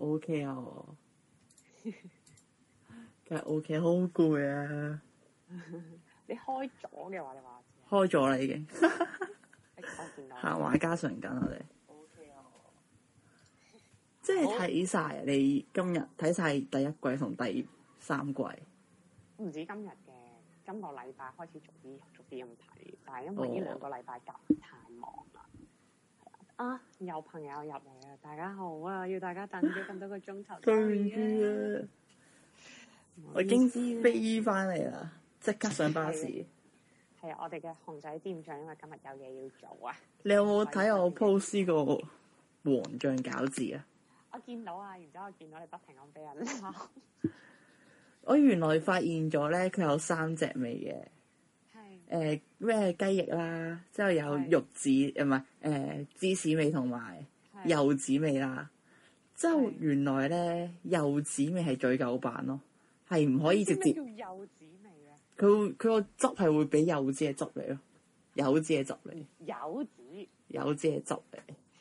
O Okay , K、okay, 啊，其實 O K 好攰啊！你開咗嘅話，你話開咗啦已經，嚇、 欸、 玩家上緊我哋，okay, okay. 即係睇晒你今日睇晒第一季同第三季，唔止今日嘅，今個禮拜開始逐啲逐啲咁睇，但係因為呢兩個禮拜夾太忙啦。哦。啊！有朋友入嚟啊！大家好啊！要大家等咗咁多個鐘頭， 對唔住啊！啊我已經飛翻嚟啦，即刻上,上巴士。係我哋嘅熊仔店長，因為今日有嘢要做啊！你有冇睇我 post 個黃醬餃子啊？我見到啊，然之後我見到你不停咁俾人 我原來發現咗咧，佢有三隻味嘅。誒咩、呃、雞翼啦，之後有玉子，唔係誒芝士味同埋柚子味啦。之是後原來咧柚子味係最舊版咯，係唔可以直接。咩叫柚子味啊？佢佢個汁係會俾柚子嘅汁嚟咯，柚子嘅汁嚟。柚子，柚子嘅汁嚟。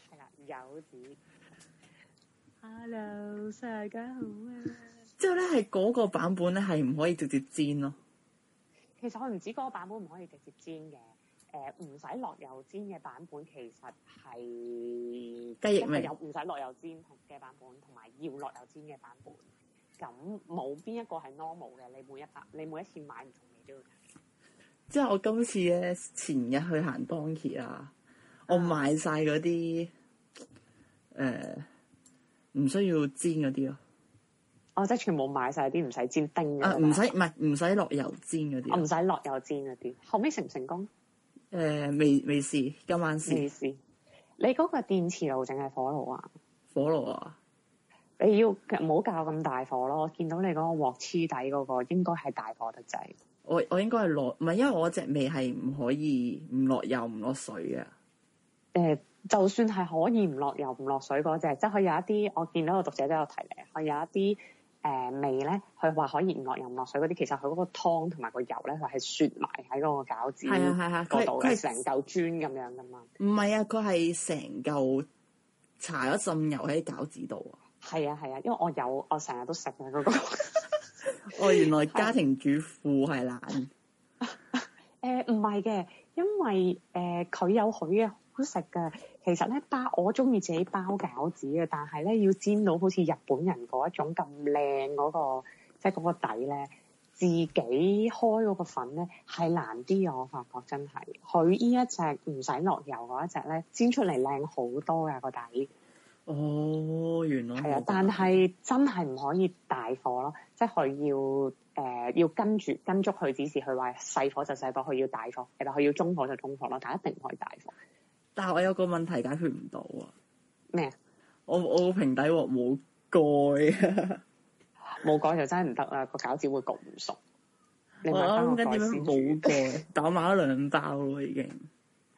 係啦，柚子。Hello，Sir，大家好啊。之後咧係嗰個版本咧係唔可以直接煎咯。其實我唔知嗰個版本唔可以直接煎嘅，誒唔使落油煎嘅版本，其實係雞翼有唔使落油煎嘅版本，同埋要落油煎嘅版本。咁冇邊一個係 normal 嘅？你每一拍，你每一次買，唔同嘢都要即係我今次咧，前日去行當期啊，我買晒嗰啲誒唔需要煎嗰啲咯。我、哦、即係全部買晒啲唔使煎丁嘅，唔使唔係唔使落油煎嗰啲。唔使落油煎嗰啲，後尾成唔成功？誒、呃，未未試，今晚試。試。你嗰個電磁爐淨係火爐啊？火爐啊！你要唔好教咁大火咯。我見到你嗰個鑊黐底嗰個應該，應該係大火得滯。我我應該係落唔係，因為我隻味係唔可以唔落油唔落水嘅。誒、呃，就算係可以唔落油唔落水嗰隻，即係佢有一啲我見到個讀者都有提你，係有一啲。誒、呃、味咧，佢話可以唔落油唔落水嗰啲，其實佢嗰個湯同埋個油咧，佢係雪埋喺嗰個餃子嗰度，佢佢成嚿磚咁樣噶嘛。唔係啊，佢係成嚿搽咗浸油喺餃子度啊。係啊係啊，因為我有我成日都食啊嗰個。我原來家庭主婦係懶誒、 呃，唔係嘅，因為誒佢、呃、有許啊。好食㗎，其實咧包我中意自己包餃子啊，但係咧要煎到好似日本人嗰一種咁靚嗰個，即係嗰個底咧，自己開嗰個粉咧係難啲。我發覺真係佢呢一隻唔使落油嗰一隻咧煎出嚟靚好多㗎個底。哦，原來係啊，但係真係唔可以大火咯，即係佢要誒、呃、要跟住跟足佢指示，佢話細火就細火，佢要大火，其實佢要中火就中火咯，但係一定唔可以大火。但係我有個問題解決唔到啊！咩啊麼？我我個平底鑊冇蓋冇 蓋就真係唔得啦，個餃子會焗唔熟。我諗緊點樣冇蓋？ 但我買咗兩包咯，已經。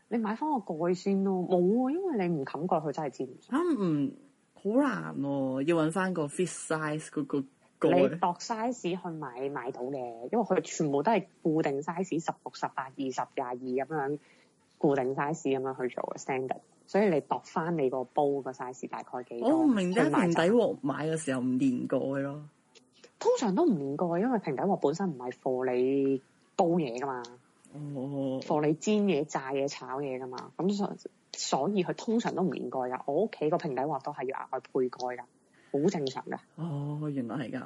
你買翻個蓋先咯、啊，冇啊！因為你唔冚蓋，蓋，佢真係煎唔熟。咁唔好難喎、啊，要揾翻個 fit size 嗰個蓋你度 size 去買買到嘅，因為佢全部都係固定 size，十六、十八、二十、廿二咁樣。固定 size 咁樣去做嘅 standard 所以你度翻你個煲個 size 大概幾多？我唔明啫，買平底鑊買嘅時候唔連蓋咯。通常都唔連蓋，因為平底鑊本身唔係放你煲嘢噶、oh. 嘛，放你煎嘢、炸嘢、炒嘢噶嘛。咁所所以佢通常都唔連蓋噶。我屋企個平底鑊都係要額外配蓋噶、oh,，好正常噶。哦，原來係㗎，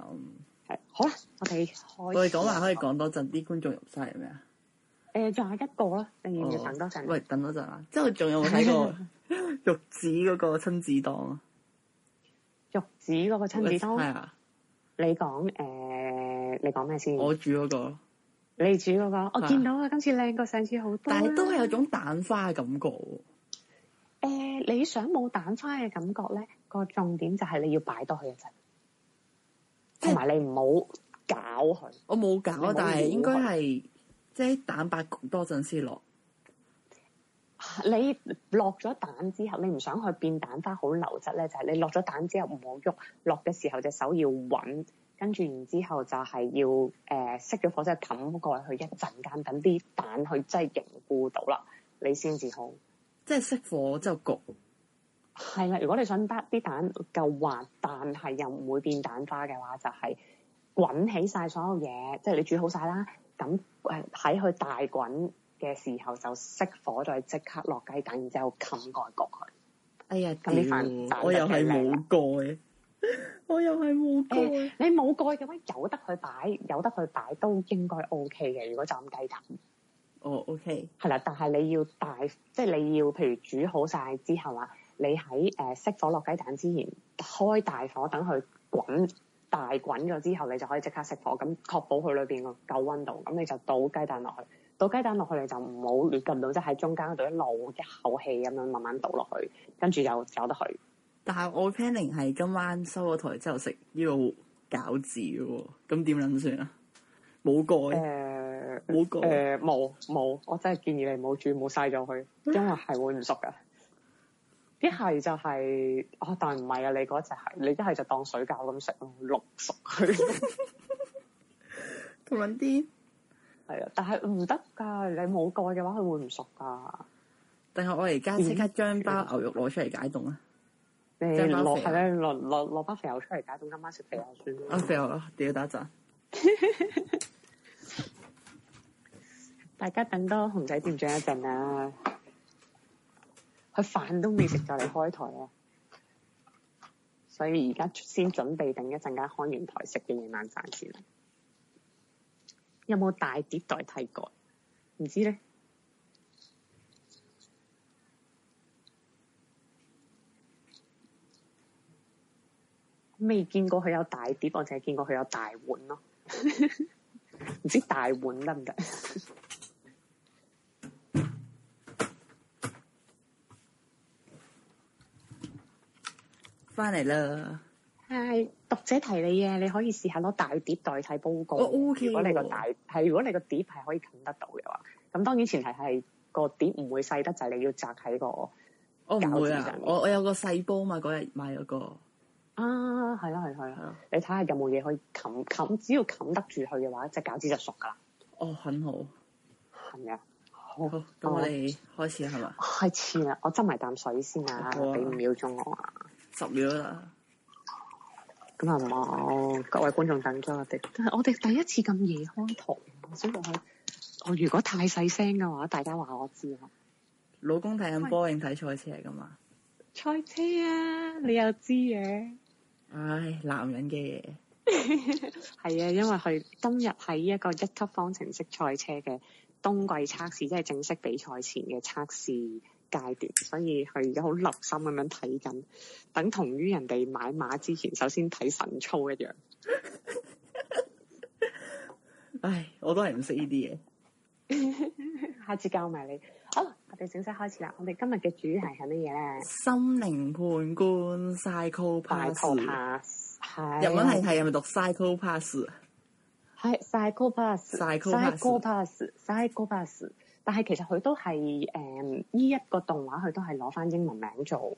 好啦 OK 啦。我哋講話可以講多陣啲觀眾入晒係咪啊？誒，仲有一個啦，定唔要，要多等多陣、哦。喂，等多陣啦，即係仲有冇睇過玉子嗰個親子檔？ 玉子嗰個親子檔嗎、呃，你講誒，你講咩先？我煮嗰、嗰個，你煮嗰、嗰個，啊、我見到啊，今次靚過上次好多。但係都係有種蛋花嘅感覺。誒、呃，你想冇蛋花嘅感覺咧？個重點就係你要擺多佢一陣，同埋、欸、你唔好搞佢。我冇搞，但係應該係。即係蛋白焗多陣先落。你落咗蛋之後，你唔想佢變蛋花好流質咧，就係、是、你落咗蛋之後唔好喐。落嘅時候，隻手要穩，跟住然之後就係要誒熄咗火，即係冚蓋過去一陣間，等啲蛋去即係凝固到啦，你先至好。即係熄火之後焗。係啦， 如果你想得啲蛋夠滑，但係又唔會變蛋花嘅話，就係、是、滾起晒所有嘢，即、就、係、是、你煮好晒啦。咁誒，喺佢、嗯、大滾嘅時候就熄火，再即刻落雞蛋，然之後冚蓋焗佢。哎呀，咁你飯我又係冇蓋，我又係冇蓋。嗯、你冇蓋嘅話，有得去擺，有得去擺都應該 O K 嘅。如果就咁雞蛋，哦 O K，係啦。但係你要大，即係你要，譬如煮好晒之後啊，你喺誒熄火落雞蛋之前，開大火等佢滾。大滾咗之後，你就可以即刻熄火，咁確保佢裏邊個夠溫度，咁你就倒雞蛋落去，倒雞蛋落去，你就唔好亂撳到，即係喺中間嗰度一路一口氣咁樣慢慢倒落去，跟住就走得去。但係我 planning 係今晚收咗台之後食呢個餃子喎，咁點諗先啊？冇蓋，誒冇蓋，誒冇冇，我真係建議你唔好煮，冇晒咗佢，因為係會唔熟嘅。一係就係、是，哦，但係唔係啊！你嗰隻係你一係就當水餃咁食咯，渌熟佢同埋啲係啊，但係唔得噶，你冇蓋嘅話佢會唔熟噶。定係我而家即刻將包牛肉攞出嚟解凍啊？嗯嗯嗯、你攞係咪攞攞攞包肥牛出嚟解凍？今晚食肥牛算。阿、啊、肥牛，屌打陣！ 大家等多熊仔店長一陣啊！ 佢飯都未食就嚟開台啊！ 所以而家先準備定一陣間開完台食嘅夜晚飯先啊！有冇大碟代替過？唔知咧，未見過佢有大碟，我淨係見過佢有大碗咯。唔 知大碗得唔得？ 翻嚟啦！係、哎、讀者提你嘅，你可以試下攞大碟代替煲糕。我、哦、OK、哦如。如果你個大係，如果你個碟係可以冚得到嘅話，咁當然前提係個碟唔會細得滯，就你要摘喺個餃子上、哦啊、我我有個細煲嘛，嗰日買咗、那個啊，係啊係啊係啊！你睇下有冇嘢可以冚冚，只要冚得住佢嘅話，隻、那個、餃子就熟噶啦。哦，很好，係咪啊？好，咁好、哦、我哋開始係嘛？開始啦！我斟埋啖水先啊，俾好五秒鐘我啊。十秒啦，咁啊冇，各位觀眾等咗我哋。但係我哋第一次咁夜開台，所以話我、哦、如果太細聲嘅話，大家話我知啦。老公睇緊波影睇賽車㗎嘛？哎、賽車啊，你又知嘅。唉，男人嘅嘢。係啊， 因為佢今日喺一個一級方程式賽車嘅冬季測試，即係正式比賽前嘅測試。階段，所以佢而家好立心咁樣睇緊，等同於人哋買馬之前，首先睇神操一樣。 唉，我都係唔識呢啲嘢， 下次教埋你。好，我哋正式開始啦。我哋今日嘅主題係乜嘢咧？心靈判官 Psycho Pass。Psycho Pass。係。日文係咪又咪讀 Psycho Pass 係 Psycho Pass Psycho Pass。Psycho Pass 但係其實佢都係誒依一個動畫，佢都係攞返英文名做，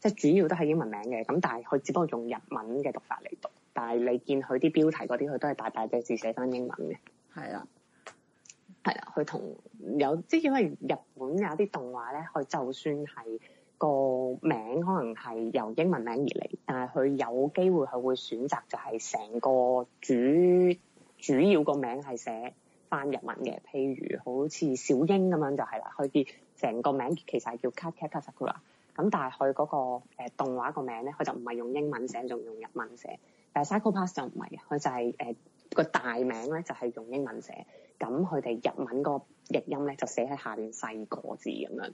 即係主要都係英文名嘅。咁但係佢只不過用日文嘅讀法嚟讀，但係你見佢啲標題嗰啲，佢都係大大隻字寫返英文嘅。係啦、啊，係啦、啊，佢同有，即係因為日本有啲動畫咧，佢就算係個名可能係由英文名而嚟，但係佢有機會佢會選擇就係成個主主要個名係寫。翻日文嘅，譬如好似小英咁樣就係啦，佢啲成個名其實係叫 Cat Cat Sakura，咁但係佢嗰個誒、呃、動畫個名咧，佢就唔係用英文寫，仲用日文寫。但係 Psycho Pass 就唔係，佢就係誒個大名咧就係、是、用英文寫，咁佢哋日文個譯音咧就寫喺下邊細個字咁樣。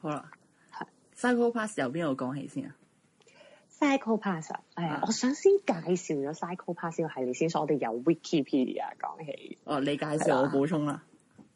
好啦，Psycho 是 Pass 由邊度講起先啊？Psycho Pass、呃係、啊、我想先介紹咗 Psycho Pass 個系列先，所以我哋由 Wikipedia 講起。哦，你介紹的我補充啦。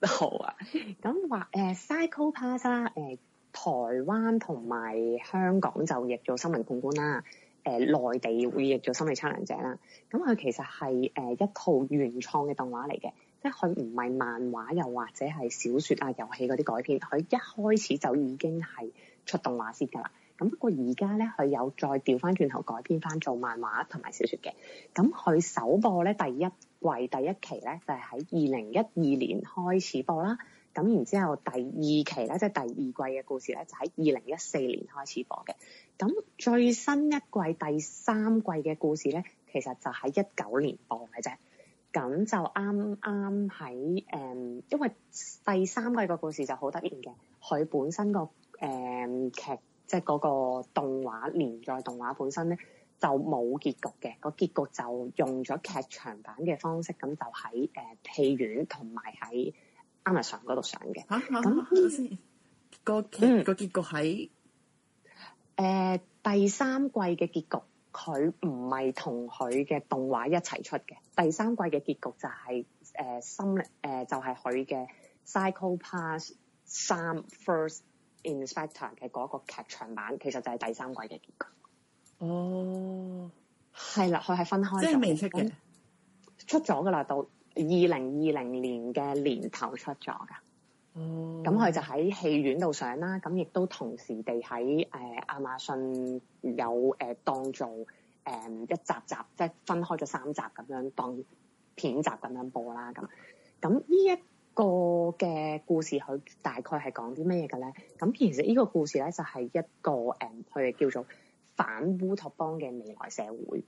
好啊，咁話誒 Psycho Pass 啦，誒台灣同埋香港就譯做心靈判官啦，誒、呃、內地會譯做心理測量者啦。咁、嗯、佢其實係誒、呃、一套原創嘅動畫嚟嘅，即係佢唔係漫畫又或者係小説啊、遊戲嗰啲改編，佢一開始就已經係出動畫先噶啦。咁不過，而家咧佢有再調翻轉頭改編翻做漫畫同埋小説嘅。咁佢首播咧第一季第一期咧就係喺二零一二年開始播啦。咁然之後第二期咧，即係第二季嘅故事咧，就喺二零一四年開始播嘅。咁最新一季第三季嘅故事咧，其實就喺一九年播嘅啫。咁就啱啱喺誒，因為第三季嘅故事就好得意嘅，佢本身個誒、嗯、劇。即係個動畫連載動畫本身咧，就冇結局嘅，個結局就用咗劇場版嘅方式，咁就喺誒戲、呃、院同埋喺 Amazon 度上嘅。嚇嚇咁，係個結局喺誒第三季嘅結局，佢唔係同佢嘅動畫一齊出嘅。第三季嘅結,結局就係、是、誒、呃、心誒、呃、就係佢嘅 Psycho Pass 三 First。Inspector 嘅嗰個劇場版其實就係第三季嘅結局。哦，係啦，佢係分開，即係未識嘅、嗯，出咗㗎啦，到二零二零年嘅年頭出咗㗎。哦、嗯，咁佢、嗯、就喺戲院度上啦，咁亦都同時地喺誒亞馬遜有誒、呃、當做誒、呃、一集集，即、就、係、是、分開咗三集咁樣當片集咁樣播啦。咁咁呢一個嘅故事佢大概係講啲咩嘢嘅咧？咁其實呢個故事咧就係、是、一個誒，佢、呃、哋叫做反烏托邦嘅未來社會。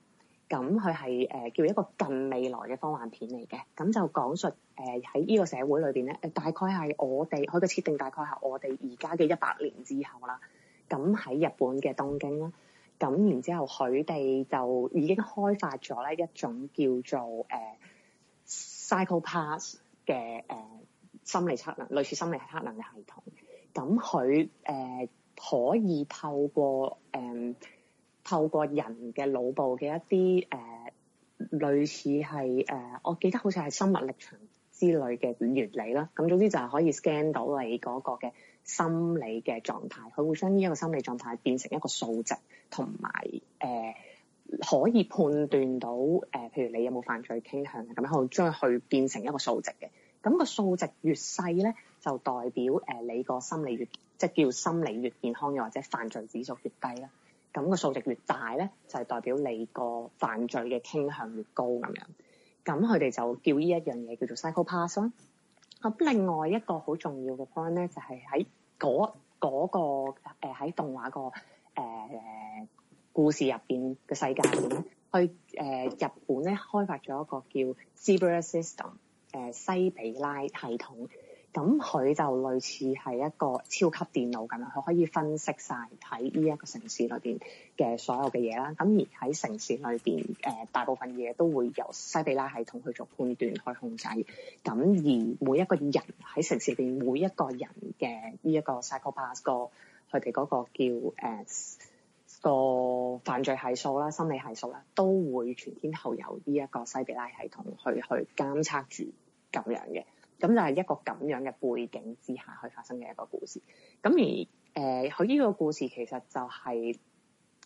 咁佢係誒叫一個近未來嘅科幻片嚟嘅。咁就講述誒喺呢個社會裏邊咧，誒、呃、大概係我哋佢嘅設定，大概係我哋而家嘅一百年之後啦。咁喺日本嘅東京啦，咁然之後佢哋就已經開發咗咧一種叫做誒 Psycho Pass。呃嘅誒、呃、心理測量，類似心理測量嘅系統，咁佢誒可以透過誒、呃、透過人嘅腦部嘅一啲誒、呃、類似係誒、呃、我記得好似係生物力場之類嘅原理啦。咁、嗯、總之就係可以 scan 到你嗰個嘅心理嘅狀態，佢會將呢一個心理狀態變成一個數值，同埋誒可以判斷到誒、呃、譬如你有冇犯罪傾向，咁樣佢將佢變成一個數值嘅。咁個數值越細咧，就代表誒你個心理越即係、就是、叫心理越健康，又或者犯罪指數越低啦。咁、那個數值越大咧，就係代表你個犯罪嘅傾向越高咁樣。咁佢哋就叫呢一樣嘢叫做 Psycho-Pass 啦。咁另外一個好重要嘅 point 咧，就係喺嗰嗰個誒喺、呃、動畫個、呃、故事入邊嘅世界，去誒、呃、日本咧開發咗一個叫 Sibyl System。誒西比拉系統，咁佢就類似係一個超級電腦咁樣，佢可以分析晒喺呢一個城市裏邊嘅所有嘅嘢啦。咁而喺城市裏邊，誒、呃、大部分嘢都會由西比拉系統去做判斷去控制。咁而每一個人喺城市入邊，每一個人嘅呢一個 Psycho Pass 個佢哋嗰個叫誒。呃個犯罪係數啦、心理係數啦，都會全天候有呢一個西比拉系統去去監測住咁樣嘅，咁就係一個咁樣嘅背景之下去發生嘅一個故事。咁而誒，佢、呃、呢個故事其實就係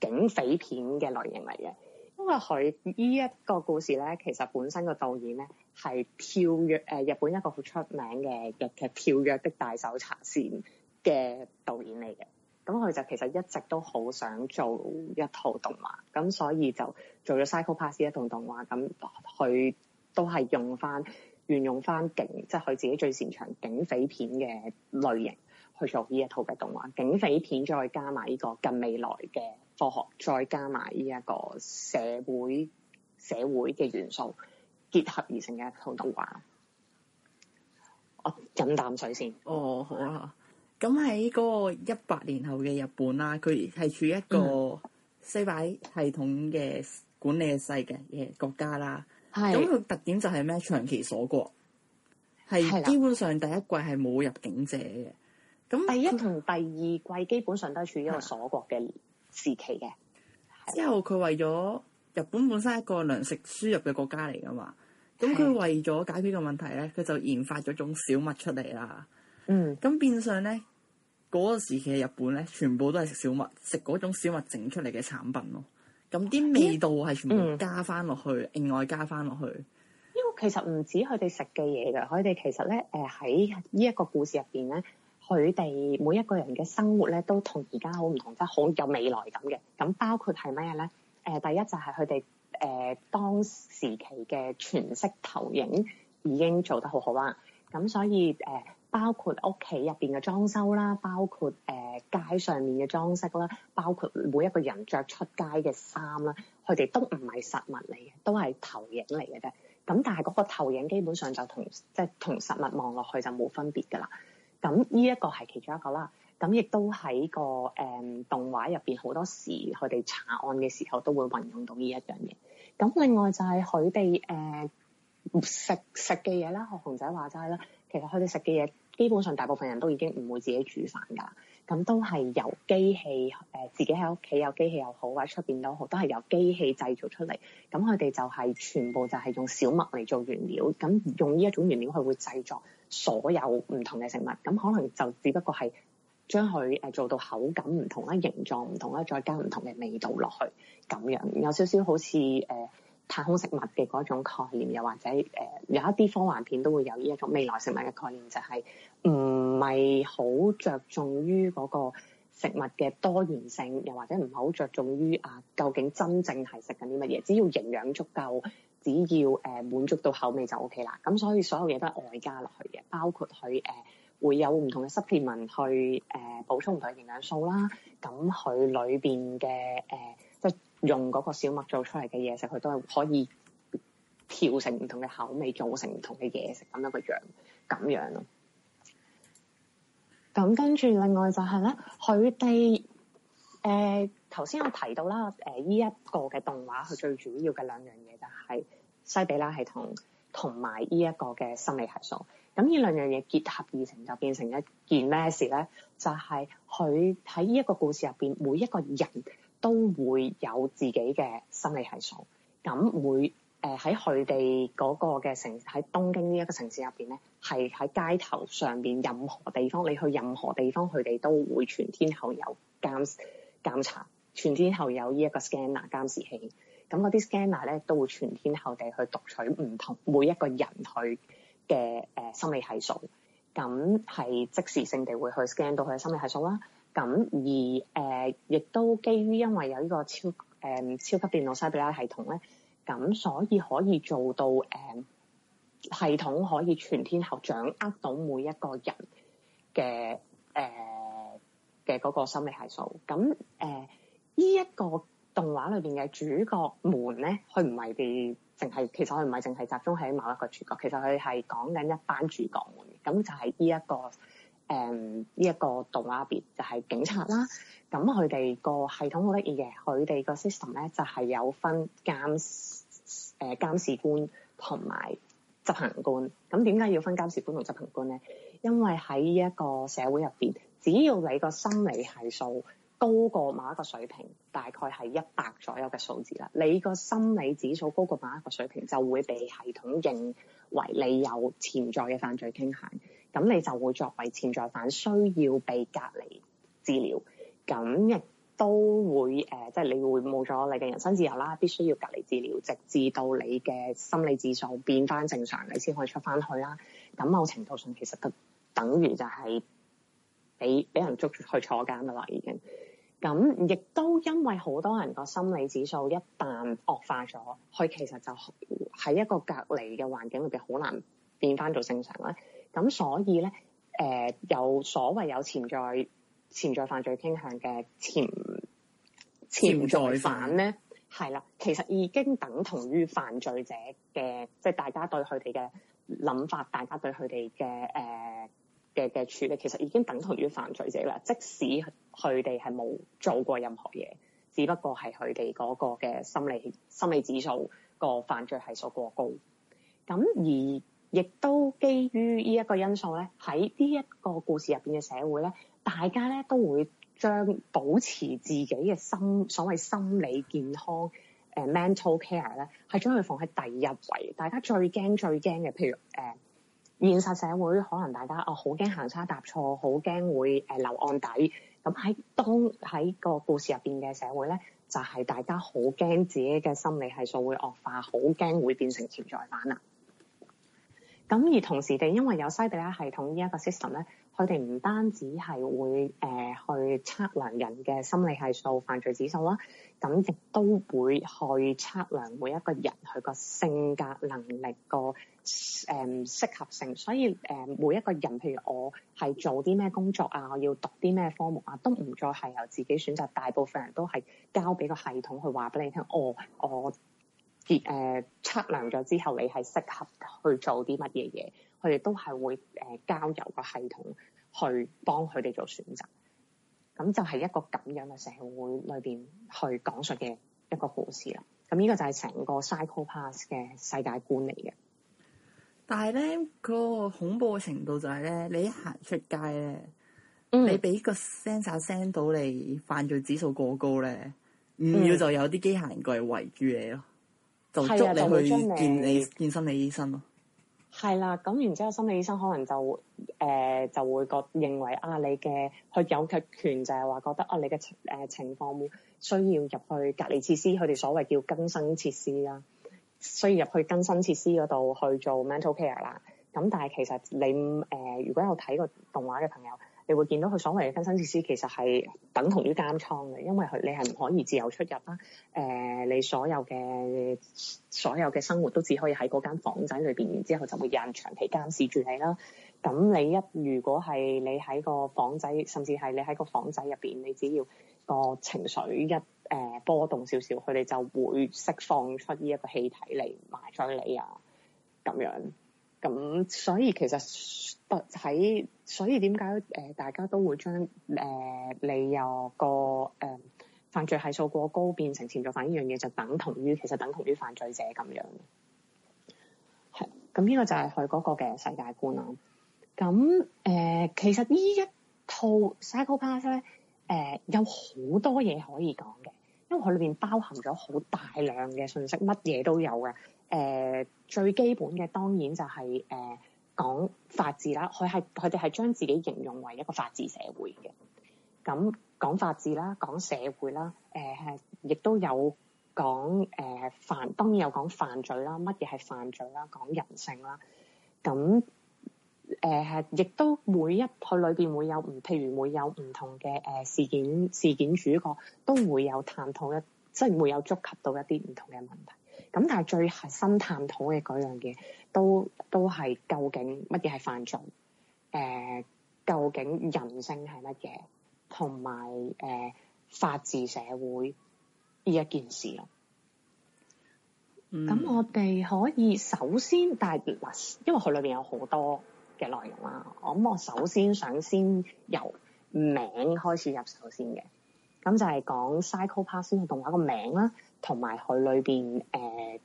警匪片嘅類型嚟嘅，因為佢呢一個故事咧，其實本身個導演咧係跳躍誒日本一個好出名嘅日劇，劇《跳躍的大手查線》嘅導演嚟嘅。咁佢就其實一直都好想做一套動畫，咁所以就做咗 Psycho Pass 一套動畫，咁佢都係用翻、沿用翻警，即係佢自己最擅長警匪片嘅類型去做呢一套嘅動畫。警匪片再加埋呢個近未來嘅科學，再加埋呢一個社會社會嘅元素結合而成嘅一套動畫。我飲啖水先。哦，係啊。咁喺嗰個一百年後嘅日本啦，佢係處於一個西柏系統嘅管理世嘅嘅國家啦。咁佢、嗯、特點就係咩？長期鎖國，係基本上第一季係冇入境者嘅。咁第一同第二季基本上都處於一個鎖國嘅時期嘅。的之後佢為咗日本本身一個糧食輸入嘅國家嚟㗎嘛，咁佢的為咗解決個問題咧，佢就研發咗種小麥出嚟啦。嗯，咁變相咧。嗰個時期嘅日本咧，全部都係食小麥，食嗰種小麥整出嚟嘅產品咯。咁啲味道係全部加翻落去，另外、嗯、加翻落去。因為其實唔止佢哋食嘅嘢噶，佢哋其實咧，誒喺呢一個故事入邊咧，佢哋每一個人嘅生活咧都同而家好唔同，即係好有未來感嘅。咁包括係咩咧？誒、呃，第一就係佢哋誒當時期嘅全息投影已經做得好好啦。咁所以誒。呃包括屋企入邊嘅裝修啦，包括誒、呃、街上面嘅裝飾啦，包括每一個人着出街嘅衫啦，佢哋都唔係實物嚟嘅，都係投影嚟嘅啫。咁但係嗰個投影基本上就同即係同實物望落去就冇分別㗎啦。咁呢一個係其中一個啦。咁亦都喺個誒、呃、動畫入邊好多時，佢哋查案嘅時候都會運用到呢一樣嘢。咁另外就係佢哋誒食食嘅嘢啦，學熊仔話齋啦，其實佢哋食嘅嘢。基本上大部分人都已經唔會自己煮飯㗎，咁都係由機器誒、呃、自己喺屋企有機器又好，或者出邊都好，都係由機器製造出嚟。咁佢哋就係全部就係用小麥嚟做原料，咁用呢一種原料佢會製作所有唔同嘅食物。咁可能就只不過係將佢誒做到口感唔同啦、形狀唔同啦，再加唔同嘅味道落去，咁樣有少少好似誒。呃太空食物嘅嗰種概念，又或者誒、呃、有一啲科幻片都會有呢一種未來食物嘅概念，就係唔係好着重於嗰個食物嘅多元性，又或者唔係好着重於啊究竟真正係食緊啲乜嘢？只要營養足夠，只要誒滿、呃、足到口味就 O K 啦。咁所以所有嘢都係外加落去嘅，包括佢誒、呃、會有唔同嘅 s u 文去誒、呃、補充唔同營養素啦。咁佢裏邊嘅誒。呃用嗰個小麥做出嚟嘅嘢食，佢都係可以調成唔同嘅口味，做成唔同嘅嘢食咁樣嘅樣咁樣咯。咁跟住另外就係咧，佢哋誒頭先我提到啦，誒、呃、依一,一個嘅動畫，佢最主要嘅兩樣嘢就係西比拉系統同埋呢一個嘅心理係數。咁呢兩樣嘢結合而成，就變成一件咩事咧？就係佢喺呢一個故事入邊，每一個人。都會有自己嘅心理係數，咁每誒喺佢哋嗰個嘅城，喺東京呢一個城市入邊咧，係喺街頭上邊，任何地方，你去任何地方，佢哋都會全天候有監監察，全天候有呢一個 scanner 監視器，咁嗰啲 scanner 咧都會全天候地去讀取唔同每一個人佢嘅誒心理係數，咁係即時性地會去 scan 到佢嘅心理係數啦。咁而誒、呃，亦都基於因為有呢個超誒、呃、超級電腦西比拉系統咧，咁、呃、所以可以做到誒、呃、系統可以全天候掌握到每一個人嘅誒嘅嗰個心理係數。咁、呃、誒，呢一個動畫裏邊嘅主角們咧，佢唔係啲淨係，其實佢唔係淨係集中喺某一個主角，其實佢係講緊一班主角們。咁就係呢一個。誒，呢一個動畫入邊就係、是、警察啦，咁佢哋個系統好得意嘅，佢哋個 system 咧就係、是、有分監誒、呃、監視官同埋執行官，咁點解要分監視官同執行官咧？因為喺一個社會入邊，只要你個心理係數高過某一個水平，大概係一百左右嘅數字啦。你個心理指數高過某一個水平，就會被系統認為你有潛在嘅犯罪傾向，咁你就會作為潛在犯需要被隔離治療，咁亦都會誒，即係你會冇咗你嘅人身自由啦，必須要隔離治療，直至到你嘅心理指數變翻正常，你先可以出翻去啦。咁某程度上，其實都等於就係俾俾人捉去坐監噶啦，已經。咁亦都因為好多人個心理指數一旦惡化咗，佢其實就喺一個隔離嘅環境裏邊，好難變翻做正常咧。咁所以咧，誒、呃、有所謂有潛在潛在犯罪傾向嘅潛潛在犯咧，係啦，其實已經等同於犯罪者嘅，即係大家對佢哋嘅諗法，大家對佢哋嘅誒。呃嘅嘅處理其實已經等同於犯罪者啦，即使佢哋係冇做過任何嘢，只不過係佢哋嗰個嘅心理心理指數個犯罪係數過高。咁而亦都基於呢一個因素咧，喺呢一個故事入邊嘅社會咧，大家咧都會將保持自己嘅心所謂心理健康誒、呃、Mental Care 咧，係將佢放喺第一位。大家最驚最驚嘅，譬如誒。呃現實社會可能大家哦好驚行差踏錯，好驚會誒留案底。咁喺當喺個故事入邊嘅社會咧，就係、是、大家好驚自己嘅心理係數會惡化，好驚會變成潛在犯啊！咁而同時地，因為有西比拉系統，系統呢一個 system 咧。佢哋唔單止係會誒、呃、去測量人嘅心理係數、犯罪指數啦，咁、嗯、亦都會去測量每一個人佢個性格、能力、個誒、嗯、適合性。所以誒、嗯，每一個人，譬如我係做啲咩工作啊，我要讀啲咩科目啊，都唔再係由自己選擇，大部分人都係交俾個系統去話俾你聽。哦，我結誒、呃、測量咗之後，你係適合去做啲乜嘢嘢。佢哋都係會誒、呃、交由個系統去幫佢哋做選擇，咁就係一個咁樣嘅社會裏邊去講述嘅一個故事啦。咁依個就係成個 Psycho Pass 嘅世界觀嚟嘅。但係咧，那個恐怖嘅程度就係咧，你一行出街咧，嗯、你俾個 sensor send 到你犯罪指數過高咧，唔要就有啲機械人過嚟圍住你咯，嗯、就捉你去見你、見心理醫生咯。係啦，咁然之後心理醫生可能就誒、呃、就會覺認為啊，你嘅佢有權權就係話覺得啊，你嘅誒、呃、情況需要入去隔離設施，佢哋所謂叫更生設施啦、啊，需要入去更生設施度去做 mental care 啦、啊。咁但係其實你誒、呃、如果有睇過動畫嘅朋友。你會見到佢所謂嘅分身設施，其實係等同於監倉嘅，因為佢你係唔可以自由出入啦。誒、呃，你所有嘅所有嘅生活都只可以喺嗰間房仔裏邊，然之後就會有人長期監視住你啦。咁你一如果係你喺個房仔，甚至係你喺個房仔入邊，你只要個情緒一誒、呃、波動少少，佢哋就會釋放出呢一個氣體嚟埋咗你啊，咁樣。咁、嗯、所以其實喺所以點解誒大家都會將誒你、呃、由個誒、呃、犯罪係數過高變成潛在犯呢樣嘢，就等同於其實等同於犯罪者咁樣。係，咁、嗯、呢、這個就係佢嗰個嘅世界觀啦。咁、嗯、誒、呃，其實呢一套 Psycho Pass 咧，誒、呃、有好多嘢可以講嘅，因為佢裡面包含咗好大量嘅信息，乜嘢都有嘅。誒、呃、最基本嘅當然就係、是、誒、呃、講法治啦，佢係佢哋係將自己形容為一個法治社會嘅。咁、嗯、講法治啦，講社會啦，誒係亦都有講誒犯、呃，當然有講犯罪啦，乜嘢係犯罪啦，講人性啦。咁誒係亦都每一佢裏邊會有唔，譬如會有唔同嘅誒、呃、事件，事件主角都會有探討一，即、就、係、是、會有觸及到一啲唔同嘅問題。咁但係最核心探討嘅嗰樣嘢，都都係究竟乜嘢係犯罪？誒、呃，究竟人性係乜嘢？同埋誒，法治社會呢一件事咯。咁、嗯、我哋可以首先，但係嗱，因為佢裏邊有好多嘅內容啦，咁我諗，我首先想先由名開始入手先嘅。咁就係講《Psycho Pass》先係動畫個名啦。同埋佢裏邊誒，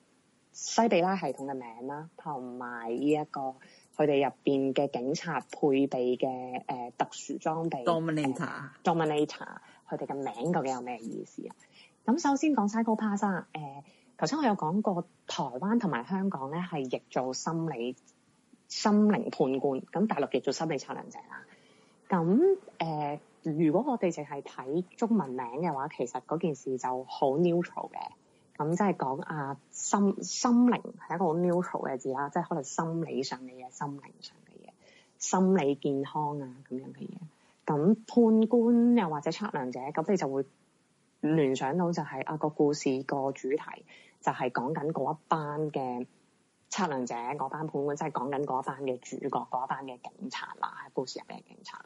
西比拉系統嘅名啦，同埋呢一個佢哋入邊嘅警察配備嘅誒、呃、特殊裝備。Dominator，Dominator、呃、佢哋嘅名究竟有咩意思啊？咁首先講 Psycho Pass 誒，頭先我有講過台灣同埋香港咧係譯做心理心靈判官，咁大陸譯做心理測量者啦。咁誒。呃如果我哋淨係睇中文名嘅話，其實嗰件事就好 neutral 嘅，咁即係講啊心心靈係一個好 neutral 嘅字啦，即係可能心理上嘅嘢、心靈上嘅嘢、心理健康啊咁樣嘅嘢。咁判官又或者測量者，咁你就會聯想到就係啊個故事個主題就係講緊嗰一班嘅測量者，嗰班判官，即係講緊嗰班嘅主角，嗰班嘅警察啦，喺故事入面嘅警察啦。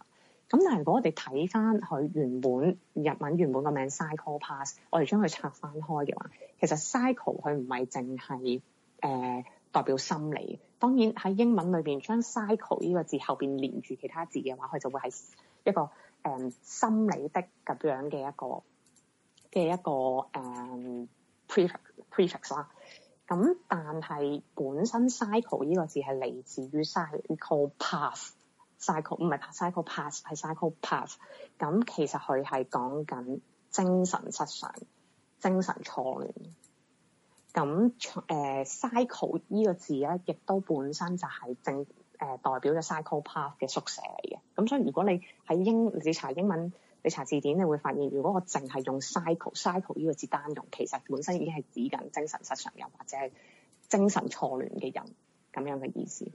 咁，但係如果我哋睇翻佢原本日文原本個名 psycho pass，我哋將佢拆翻開嘅話，其實 psycho 佢唔係淨係誒代表心理。當然喺英文裏邊將 psycho 呢個字後邊連住其他字嘅話，佢就會係一個誒、嗯、心理的咁樣嘅一個嘅一個誒 prefix prefix 啦。咁、嗯啊、但係本身 psycho 呢個字係嚟自於 psycho path。psycho 唔係 psychological，係 Psycho Pass，咁其實佢係講緊精神失常、精神錯亂。咁誒 psycho 呢個字咧、啊，亦都本身就係正誒、呃、代表咗 psychopath 嘅縮寫嚟嘅。咁所以如果你喺英你查英文，你查字典，你會發現，如果我淨係用 psycho、psycho 呢個字單用，其實本身已經係指緊精神失常又或者係精神錯亂嘅人咁樣嘅意思。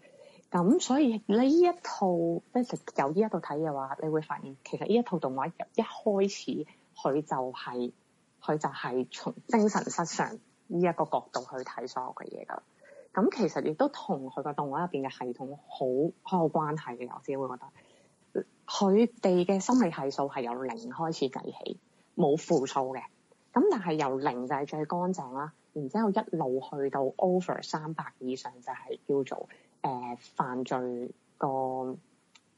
咁所以呢一套即係由呢一套睇嘅話，你會發現其實呢一套動畫一開始佢就係，佢就係從精神失常呢一個角度去睇所有嘅嘢噶。咁其實亦都同佢個動畫入邊嘅系統好好有關係嘅。我自己會覺得佢哋嘅心理係數係由零開始計起，冇負數嘅。咁但係由零就係最乾淨啦，然之後一路去到 over 三百以上就係叫做。誒、呃，犯罪，個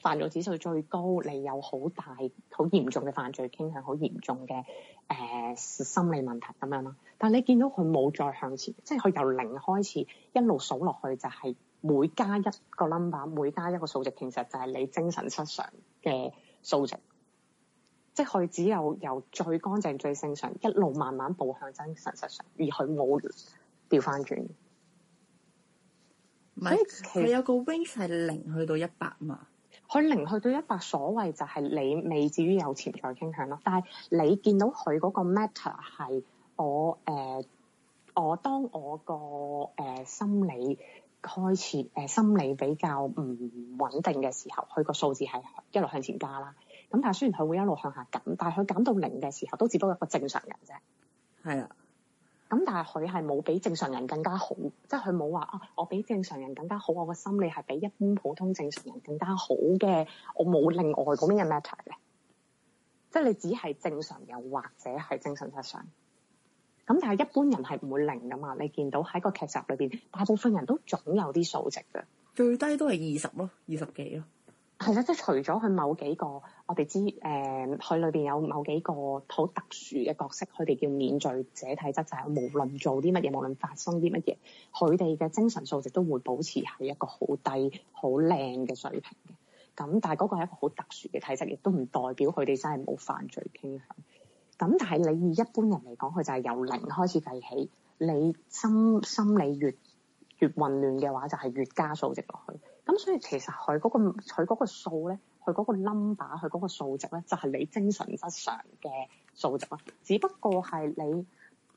犯罪指數最高，你有好大，好嚴重嘅犯罪傾向，好嚴重嘅誒、呃、心理問題咁樣咯。但係你見到佢冇再向前，即係佢由零開始一路數落去就，就係每加一個 number，每加一個數值，其實就係你精神失常嘅數值。即係佢只有由最乾淨，最正常，一路慢慢步向精神失常，而佢冇掉翻轉。所以其實有個 range 係零去到一百嘛？佢零去到一百，所謂就係你未至於有潛在傾向咯。但係你見到佢個 matter 係我誒、呃、我當我個誒、呃、心理開始誒、呃、心理比較唔穩定嘅時候，佢個數字係一路向前加啦。咁但係雖然佢會一路向下減，但係佢減到零嘅時候都只不過一個正常人啫。係啊。咁但係佢係冇比正常人更加好，即係佢冇話啊，我比正常人更加好，我個心理係比一般普通正常人更加好嘅，我冇另外嗰邊嘅 matter 嘅，即係你只係正常人或者係精神失常上。咁但係一般人係唔會零㗎嘛，你見到喺個劇集裏邊，大部分人都總有啲數值嘅，最低都係二十咯，二十幾咯，係啦，即係除咗佢某幾個。我哋知，誒、呃，佢裏邊有某幾個好特殊嘅角色，佢哋叫免罪者體質，就係、是、無論做啲乜嘢，無論發生啲乜嘢，佢哋嘅精神數值都會保持喺一個好低、好靚嘅水平嘅。咁但係嗰個係一個好特殊嘅體質，亦都唔代表佢哋真係冇犯罪傾向。咁但係你以一般人嚟講，佢就係由零開始計起，你心心理越越混亂嘅話，就係、是、越加數值落去。咁所以其實佢嗰、那個佢嗰個數咧。佢嗰個 number，佢嗰個數值咧，就係、是、你精神失常嘅數值啦。只不過係你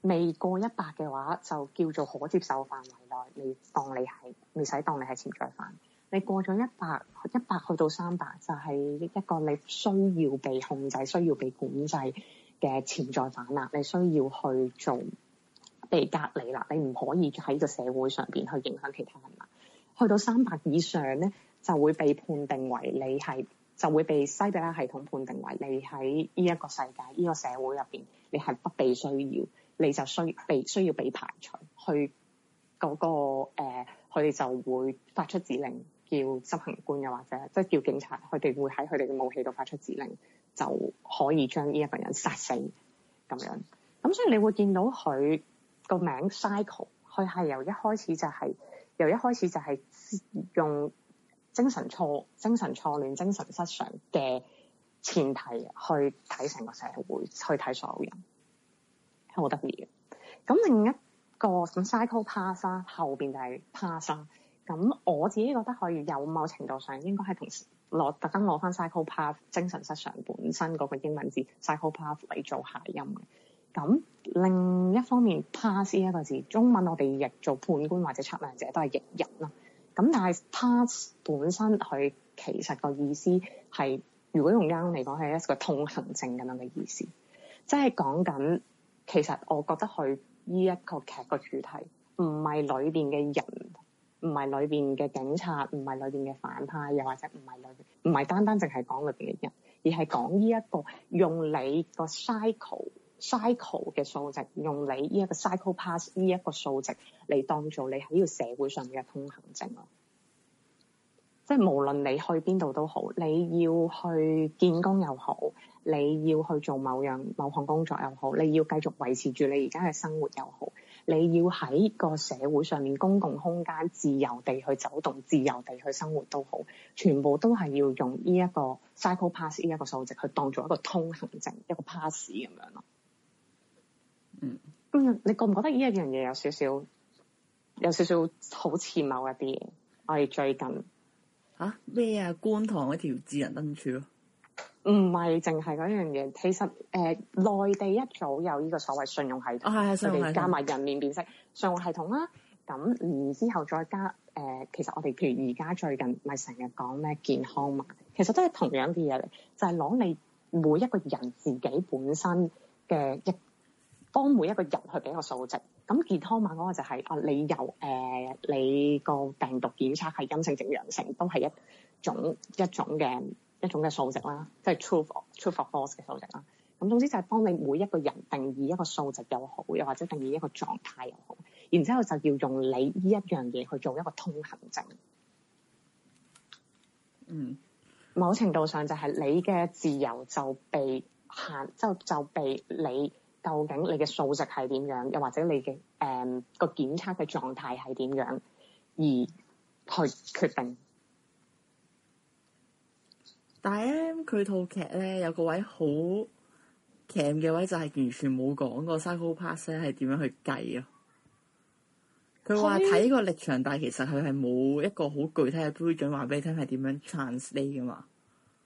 未過一百嘅話，就叫做可接受範圍內。你當你係唔使當你係潛在犯。你過咗一百，一百去到三百，就係一個你需要被控制、需要被管制嘅潛在犯啦。你需要去做被隔離啦，你唔可以喺個社會上邊去影響其他人啦。去到三百以上咧，就會被判定為你係。就會被西比拉系統判定為你喺呢一個世界、呢、呢個社會入邊，你係不被需要，你就需被需要被排除去嗰、嗰個佢哋、呃、就會發出指令，叫執行官又或者即係叫警察，佢哋會喺佢哋嘅武器度發出指令，就可以將呢一份人殺死咁樣。咁所以你會見到佢個名 Cycle，佢係由一開始就係、係、由一開始就係用。精神錯、精神錯亂、精神失常嘅前提去睇成個社會，去睇所有人，好得意嘅。咁另一個咁 psychopath 啦、啊，後邊就係 Pass、啊、啦。咁我自己覺得可以有某程度上應該係同時攞特登攞翻 psychopath 精神失常本身嗰個英文字 psychopath 嚟做諧音嘅。咁另一方面 Pass 呢一個字，中文我哋譯做判官或者測量者，都係譯人啦、啊。咁但係 pass 本身佢其實個意思係，如果用啱嚟講係一個通行證咁樣嘅意思，即係講緊其實我覺得佢呢一個劇個主題唔係裏邊嘅人，唔係裏邊嘅警察，唔係裏邊嘅反派，又或者唔係裏邊唔係單單淨係講裏邊嘅人，而係講呢一個用你個 cycle。cycle 嘅數值，用你呢一個 cycle pass 呢一個數值嚟當做你喺呢個社會上面嘅通行證咯。即係無論你去邊度都好，你要去見工又好，你要去做某樣某項工作又好，你要繼續維持住你而家嘅生活又好，你要喺個社會上面公共空間自由地去走動、自由地去生活都好，全部都係要用呢一個 cycle pass 呢一個數值去當做一個通行證、一個 pass 咁樣咯。嗯，嗯，你覺唔覺得呢一樣嘢有少少有少少好似某一啲嘢？我哋最近吓咩啊？觀塘嗰條智能燈柱咯，唔係淨係嗰樣嘢。其實誒，內、呃、地一早有呢個所謂信用系統，啊、係係加埋人面辨識、信用系統啦、啊。咁然之後再加誒、呃，其實我哋譬如而家最近咪成日講咩健康碼，其實都係同樣啲嘢嚟，嗯、就係攞你每一個人自己本身嘅一。幫每一個人去俾個數值，咁健康碼嗰個就係、是、啊，你由誒、呃，你個病毒檢測係陰性定陽性，都係一種一種嘅一種嘅數值啦，即係 true true false 嘅數值啦。咁總之就係幫你每一個人定義一個數值又好，又或者定義一個狀態又好，然之後就要用你呢一樣嘢去做一個通行證。嗯，某程度上就係你嘅自由就被限，就就被你。究竟你嘅數值係點樣，又或者你嘅誒、嗯嗰個檢測嘅狀態係點樣，而去決定。但係咧，佢、呃、套劇咧有個位好 cam 嘅位，就係完全冇講過 Psycho Pass 係點樣去計啊。佢話睇個力場，但係其實佢係冇一個好具體嘅標準話俾你聽係點樣 translate 㗎嘛。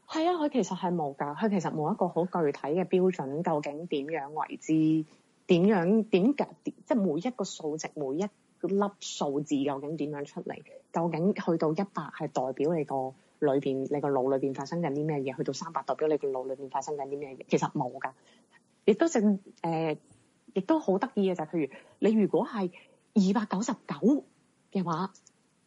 係啊，佢其實係冇㗎，佢其實冇一個好具體嘅標準，究竟點樣為之？點樣點格？即係每一個數值，每一粒數字，究竟點樣出嚟？究竟去到一百係代表你個裏邊，你個腦裏邊發生緊啲咩嘢？去到三百代表你個腦裏邊發生緊啲咩嘢？其實冇㗎，亦都正誒，亦、呃、都好得意嘅就係，譬如你如果係二百九十九嘅話，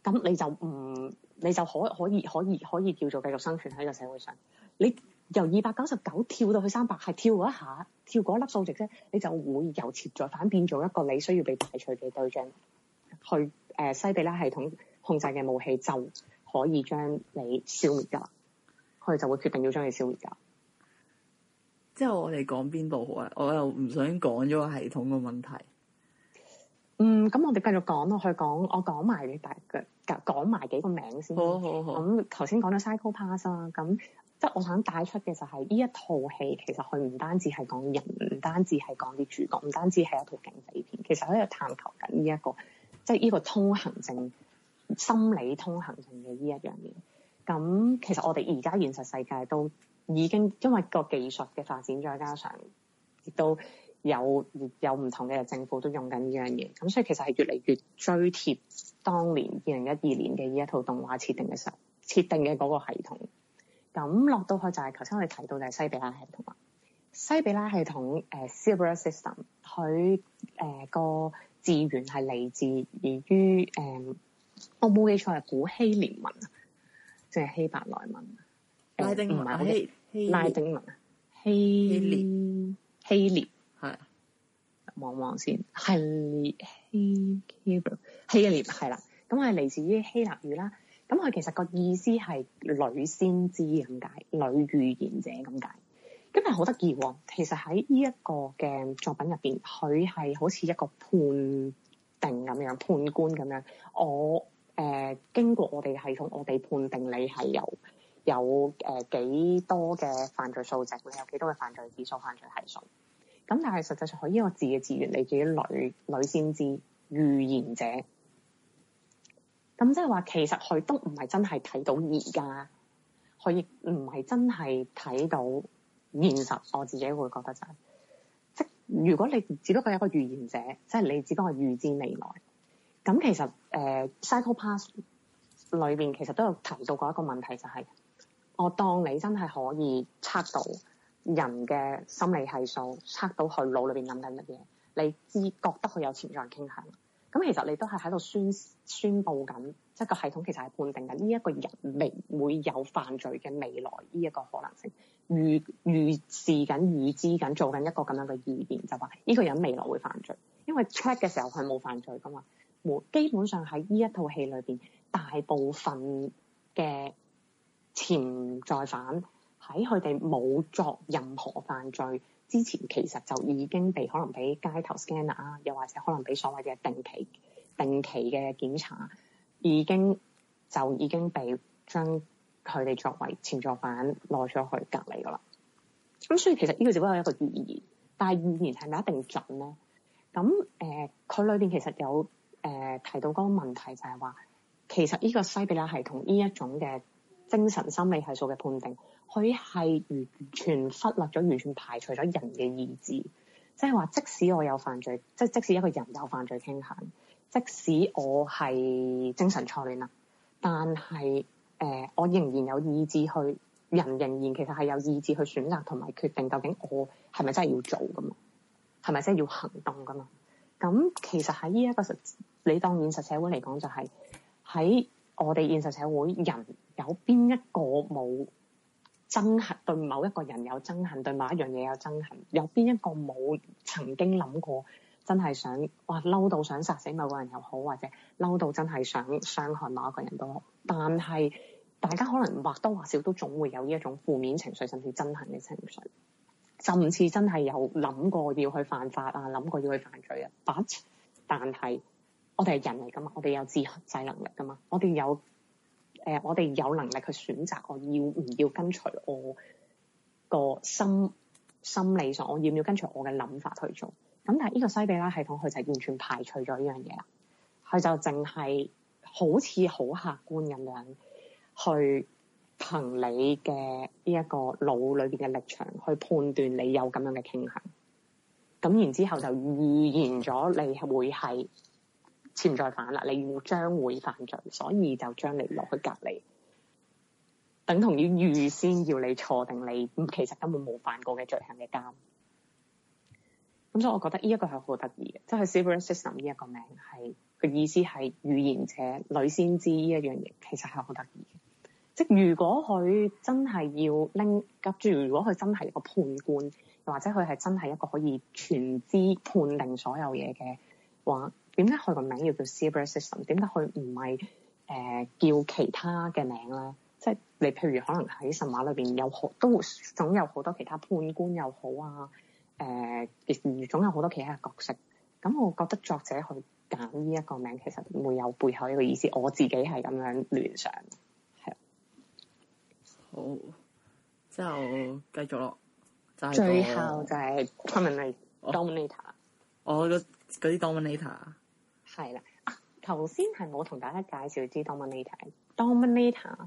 咁你就唔。你就可以可以可以可以叫做繼續生存喺個社會上。你由二百九十九跳到去三百，係跳嗰一下，跳嗰一粒數值啫，你就會由潛在犯變做一個你需要被排除嘅對象。去誒西比拉系統控制嘅武器就可以將你消滅㗎啦，佢就會決定要將你消滅㗎。之後我哋講邊度好啊？我又唔想講咗個系統嘅問題。嗯，咁我哋繼續講落去講，我講埋大嘅講埋幾個名先。好好好。咁頭先講咗《Psycho Pass》啦，啊。咁即係我想帶出嘅就係，是，呢一套戲其實佢唔單止係講人，唔單止係講啲主角，唔單止係一套警匪片，其實喺度探求緊呢一個即係呢個通行性、心理通行證嘅呢一樣嘢。咁其實我哋而家現實世界都已經因為個技術嘅發展，再加上亦都。有有唔同嘅政府都用緊呢樣嘢，咁所以其實係越嚟越追貼當年二零一二年嘅呢一套動畫設定嘅時候設定嗰個系統，咁落到去就係頭先我哋提到就係西比拉系統啦。西比拉系統誒 Sibyl System，佢誒個字源係嚟、呃呃呃、自而於誒、呃，我冇記錯係古希臘文啊，即係希伯來文啊？拉丁文、呃、拉丁文啊？希列希列。望望先，係希希希嘅希，係啦。咁係嚟自於希臘語啦。咁佢其實個意思係女先知咁解，女預言者咁解。咁係好得意喎。其實喺呢一個嘅作品入邊，佢係好似一個判定咁樣，判官咁樣。我誒、呃、經過我哋嘅系統，我哋判定你係有有誒、呃、幾多嘅犯罪數值，有幾多嘅犯罪指數、犯罪係數。咁但係實際上佢呢個字嘅字源，你自己女女先知預言者，咁即係話其實佢都唔係真係睇到而家，佢亦唔係真係睇到現實。我自己會覺得就係、是，即如果你只不過係一個預言者，即係你只不過預知未來。咁其實誒，Psycho Pass、呃、裏邊其實都有提到過一個問題、就是，就係我當你真係可以測到。人嘅心理係數測到佢腦裏邊諗緊乜嘢，你知覺得佢有潛在傾向，咁其實你都係喺度宣宣佈緊，即係個系統其實係判定緊呢一個人未會有犯罪嘅未來呢一個可能性，預預示緊預知緊做緊一個咁樣嘅意念，就話呢個人未來會犯罪，因為 check 嘅時候佢冇犯罪噶嘛。冇基本上喺呢一套戲裏邊，大部分嘅潛在犯。喺佢哋冇作任何犯罪之前，其實就已經被可能俾街頭 scanner 啊，又或者可能俾所謂嘅定期定期嘅檢查，已經就已經被將佢哋作為潛在犯攞咗去隔離噶啦。咁所以其實呢個只不過係一個預言，但係預言係咪一定準咧？咁誒，佢裏邊其實有誒、呃、提到個問題就，就係話其實呢個西比拉系統呢一種嘅精神心理係數嘅判定。佢係完全忽略咗，完全排除咗人嘅意志，即係話，即使我有犯罪，即係即使一個人有犯罪傾向，即使我係精神錯亂啦，但係誒、呃，我仍然有意志去人仍然其實係有意志去選擇同埋決定，究竟我係咪真係要做噶嘛？係咪真係要行動噶嘛？咁其實喺呢一個實，你當現實社會嚟講，就係，就係喺我哋現實社會，人有邊一個冇？憎恨對某一個人有憎恨，對某一樣嘢有憎恨，有邊一個冇曾經諗過真，真係想哇嬲到想殺死某個人又好，或者嬲到真係想傷害某一個人都好。但係大家可能或多或少都總會有呢一種負面情緒，甚至憎恨嘅情緒，甚至真係有諗過要去犯法啊，諗過要去犯罪啊。But 但係我哋係人嚟噶嘛，我哋有自制能力噶嘛，我哋有。誒、呃，我哋有能力去選擇我要唔要跟隨我個心，心理上，我要唔要跟隨我嘅諗法去做？咁但係呢個西比拉系統，佢就完全排除咗呢樣嘢啦。佢就淨係好似好客觀咁樣去憑你嘅呢一個腦裏邊嘅立場去判斷你有咁樣嘅傾向，咁然之後就預言咗你會係。潛在犯啦，你要將會犯罪，所以就將你落去隔離，等同於預先要你坐定你其實根本冇犯過嘅罪行嘅監。咁所以，我覺得呢一個係好得意嘅，即係 Sibyl System 呢一個名係個意思係語言者女先知呢一樣嘢，其實係好得意嘅。即係如果佢真係要拎，跟住如果佢真係一個判官，或者佢係真係一個可以全知判定所有嘢嘅話。點解佢個名要叫 Sibyl System？點解佢唔係誒叫其他嘅名咧？即係你譬如可能喺神話裏邊有好都會總有好多其他判官又好啊誒、呃，總有好多其他嘅角色。咁我覺得作者去揀呢一個名其實會有背後一個意思。我自己係咁樣聯想，係啊。好，之後繼續咯。就是、最後就係他們係 dominator。Domin ator 我嗰嗰啲 dominator。係啦，啊頭先係我同大家介紹啲 dominator、呃。dominator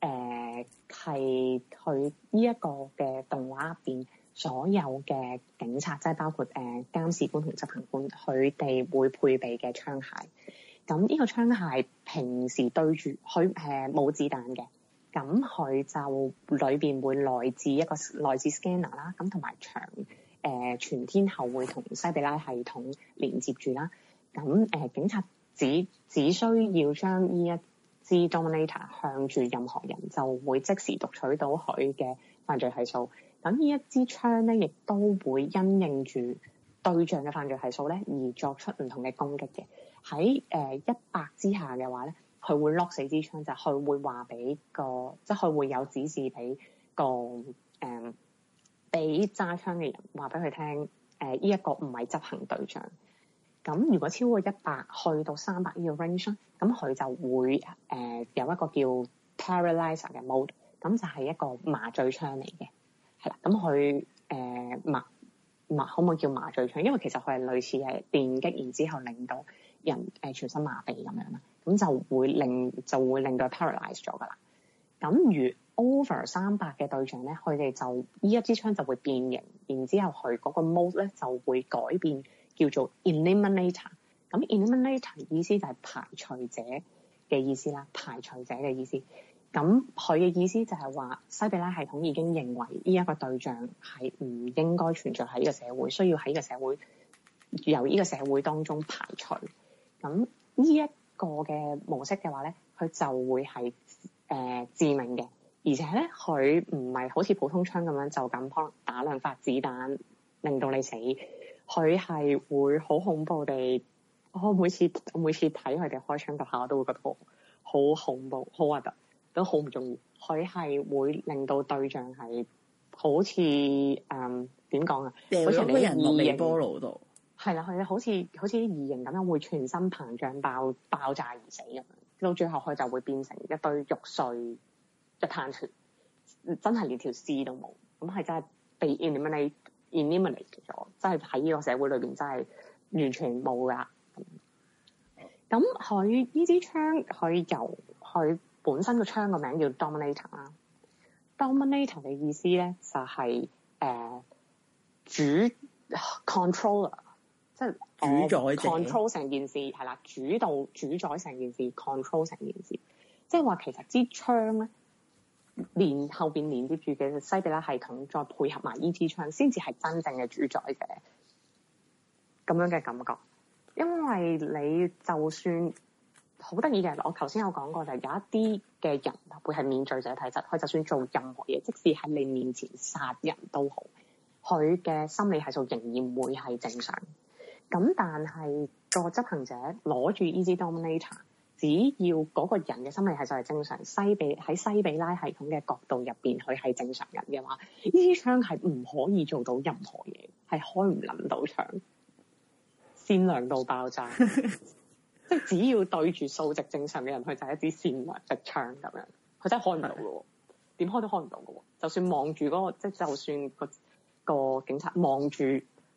誒係佢呢一個嘅動畫入邊，所有嘅警察，即係包括誒、呃、監視官同執行官，佢哋會配備嘅槍械。咁呢個槍械平時對住佢誒冇子彈嘅，咁佢就裏邊會來自一個來自 scanner 啦、啊。咁同埋長誒全天候會同西比拉系統連接住啦。咁誒、呃，警察只只需要將呢一支 Dominator 向住任何人，就會即時讀取到佢嘅犯罪係數。咁呢一支槍咧，亦都會因應住對象嘅犯罪係數咧，而作出唔同嘅攻擊嘅。喺誒一百之下嘅話咧，佢會 lock 死支槍，就係、是、佢會話俾個，即係佢會有指示俾個誒，俾、呃、揸槍嘅人話俾佢聽，誒呢一個唔係執行對象。咁如果超過一百去到三百呢個 range，咁佢就會誒、呃、有一個叫 paralyzer 嘅 mode，咁就係一個麻醉槍嚟嘅，係啦。咁佢誒麻麻可唔可以叫麻醉槍？因為其實佢係類似係電擊，然之後令到人誒、呃、全身麻痹咁樣啦。咁就會令就會令到佢 paralyze 咗噶啦。咁如 over 三百嘅對象咧，佢哋就呢一支槍就會變形，然之後佢嗰個 mode 咧就會改變。叫做 eliminator，咁 eliminator 意思就係排除者嘅意思啦，排除者嘅意思。咁佢嘅意思就係話西比拉系統已經認為呢一個對象係唔應該存在喺呢個社會，需要喺呢個社會由呢個社會當中排除。咁呢一個嘅模式嘅話咧，佢就會係誒、呃、致命嘅，而且咧佢唔係好似普通槍咁樣就咁可能打兩發子彈令到你死。佢係會好恐怖地，我每次每次睇佢哋開槍嗰下，我都會覺得好好恐怖，好核突，都好唔中意。佢係會令到對象係好似嗯點講啊？好似人啲異度，係、嗯、啦，佢好似好似啲異形咁樣，會全身膨脹爆爆炸而死咁，到最後佢就會變成一堆肉碎，一攤出，真係連條絲都冇。咁係真係被 enemy eliminate 咗，um、inated，即係喺呢個社會裏邊，真係完全冇噶。咁佢呢支槍，佢由佢本身個槍個名叫 dominator 啦。dominator 嘅意思咧就係、是、誒、呃、主 controller，即係主宰 control 成件事係啦，主導主宰成件事 control 成件事，即係話其實支槍咧。連後邊連接住嘅西比拉系統，再配合埋 E.T. 槍，先至係真正嘅主宰者。咁樣嘅感覺。因為你就算好得意嘅，我頭先有講過，就係，就係有一啲嘅人會係免罪者體質，佢就算做任何嘢，即使喺你面前殺人都好，佢嘅心理係數仍然會係正常。咁但係個執行者攞住 E.T. Dominator。只要嗰個人嘅心理係就係正常，西比喺西比拉系統嘅角度入邊佢係正常人嘅話，呢支槍係唔可以做到任何嘢，係開唔撚到槍，善良到爆炸。 即係只要對住數值正常嘅人，佢就係一支善良嘅槍咁樣，佢真係開唔到嘅喎，點的開都開唔到嘅喎。就算望住嗰個，即係就算嗰個警察望住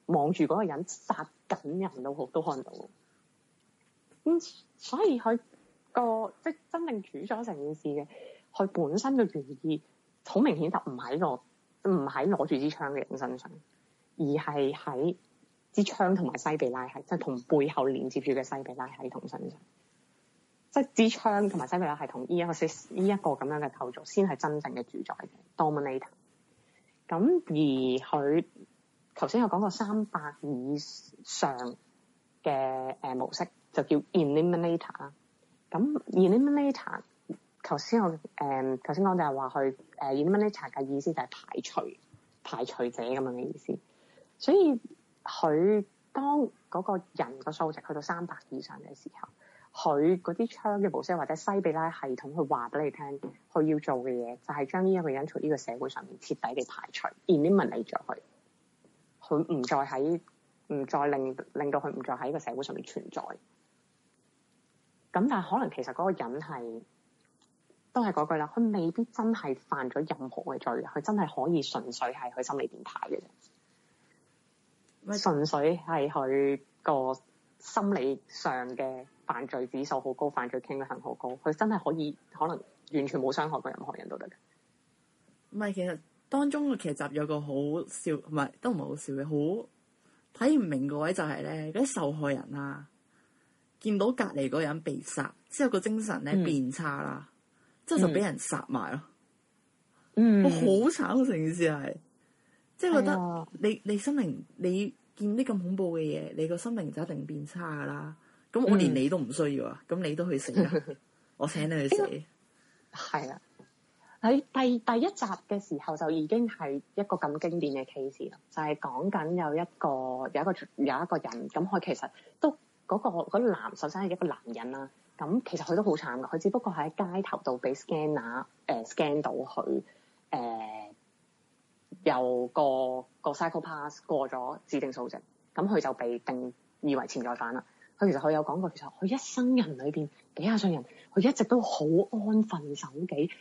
望住嗰個人殺緊人好都好都開唔到。嗯，所以佢。個即係真正主宰成件事嘅，佢本身嘅原意好明顯就唔喺個唔喺攞住支槍嘅人身上，而係喺支槍同埋西比拉係即係同背後連接住嘅西比拉系統身上。即係支槍同埋西比拉係同呢一個呢一、呢個咁樣嘅構造先係真正嘅主宰 Dominator。咁 dom 而佢頭先有講過三百以上嘅誒、呃、模式，就叫 Eliminator 啦。咁，eliminator，頭先我誒頭先講就係話佢誒 eliminator 嘅意思就係排除排除者，咁樣嘅意思。所以佢當個人個數值去到三百以上嘅時候，佢嗰啲槍嘅模式或者西比拉系統去話俾你聽，佢要做嘅嘢就係將呢一個人從呢個社會上面徹底地排除。eliminate 咗佢，佢唔再喺唔再令令到佢唔再喺呢個社會上面存在。咁但係可能其實嗰個人係都係嗰句啦，佢未必真係犯咗任何嘅罪，佢真係可以純粹係佢心理變態嘅啫，唔係，純粹係佢個心理上嘅犯罪指數好高，犯罪傾向好高，佢真係可以可能完全冇傷害過任何人都得嘅。唔係，其實當中嘅劇集有個好笑，唔係都唔係好笑嘅，好睇唔明個位就係咧嗰啲受害人啊！見到隔籬嗰人被殺，之後個精神咧變差啦，嗯、之後就俾人殺埋咯。嗯，我好慘啊！成件事係，嗯、即係覺得你你心靈你見啲咁恐怖嘅嘢，你個心靈就一定變差噶啦。咁、嗯、我連你都唔需要啊，咁你都去死，嗯、 我請你去死。係啊，喺第第一集嘅時候就已經係一個咁經典嘅 case 啦，就係講緊有一個有一個有一個，有一個人咁，佢其實都。嗰個男首先係一個男人啦，咁其實佢都好慘噶，佢只不過喺街頭度被 scanner 誒 scan 到佢，誒、呃、由個個 Psycho Pass 過咗指定數值，咁佢就被定義為潛在犯啦。佢其實佢有講過其實佢一生人裏邊幾廿歲人，佢一直都好安分守己，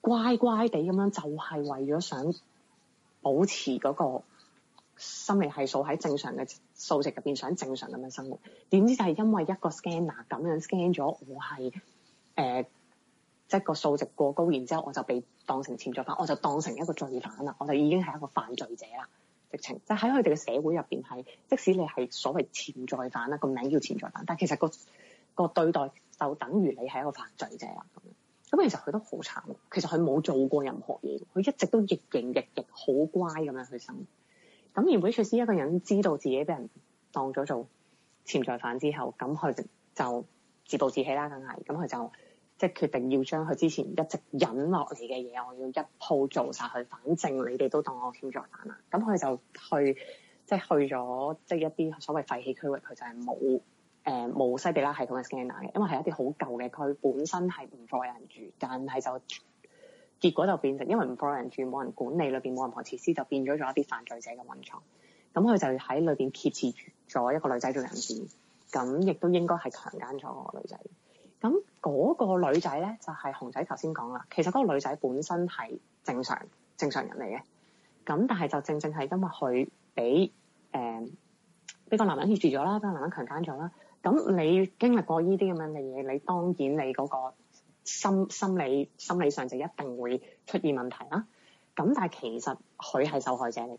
乖乖地咁樣就係、是、為咗想保持、那個。心理係數喺正常嘅數值入邊，想正常咁樣生活，點知就係因為一個 scanner 咁樣 scan 咗，我係誒即係個數值過高，然之後我就被當成潛在犯，我就當成一個罪犯啦。我就已經係一個犯罪者啦，直情就喺佢哋嘅社會入邊係，即使你係所謂潛在犯啦，個名叫潛在犯，但其實個個對待就等於你係一個犯罪者啦。咁樣咁，其實佢都好慘。其實佢冇做過任何嘢，佢一直都亦型亦型好乖咁樣去生活。咁而貝翠絲一個人知道自己俾人當咗做潛在犯之後，咁佢就自暴自棄啦，梗係咁佢就即係決定要將佢之前一直忍落嚟嘅嘢，我要一鋪做晒佢，反正你哋都當我潛在犯啦。咁佢就去即係、就是、去咗即係一啲所謂廢棄區域，佢就係冇誒冇西比拉系統嘅 scanner 嘅，因為係一啲好舊嘅區，本身係唔再有人住，但係就。結果就變成，因為唔多人住，冇人管理，裏邊冇任何設施，就變咗咗一啲犯罪者嘅溫床。咁佢就喺裏邊劫持咗一個女仔做人質，咁亦都應該係強姦咗個女仔。咁嗰個女仔咧，就係、是、熊仔頭先講啦。其實嗰個女仔本身係正常正常人嚟嘅。咁但係就正正係因為佢俾誒俾個男人劫住咗啦，俾男人強姦咗啦。咁你經歷過呢啲咁樣嘅嘢，你當然你嗰、那個。心心理心理上就一定會出現問題啦。咁但係其實佢係受害者嚟嘅。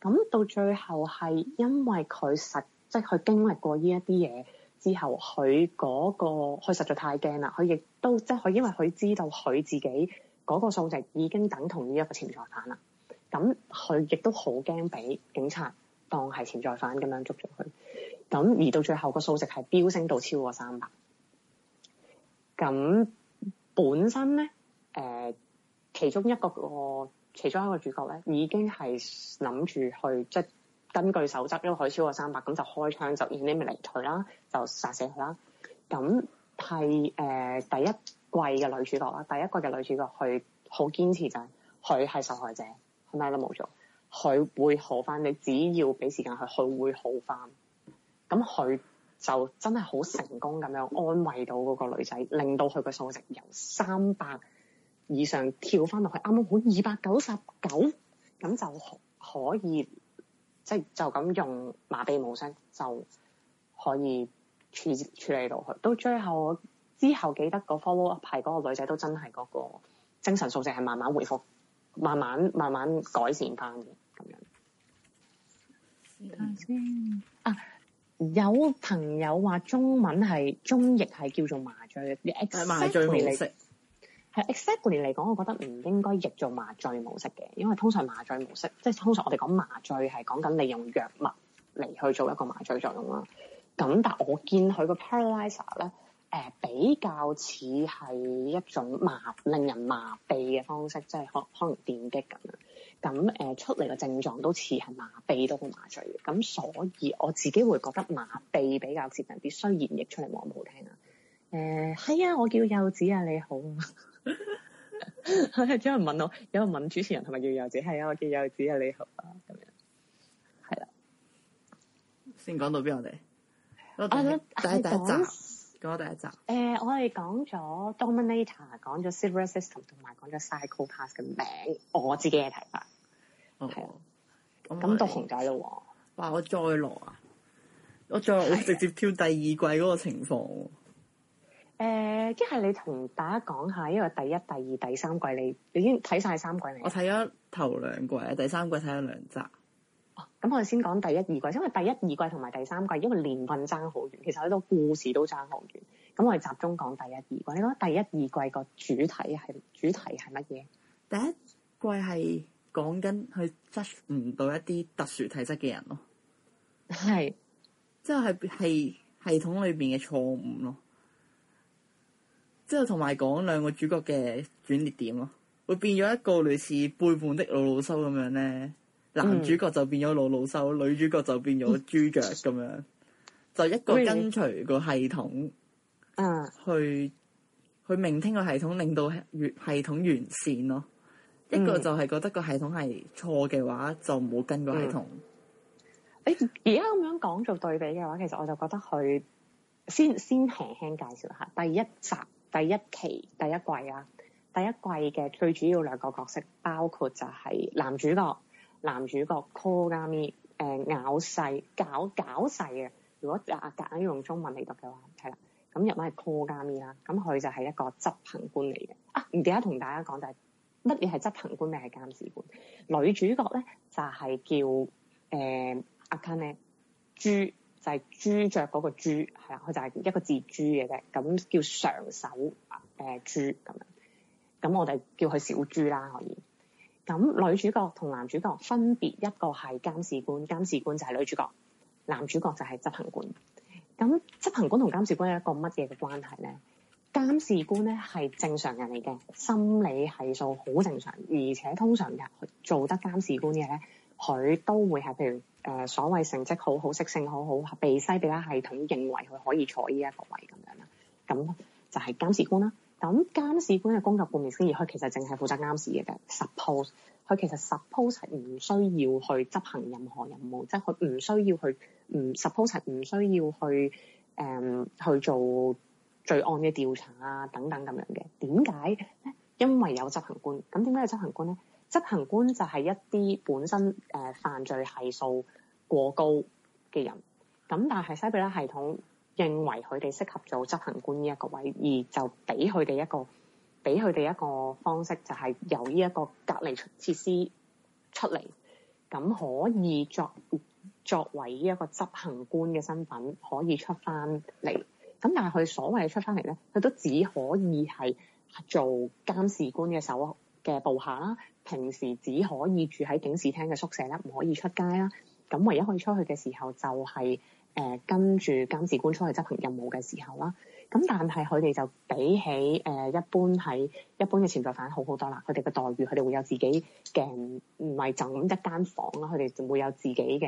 咁到最後係因為佢實即係佢經歷過呢一啲嘢之後，佢嗰個佢實在太驚啦。佢亦都即係佢因為佢知道佢自己嗰個數值已經等同於一個潛在犯啦。咁佢亦都好驚俾警察當係潛在犯咁樣捉咗佢。咁而到最後個數值係飆升到超過三百。咁本身咧，誒、呃、其中一個個其中一個主角咧，已經係諗住去即係根據守則，因為佢超過三百，咁就開槍就 eliminate 佢啦，就殺死佢啦。咁係誒第一季嘅女主角啦，第一季嘅女主角佢好堅持就係佢係受害者，佢咩都冇做，佢會好返，你只要俾時間佢，佢會好返。咁佢。就真係好成功咁樣安慰到嗰個女仔，令到佢個數值由三百以上跳翻落去，啱啱好二百九十九，咁就可以即係就咁、是、用麻痹模式就可以處處理到佢。到最後之後記得個 follow up 係嗰個女仔都真係嗰個精神數值係慢慢恢復、慢慢慢慢改善翻嘅咁樣。先、嗯、啊！有朋友話中文係中譯係叫做麻醉嘅，exactly 係 exactly 嚟講，我覺得唔應該譯做麻醉模式嘅，因為通常麻醉模式即係通常我哋講麻醉係講緊利用藥物嚟去做一個麻醉作用啦。咁但係我見佢個 paralyzer 咧、er，誒比較似係一種麻令人麻痹嘅方式，即係可可能電擊咁樣。咁誒、呃、出嚟嘅症狀都似係麻痹，都好麻醉嘅。咁所以我自己會覺得麻痹比較接近，雖然演繹出嚟我唔好聽啊。誒、呃、係啊，我叫侑子啊，你好。有 人問我，有人問主持人係咪叫侑子？係啊，我叫侑子啊，你好啊，咁樣係啦。啊、先講到邊？啊、我哋講第一集，誒、呃，我係講咗 Dominator，講咗 Sibyl System，同埋講咗 Psycho Pass 嘅名，我自己嘅睇法，哦、的嗯，啊，咁到熊仔嘞喎，哇，我再落啊，我再的我直接跳第二季嗰個情況，誒、呃，即係你同大家講下，因為第一、第二、第三季你，你已經睇晒三季嚟，我睇咗頭兩季啊，第三季睇咗兩集。咁我哋先講第一二季，因為第一二季同埋第三季，因為年份爭好遠，其實好多故事都爭好遠。咁我哋集中講第一二季，你覺得第一二季個主題係主題係乜嘢？第一季係講緊佢執唔到一啲特殊體質嘅人咯，係是，即係係系統裏邊嘅錯誤咯，即係同埋講兩個主角嘅轉捩點咯，會變咗一個類似背叛的魯魯修咁樣咧。男主角就變咗老老獸，女主角就變咗豬腳咁樣， 就一個跟隨個系統，嗯、啊，去去聆聽個系統，令到系統完善咯。嗯、一個就係覺得個系統係錯嘅話，就唔好跟個系統。誒、嗯，而家咁樣講做對比嘅話，其實我就覺得佢先先輕輕介紹下第一集、第一期、第一季啊，第一季嘅最主要兩個角色包括就係男主角。男主角 Kogami，誒咬細搞搞細嘅，如果阿硬要用中文嚟讀嘅話，係啦。咁入面係 Kogami 啦，咁佢就係一個執行官嚟嘅。啊，唔記得同大家講就係乜嘢係執行官，咩係監視官。女主角咧就係叫誒 Akane 豬，就係豬著嗰個豬，係啦，佢就係一個字豬嘅啫。咁叫上手誒豬咁樣，咁、呃、我哋叫佢小豬啦，可以。咁女主角同男主角分別一個係監視官，監視官就係女主角，男主角就係執行官。咁執行官同監視官有一個乜嘢嘅關係咧？監視官咧係正常人嚟嘅，心理係數好正常，而且通常嘅做得監視官嘅咧，佢都會係譬如誒、呃、所謂成績好好、適性好好、被西比拉系統認為佢可以坐呢一個位咁樣啦。咁就係監視官啦。咁監視官嘅工作，顧名思義，佢其實淨係負責監視嘅，suppose 啫。佢其實 suppose 唔需要去執行任何任務，即係佢唔需要去唔 suppose 唔需要去誒、嗯、去做罪案嘅調查啊等等咁樣嘅。點解咧？因為有執行官。咁點解有執行官咧？執行官就係一啲本身誒、呃、犯罪係數過高嘅人。咁但係西比拉系統，認為佢哋適合做執行官呢一個位，而就俾佢哋一個俾佢哋一個方式，就係由呢一個隔離設施出嚟，咁可以作作為呢一個執行官嘅身份可以出翻嚟。咁但係佢所謂出翻嚟咧，佢都只可以係做監視官嘅手嘅部下啦。平時只可以住喺警視廳嘅宿舍啦，唔可以出街啦。咁唯一可以出去嘅時候就係。誒跟住監視官出去執行任務嘅時候啦，咁但係佢哋就比起誒、呃、一般喺一般嘅潛在犯好好多啦。佢哋嘅待遇，佢哋會有自己嘅唔係就咁一間房啦。佢哋仲會有自己嘅一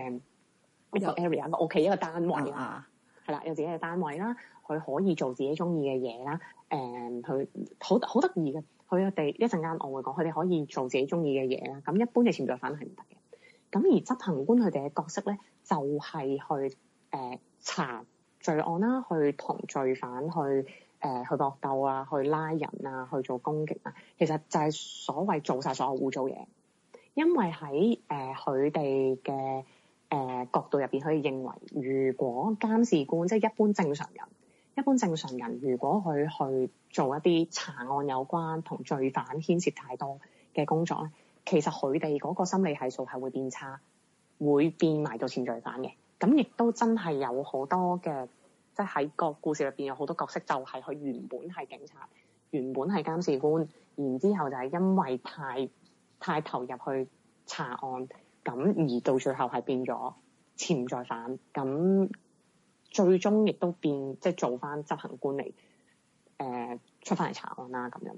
個 area 屋企一個單位係啦、啊啊，有自己嘅單位啦。佢可以做自己中意嘅嘢啦。誒、嗯，佢好好得意嘅，佢哋一陣間我會講，佢哋可以做自己中意嘅嘢啦。咁一般嘅潛在犯係唔得嘅。咁而執行官佢哋嘅角色咧，就係、是、去。誒、呃、查罪案啦，去同罪犯去誒、呃、去搏鬥啊，去拉人啊，去做攻擊啊，其實就係所謂做晒所有污糟嘢。因為喺誒佢哋嘅誒角度入邊，佢哋認為，如果監視官即係一般正常人，一般正常人如果佢去做一啲查案有關同罪犯牽涉太多嘅工作咧，其實佢哋嗰個心理係數係會變差，會變埋到前罪犯嘅。咁亦都真係有好多嘅，即係喺個故事入邊有好多角色，就係佢原本係警察，原本係監視官，然之後就係因為太太投入去查案，咁而到最後係變咗潛在犯，咁最終亦都變即係、就是、做翻執行官嚟，誒、呃、出翻嚟查案啦咁樣。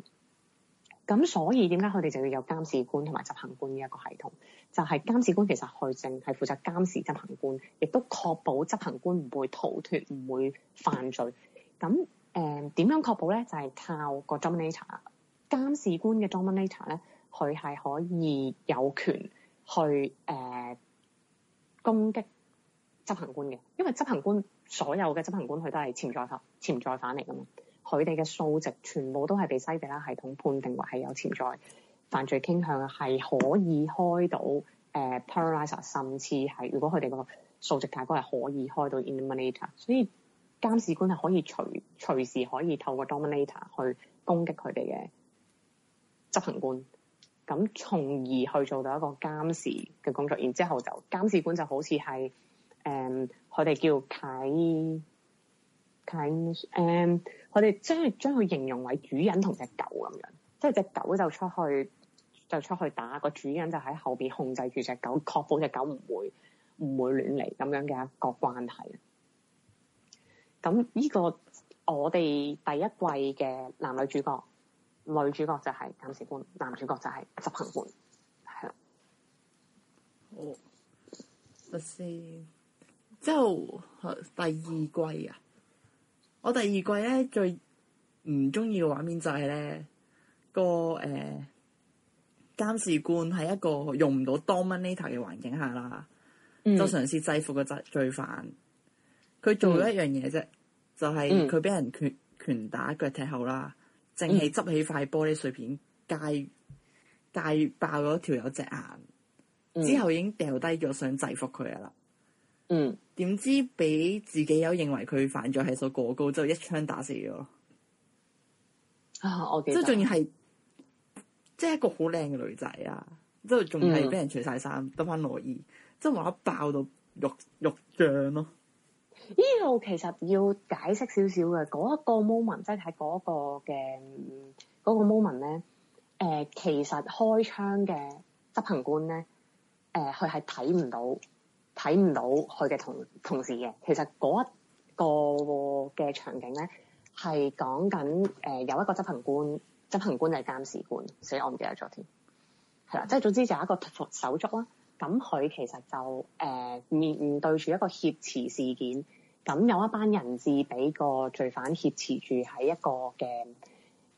咁所以點解佢哋就要有監視官同埋執行官呢一個系統？就係、是、監視官其實佢淨係負責監視執行官，亦都確保執行官唔會逃脫、唔會犯罪。咁誒點樣確保咧？就係、是、靠個 dominator 監視官嘅 dominator 咧，佢係可以有權去誒、呃、攻擊執行官嘅，因為執行官所有嘅執行官佢都係潛在犯、潛在犯嚟㗎嘛。佢哋嘅數值全部都係被西比拉系統判定為係有潛在犯罪傾向，係可以開到誒、呃、paralyzer，甚至係如果佢哋個數值太高係可以開到 Eliminator，所以監視官係可以隨隨時可以透過 dominator 去攻擊佢哋嘅執行官，咁從而去做到一個監視嘅工作。然之後就監視官就好似係誒，佢、嗯、哋叫睇睇誒。佢哋將佢將佢形容為主人同隻狗咁樣，即係隻狗就出去就出去打，個主人就喺後邊控制住隻狗，確保隻狗唔會唔會亂嚟咁樣嘅一個關係。咁呢個我哋第一季嘅男女主角，女主角就係監視官，男主角就係執行官，係啦。嗯，之後、so, uh, 第二季啊？我第二季咧最唔中意嘅畫面就係咧個誒鑑、呃、視官喺一個用唔到多 m i n l t e 嘅環境下啦，就、嗯、嘗試制服個罪犯。佢做咗一樣嘢啫，嗯、就係佢俾人拳拳打腳踢後啦，淨係執起塊玻璃碎片，介介爆咗條友隻眼，嗯、之後已經掉低咗想制服佢啦。嗯，點知俾自己友認為佢犯罪係數過高，之後一槍打死咗。啊，我即係仲要係，即係一個好靚嘅女仔啊，之後仲要係俾人除晒衫，得返內衣，即係話爆到肉肉漿囉。呢度其實要解釋少少嘅，嗰一個 moment 即係嗰個嘅嗰個 moment 咧，誒，其實開槍嘅執行官咧，誒，佢係睇唔到。睇唔到佢嘅同同事嘅，其實嗰個嘅場景咧係講緊誒有一個執行官，執行官就係監視官，所以我唔記得咗添。係啦，即係、嗯、總之就有一個手足啦。咁佢其實就誒、呃、面對住一個挾持事件，咁有一班人質俾個罪犯挾持住喺一個嘅誒、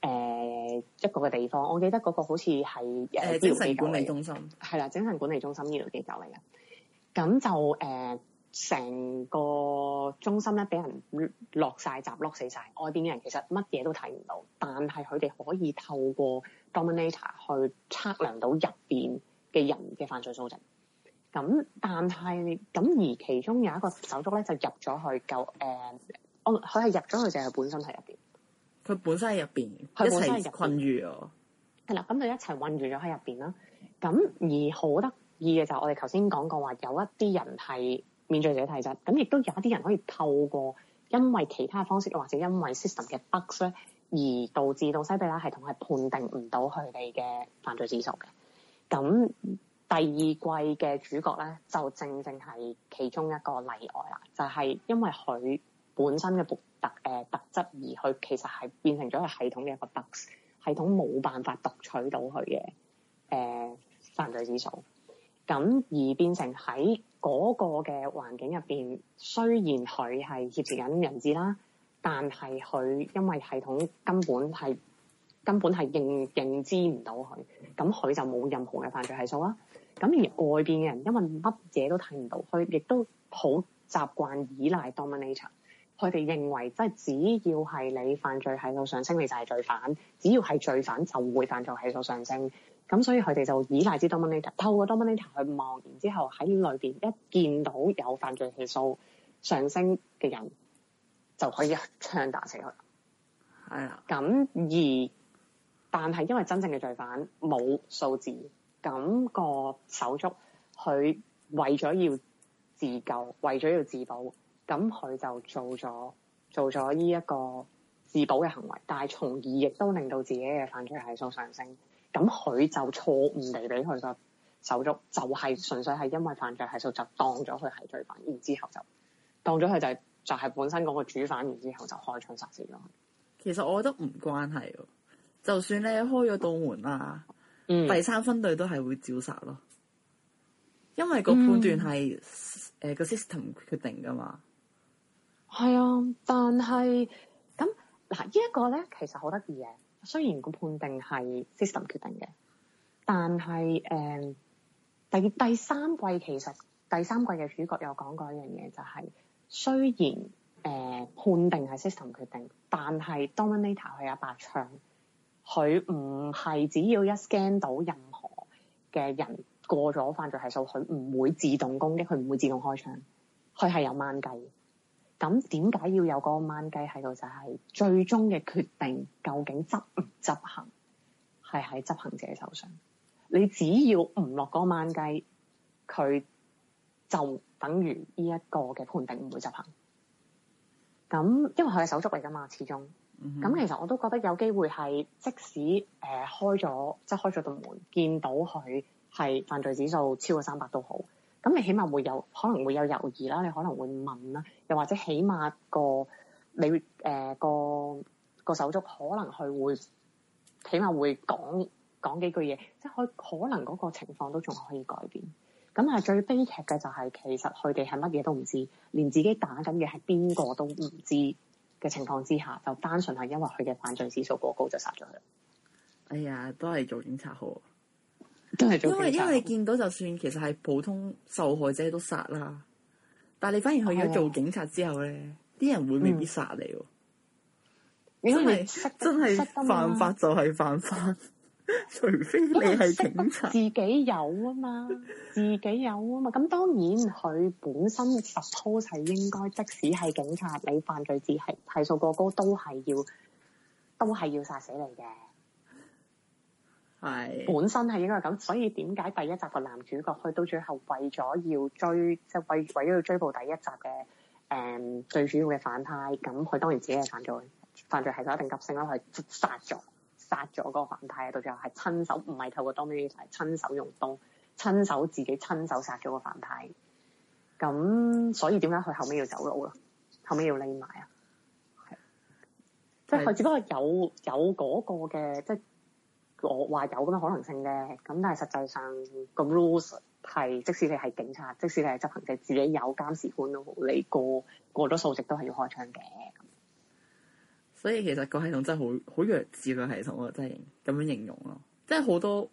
呃、一個嘅地方。我記得嗰個好似係誒精神管理中心，係啦，精神管理中心醫療機構嚟嘅。咁就誒成、呃、個中心咧俾人落晒閘，落死晒外邊嘅人其實乜嘢都睇唔到，但係佢哋可以透過 dominator 去測量到入邊嘅人嘅犯罪數值。咁、嗯、但係咁、嗯、而其中有一個手足咧就入咗去就、呃哦入，就誒哦，佢係入咗去定係本身喺入邊？佢本身喺入邊，佢本身入困住咗。係啦，咁就一齊困住咗喺入邊啦。咁、嗯嗯嗯、而好得。二嘅就，我哋頭先講過話有一啲人係免罪者嘅體質，咁亦都有一啲人可以透過因為其他方式，或者因為 system 嘅 bugs 咧，而導致到西比拉系統係判定唔到佢哋嘅犯罪指數嘅。咁第二季嘅主角咧，就正正係其中一個例外啊，就係、是、因為佢本身嘅特誒、呃、特質而佢其實係變成咗係系統嘅一個 bugs，系統冇辦法讀取到佢嘅誒犯罪指數。咁而變成喺嗰個嘅環境入邊，雖然佢係挾持緊人質啦，但係佢因為系統根本係根本係認認知唔到佢，咁佢就冇任何嘅犯罪係數啦。咁而外邊嘅人因為乜嘢都睇唔到，佢亦都好習慣依賴 dominator。佢哋認為即係只要係你犯罪係數上升，你就係罪犯；只要係罪犯，就會犯罪係數上升。咁所以佢哋就倚賴啲多芒監察，透過多 t o r 去望，然之後喺裏邊一見到有犯罪起數上升嘅人，就可以一槍打死佢。係啊、哎呀。咁而但係，因為真正嘅罪犯冇數字，咁、那個手足佢為咗要自救，為咗要自保，咁佢就做咗做咗呢一個自保嘅行為，但係從而亦都令到自己嘅犯罪起數上升。咁佢就錯誤地俾佢個手足，就係、是、純粹係因為犯罪係數就當咗佢係罪犯，然之後就當咗佢就係、是、就係、是、本身嗰個主犯，然之後就開槍殺死咯。其實我覺得唔關係、啊，就算你開咗道門啦、啊，嗯、第三分隊都係會照殺咯，因為個判斷係誒、嗯呃那個 system 決定㗎嘛。係、嗯、啊，但係咁嗱，呢一、這個咧其實好得意嘅。雖然個判定係 system 決定嘅，但係誒、呃、第第三季其實第三季嘅主角有講過一樣嘢、就是，就係雖然誒、呃、判定係 system 決定，但係 dominator 佢係一把槍，佢唔係只要一 scan 到任何嘅人過咗犯罪係數，佢唔會自動攻擊，佢唔會自動開槍，佢係有慢計。.咁點解要有嗰個掹雞喺度？就係、是、最終嘅決定，究竟執唔執行，係喺執行者手上。你只要唔落嗰個掹雞，佢就等於呢一個嘅判定唔會執行。咁因為佢係手足嚟噶嘛，始終，咁、mm hmm. 其實我都覺得有機會係即使誒、呃、開咗即係開咗道門見到佢係犯罪指數超過三百都好。咁你起碼會有，可能會有猶豫啦，你可能會問啦，又或者起碼個你誒、呃、個個手足可可，可能佢會起碼會講講幾句嘢，即係佢可能嗰個情況都仲可以改變。咁啊，最悲劇嘅就係、是、其實佢哋係乜嘢都唔知，連自己打緊嘅係邊個都唔知嘅情況之下，就單純係因為佢嘅犯罪指數過高就殺咗佢。哎呀，都係做警察好。係因為因為你見到就算其實係普通受害者都殺啦，但係你反而去咗做警察之後咧，啲、嗯、人會未必殺你喎。因為你真係真係犯法就係犯法，除非你係警察。自己有啊嘛， 自己有啊嘛。咁當然佢本身嘅 support 係應該，即使係警察，你犯罪係數過高，都係要都係要殺死你嘅。本身係應該咁，所以點解第一集個男主角去到最後為咗要追，即、就、係、是、為為咗要追捕第一集嘅誒、嗯、最主要嘅反派，咁佢當然自己係犯罪，犯罪係有一定急性啦，佢殺咗殺咗嗰個反派，到最後係親手，唔係透過當兵嚟，親手用刀，親手自己親手殺咗個反派。咁所以點解佢後尾要走佬啦？後尾要匿埋啊？係，是 即係佢只不過有有嗰個嘅，即係。我話有咁嘅可能性嘅，咁但係實際上個 rules 係，即使你係警察，即使你係執行者，自己有監視官都好，你過過咗數值都係要開槍嘅。所以其實個系統真係好好弱智嘅系統，真係咁樣形容、嗯、咯，即係好多，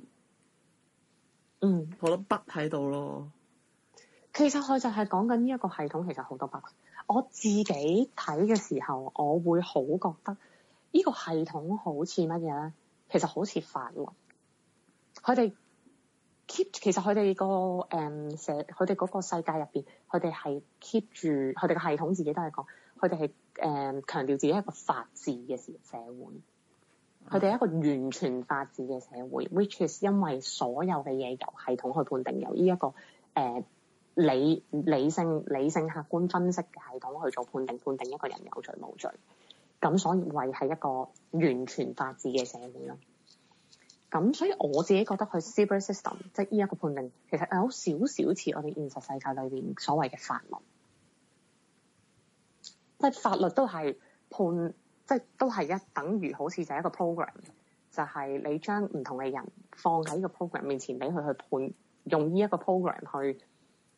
嗯，好多 bug 喺度咯。其實佢就係講緊呢一個系統，其實好多 bug。我自己睇嘅時候，我會好覺得呢個系統好似乜嘢咧？其實好似法律佢哋 keep，其實佢哋、嗰個誒、嗯、社，佢哋嗰個世界入邊，佢哋係 keep 住，佢哋嘅系統自己都係講，佢哋係誒強調自己係一個法治嘅社社會，佢哋、嗯、係一個完全法治嘅社會 ，which is 因為所有嘅嘢由系統去判定，由呢、這、一個誒、呃、理理性理性客觀分析嘅系統去做判定，判定一個人有罪冇罪。咁所以為係一個完全法治嘅社會咯。咁所以我自己覺得佢 cyber system 即係呢一個判定，其實係好少少似我哋現實世界裏邊所謂嘅法律。即係法律都係判，即係都係一等於好似就係一個 program，就係你將唔同嘅人放喺呢個 program 面前，俾佢去判，用呢一個 program 去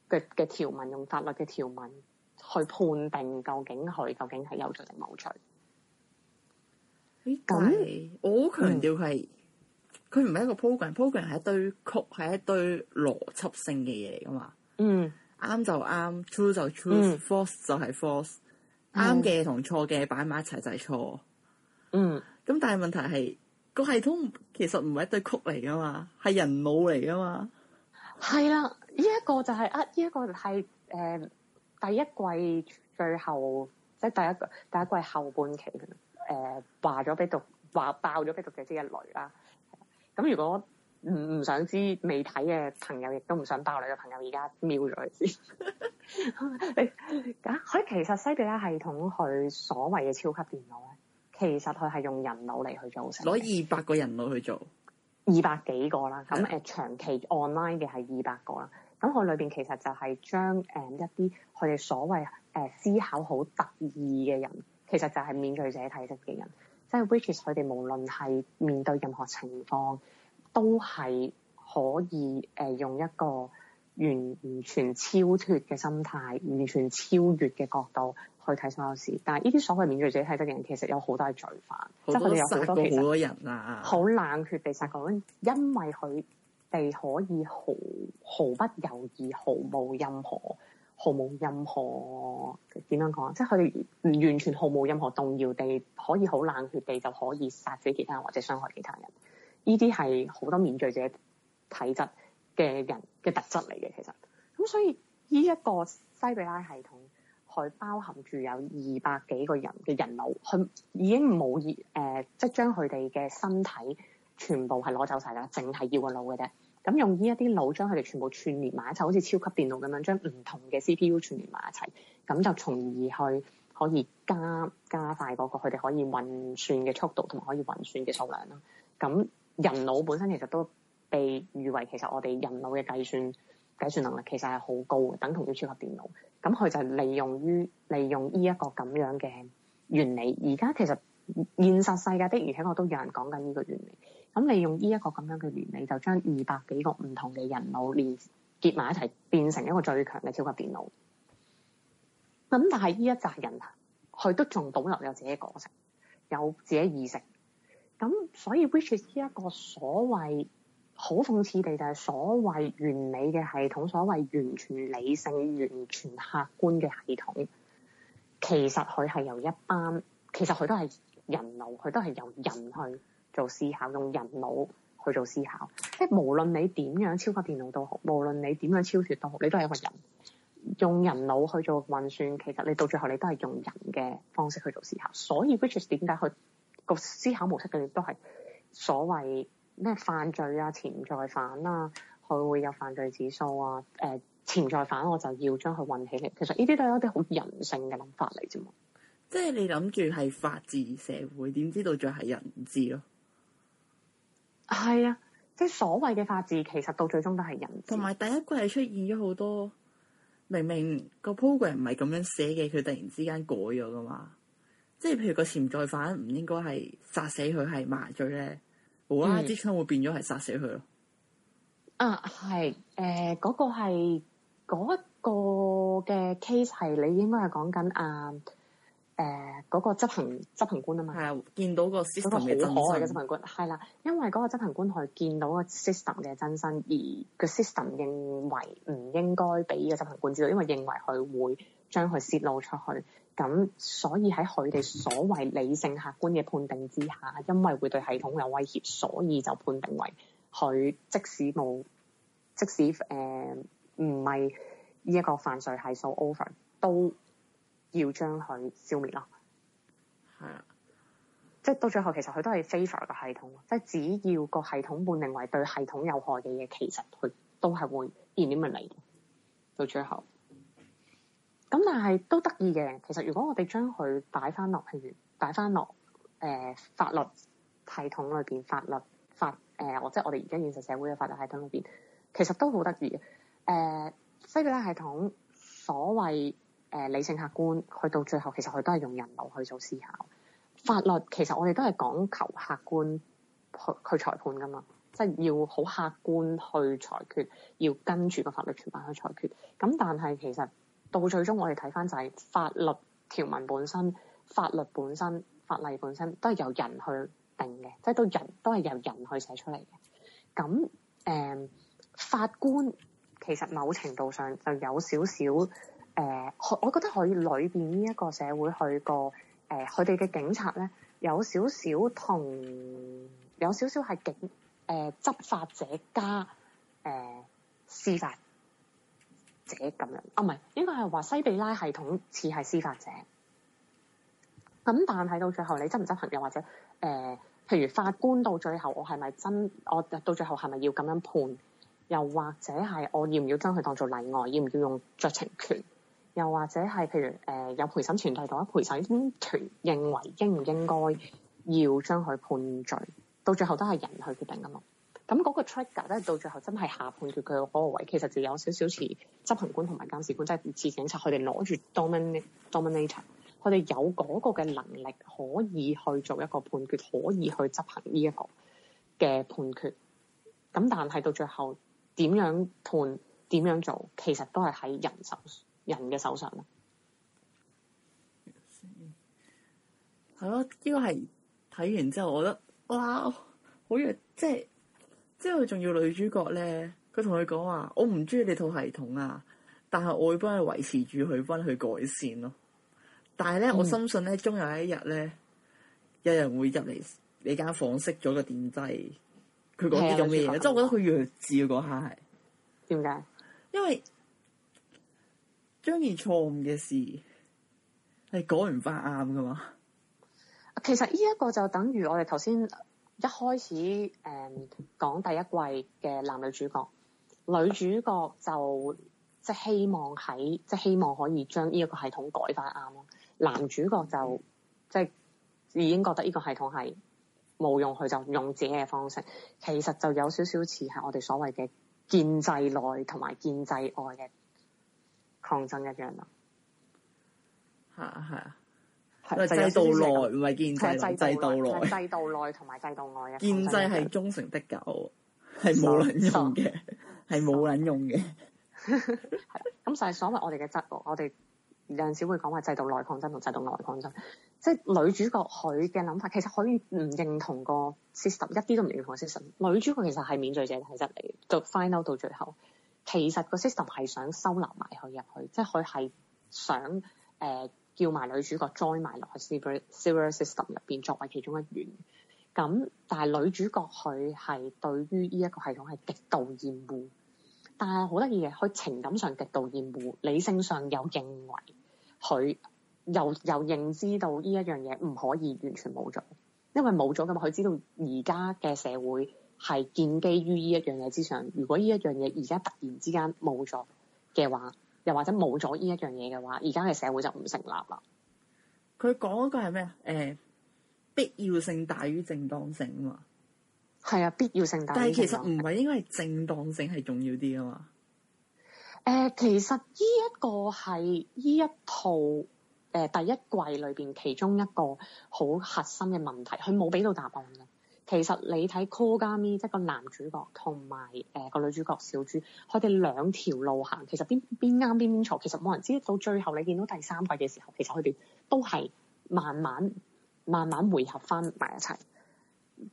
嘅嘅條文，用法律嘅條文去判定究竟佢究竟係有罪定冇罪。誒，係，我好強調係，佢唔係一個 program，program 係、嗯、program 一堆曲，係一堆邏輯性嘅嘢嚟噶嘛。嗯，啱就啱，true、嗯、就 true，false 就係 false，啱嘅同錯嘅擺埋一齊就係錯。嗯，咁但係問題係個系統其實唔係一堆曲嚟噶嘛，係人腦嚟噶嘛。係啦，呢、這、一個就係、是、啊，依、這、一個係、就、誒、是呃、第一季最後，即係第一第一季後半期。誒話咗俾讀話爆咗俾讀者知一雷啦、啊。咁、嗯、如果唔唔想知未睇嘅朋友，亦都唔想爆你嘅朋友，而家瞄咗佢先。啊！佢其實西比拉系統，佢所謂嘅超級電腦咧，其實佢係用人腦嚟去做成，攞二百個人腦去做，二百幾個啦。咁誒 長期 online 嘅係二百個啦。咁佢裏邊其實就係將誒一啲佢哋所謂誒思考好特異嘅人。其實就係免罪者體質嘅人，即係 which is 佢哋無論係面對任何情況，都係可以誒、呃、用一個完全超脫嘅心態、完全超越嘅角度去睇所有事。但係呢啲所謂免罪者體質嘅人，其實有好多係罪犯，很多 即係佢哋殺過好多人啊，好冷血地殺過，因為佢哋可以毫毫不猶豫、毫無任何。毫無任何，點樣講，即係佢哋完全毫無任何動搖地，可以好冷血地就可以殺死其他人或者傷害其他人。呢啲係好多免罪者體質嘅人嘅特質嚟嘅。其實咁所以呢一個西比拉系統，佢包含住有二百幾個人嘅人腦，佢已經冇以誒，即係將佢哋嘅身體全部係攞走晒啦，淨係要個腦嘅啫。咁用呢一啲腦將佢哋全部串聯埋一齊，好似超級電腦咁樣，將唔同嘅 CPU 串聯埋一齊，咁就從而去可以加加快嗰個佢哋可以運算嘅速度，同埋可以運算嘅數量啦。咁人腦本身其實都被譽為，其實我哋人腦嘅計算計算能力其實係好高嘅，等同於超級電腦。咁佢就利用於利用呢一個咁樣嘅原理。而家其實現實世界的而且確都有人講緊呢個原理。咁利用呢一個咁樣嘅原理，就將二百幾個唔同嘅人腦連結埋一齊，變成一個最強嘅超級電腦。咁但係呢一紮人啊，佢都仲保留有自己嘅個性，有自己意識。咁所以，which is 呢一個所謂好諷刺地，就係所謂完美嘅系統，所謂完全理性、完全客觀嘅系統，其實佢係由一班，其實佢都係人腦，佢都係由人去。做思考，用人腦去做思考，即係無論你點樣，超級電腦都好，無論你點樣超脱都好，你都係一個人，用人腦去做運算。其實你到最後，你都係用人嘅方式去做思考。所以，which is 點解佢個思考模式嘅，亦都係所謂咩犯罪啊、潛在犯啊，佢會有犯罪指數啊？誒、呃，潛在犯我就要將佢運起嚟。其實呢啲都係一啲好人性嘅諗法嚟啫嘛。即係你諗住係法治社會，點知道仲係人治咯、啊？係啊，即係所謂嘅法治，其實到最終都係人。同埋第一季係出現咗好多，明明個 program 唔係咁樣寫嘅，佢突然之間改咗㗎嘛。即係譬如個潛在犯唔應該係殺死佢，係麻醉咧，無啦啦支撐會變咗係殺死佢，嗯。啊，係，誒、呃，嗰、那個係嗰一個嘅 case 係，你應該係講緊啊。誒嗰、呃那個執行執行官啊嘛，係啊，見到個 system 好可愛嘅執行官，係啦，因為嗰個執行官佢見到個 system 嘅真身，而個 system 認為唔應該俾個執行官知道，因為認為佢會將佢泄露出去，咁所以喺佢哋所謂理性客觀嘅判定之下，因為會對系統有威脅，所以就判定為佢即使冇，即使誒唔係呢一個犯罪係數、so、over 都。要將佢消滅咯，係啊！ 即係到最後，其實佢都係 favor 個系統，即係只要個系統判定為對系統有害嘅嘢，其實佢都係會 eliminate 嚟到最後，咁但係都得意嘅。其實如果我哋將佢擺翻落，譬如擺翻落誒法律系統裏邊，法律法誒、呃，即係我哋而家現實社會嘅法律系統裏邊，其實都好得意嘅。誒、呃，西比拉系統所謂。誒、呃、理性客觀去到最後，其實佢都係用人腦去做思考。法律其實我哋都係講求客觀去去裁判㗎嘛，即係要好客觀去裁決，要跟住個法律條文去裁決。咁但係其實到最終我哋睇返就係法律條文本身、法律本身、法例本，本身都係由人去定嘅，即係都人都係由人去寫出嚟嘅。咁誒、呃、法官其實某程度上就有少少。誒、呃，我覺得可以裏邊呢一個社會去過誒，佢哋嘅警察咧有少少同有少少係警誒、呃、執法者加誒、呃、司法者咁樣。啊、哦，唔係應該係話西比拉系統似係司法者咁。但係到最後，你執唔執行又或者誒、呃，譬如法官到最後我是是，我係咪真我到最後係咪要咁樣判？又或者係我要唔要將佢當做例外？要唔要用酌情權？又或者係，譬如誒、呃、有陪審團睇到，陪審團認為應唔應該要將佢判罪，到最後都係人去決定噶嘛。咁嗰個 trigger 咧，到最後真係下判決佢嗰個位，其實就有少少似執行官同埋監視官，即係似警察，佢哋攞住 Dominator Dominator，佢哋有嗰個嘅能力可以去做一個判決，可以去執行呢一個嘅判決。咁但係到最後點樣判點樣做，其實都係喺人手。人嘅手上咯，係咯，呢、 嗯，這個係睇完之後，我覺得哇，好弱，即係，即係佢仲要女主角咧，佢同佢講話，我唔中意你套系統啊，但係我會幫佢維持住佢，幫佢改善咯。但係咧，嗯、我深信咧，終有一日咧，有人會入嚟你間房，熄咗個電掣，佢講啲咁嘅嘢，啊、 即係我覺得佢弱智啊！嗰下係點解？為因為。將件錯誤嘅事係改唔翻啱㗎嘛？其實呢一個就等於我哋頭先一開始誒、嗯、講第一季嘅男女主角，女主角就即係希望喺即係希望可以將呢一個系統改翻啱咯。男主角就即係已經覺得呢個系統係冇用，佢就用自己嘅方式。其實就有少少似係我哋所謂嘅建制內同埋建制外嘅。抗爭一樣咯，係啊啊，係制度內，唔係建制，制度內、制度內同埋制度外嘅。建制係忠誠的狗，係冇卵用嘅，係冇卵用嘅。係咁就係所謂我哋嘅質素。我哋有陣時會講話制度內抗爭同制度外抗爭，即係女主角佢嘅諗法其實可以唔認同個 system，一啲都唔認同個 system。女主角其實係免罪者係體質嚟，就 final 到最後。其實個 system 係想收納埋佢入去，即係佢係想誒、呃、叫埋女主角 join 埋落去 Sibyl System 入邊，作為其中一員。咁但係女主角佢係對於呢一個系統係極度厭惡，但係好得意嘅，佢情感上極度厭惡，理性上有認為佢又又認知到呢一樣嘢唔可以完全冇咗，因為冇咗咁嘛佢知道而家嘅社會。係建基於呢一樣嘢之上。如果呢一樣嘢而家突然之間冇咗嘅話，又或者冇咗呢一樣嘢嘅話，而家嘅社會就唔成立啦。佢講嗰個係咩啊？誒、呃，必要性大於正當性啊嘛。係啊，必要性大。但係其實唔係應該係正當性係重要啲啊嘛。誒、呃，其實呢一個係呢一套誒、呃、第一季裏邊其中一個好核心嘅問題，佢冇俾到答案㗎。其實你睇 Kogami 即係個男主角同埋誒個女主角小豬，佢哋兩條路行，其實邊邊啱邊邊邊錯，其實冇人知道。到最後你見到第三季嘅時候，其實佢哋都係慢慢慢慢回合返埋一齊。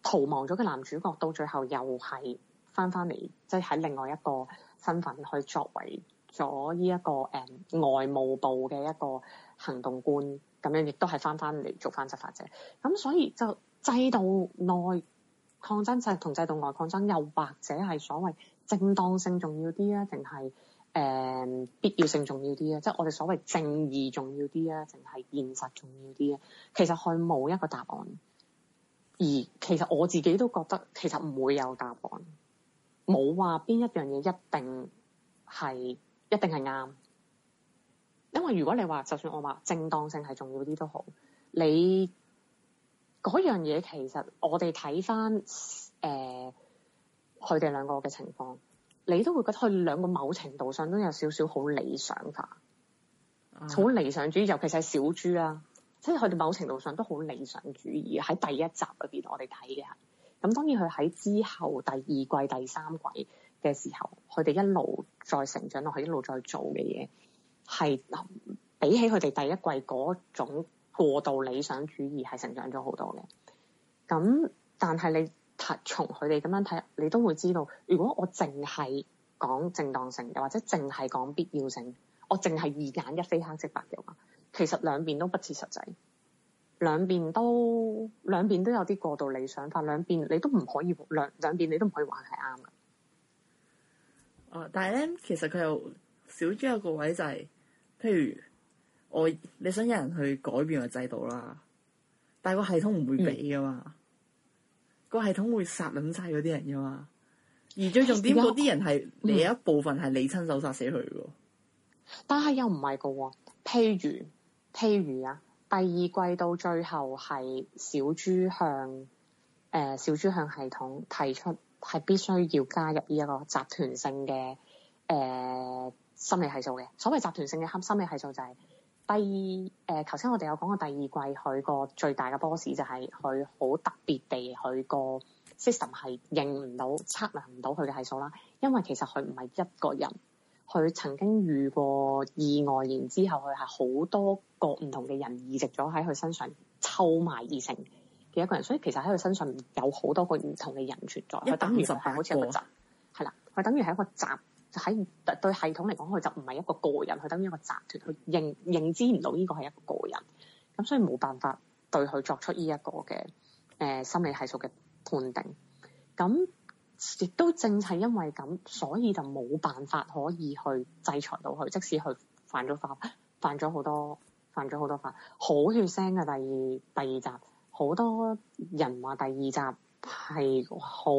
逃亡咗嘅男主角到最後又係返返嚟，即係喺另外一個身份去作為咗呢一個誒、呃、外務部嘅一個行動官，咁樣亦都係返返嚟做返執法者。咁所以就。制度內抗爭同制度外抗爭，又或者係所謂正當性重要啲啊，定係誒必要性重要啲啊？即係我哋所謂正義重要啲啊，定係現實重要啲啊？其實佢冇一個答案，而其實我自己都覺得，其實唔會有答案，冇話邊一樣嘢一定係一定係啱，因為如果你話就算我話正當性係重要啲都好，你。嗰樣嘢其實我哋睇翻誒佢哋兩個嘅情況，你都會覺得佢兩個某程度上都有少少好理想化，好、嗯、理想主義，尤其是小豬啦、啊，即係佢哋某程度上都好理想主義。喺第一集入邊我哋睇嘅，咁當然佢喺之後第二季、第三季嘅時候，佢哋一路再成長落去，一路再做嘅嘢係比起佢哋第一季嗰種過度理想主義係成長咗好多嘅，咁但係你睇從佢哋咁樣睇，你都會知道，如果我淨係講正當性，又或者淨係講必要性，我淨係二揀一非黑即白嘅話，其實兩邊都不切實際，兩邊都兩邊都有啲過度理想化，兩邊你都唔可以兩兩邊你都唔可以話係啱嘅。哦，但係咧，其實佢有少咗一個位就係、是，譬如。我你想有人去改變個制度啦，但係個系統唔會俾噶嘛，嗯、個系統會殺撚晒嗰啲人噶嘛。而最重點，嗰啲人係另一部分係你親手殺死佢嘅。但係又唔係嘅喎，譬如譬如啊，第二季到最後係小豬向誒、呃、小豬向系統提出係必須要加入呢一個集團性嘅誒、呃、心理係數嘅，所謂集團性嘅心理係數就係、是。第二，誒、呃，頭先我哋有講過第二季，佢個最大嘅 boss 就係佢好特別地，佢個 system 係認唔到、測量唔到佢嘅係數啦。因為其實佢唔係一個人，佢曾經遇過意外，然之後佢係好多個唔同嘅人移植咗喺佢身上抽埋而成嘅一個人。所以其實喺佢身上有好多個唔同嘅人存在。佢等於係好似一個集，係啦個，佢等於係一個集。就喺對系統嚟講，佢就唔係一個個人，佢等於一個集團，佢認認知唔到呢個係一個個人，咁所以冇辦法對佢作出呢、這、一個嘅誒、呃、心理係數嘅判定。咁亦都正係因為咁，所以就冇辦法可以去制裁到佢，即使佢犯咗法，犯咗好多，犯咗好多法，好血腥呀，第二第二集，好多人話第二集。係好，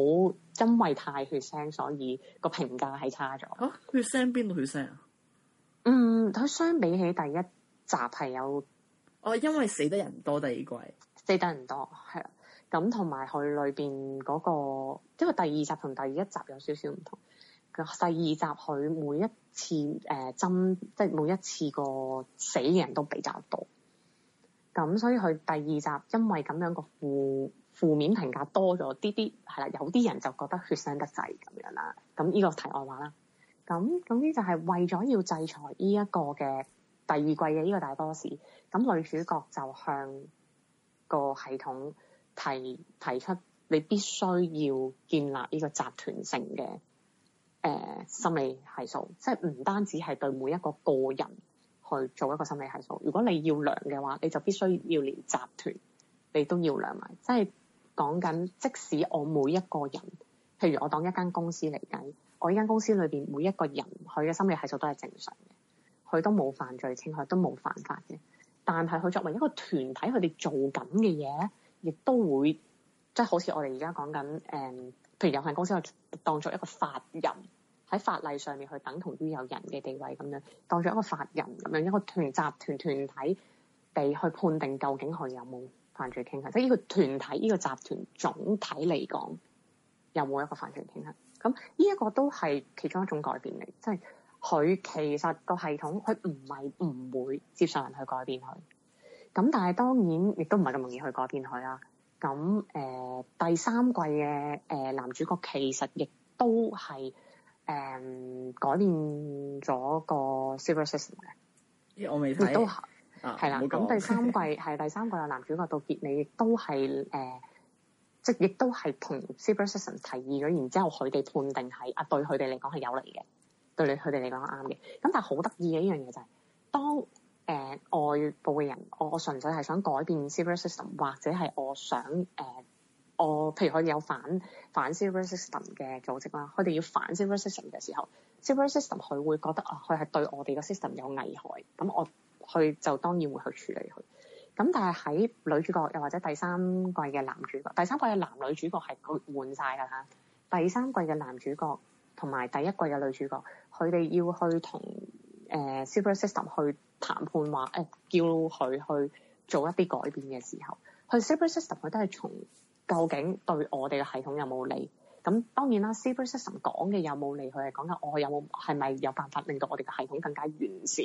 因為太血腥，所以個評價係差咗、啊。血腥邊度血腥啊？嗯，佢相比起第一集係有，哦、啊，因為死得人多，第二季死得人多，係啊，咁同埋佢裏邊嗰、那個，因為第二集同第一集有少少唔同。第二集佢每一次誒針、呃，即係每一次個死嘅人都比較多。咁、嗯、所以佢第二集因為咁樣個故。負面評價多咗啲啲係啦，有啲人就覺得血腥得滯咁樣啦。咁呢個題外話啦。咁咁啲就係為咗要制裁呢一個嘅第二季嘅呢個大 boss，咁女主角就向個系統提提出你必須要建立呢個集團性嘅誒、呃、心理係數，即係唔單止係對每一個個人去做一個心理係數。如果你要量嘅話，你就必須要連集團你都要量埋，即係。講緊，即使我每一個人，譬如我當一間公司嚟計，我依間公司裏邊每一個人，佢嘅心理係數都係正常嘅，佢都冇犯罪清，佢都冇犯法嘅。但係佢作為一個團體，佢哋做緊嘅嘢，亦都會即係好似我哋而家講緊，誒、嗯，譬如有限公司，我當作一個法人喺法例上面去等同於有人嘅地位咁樣，當作一個法人咁樣一個團集團團體地去判定究竟佢有冇犯罪傾向，即係呢個團體、呢、呢個集團總體嚟講，有冇一個犯罪傾向？咁呢一個都係其中一種改變嚟，即係佢其實個系統，佢唔係唔會接受人去改變佢。咁但係當然，亦都唔係咁容易去改變佢啦。咁誒、呃、第三季嘅誒、呃、男主角其實亦都係誒改變咗個 system 嘅。我未睇。係啦，咁第三季係 第三季啦。男主角到結尾都係誒、呃，即亦都係同 Cyrus System 提議咗，然之後佢哋判定係啊，對佢哋嚟講係有利嘅，對你佢哋嚟講啱嘅。咁但係好得意嘅一樣嘢就係、是，當誒、呃、外部嘅人，我純粹係想改變 Cyrus System，或者係我想誒、呃，我譬如佢哋有反反 Cyrus System 嘅組織啦，佢哋要反 Cyrus System 嘅時候，Cyrus System 佢會覺得啊，佢、哦、係對我哋個 system 有危害，咁我。佢就當然會去處理佢，咁但係喺女主角又或者第三季嘅男主角，第三季嘅男女主角係佢換晒噶啦。第三季嘅男主角同埋第一季嘅女主角，佢哋要去同誒、呃、Super System 去談判話，話、呃、誒叫佢去做一啲改變嘅時候，去 Super System 佢都係從究竟對我哋嘅系統有冇利？咁當然啦，Cyber System 講嘅有冇理？佢係講緊，我、哦、有冇係咪有辦法令到我哋嘅系統更加完善？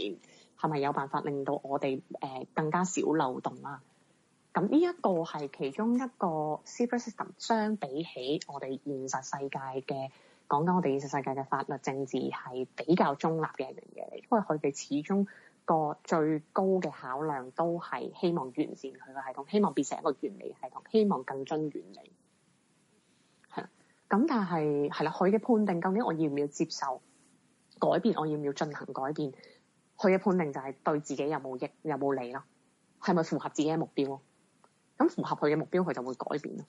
係咪有辦法令到我哋誒、呃、更加少漏洞啊？咁呢一個係其中一個 Cyber System 相比起我哋現實世界嘅講緊，我哋現實世界嘅法律政治係比較中立嘅一樣嘢嚟，因為佢哋始終個最高嘅考量都係希望完善佢個系統，希望變成一個完美系統，希望更臻完美。咁但係係啦，佢嘅判定究竟我要唔要接受改變，我要唔要進行改變？佢嘅判定就係對自己有冇益，有冇利咯？係咪符合自己嘅目標咯？咁符合佢嘅目標，佢就會改變咯。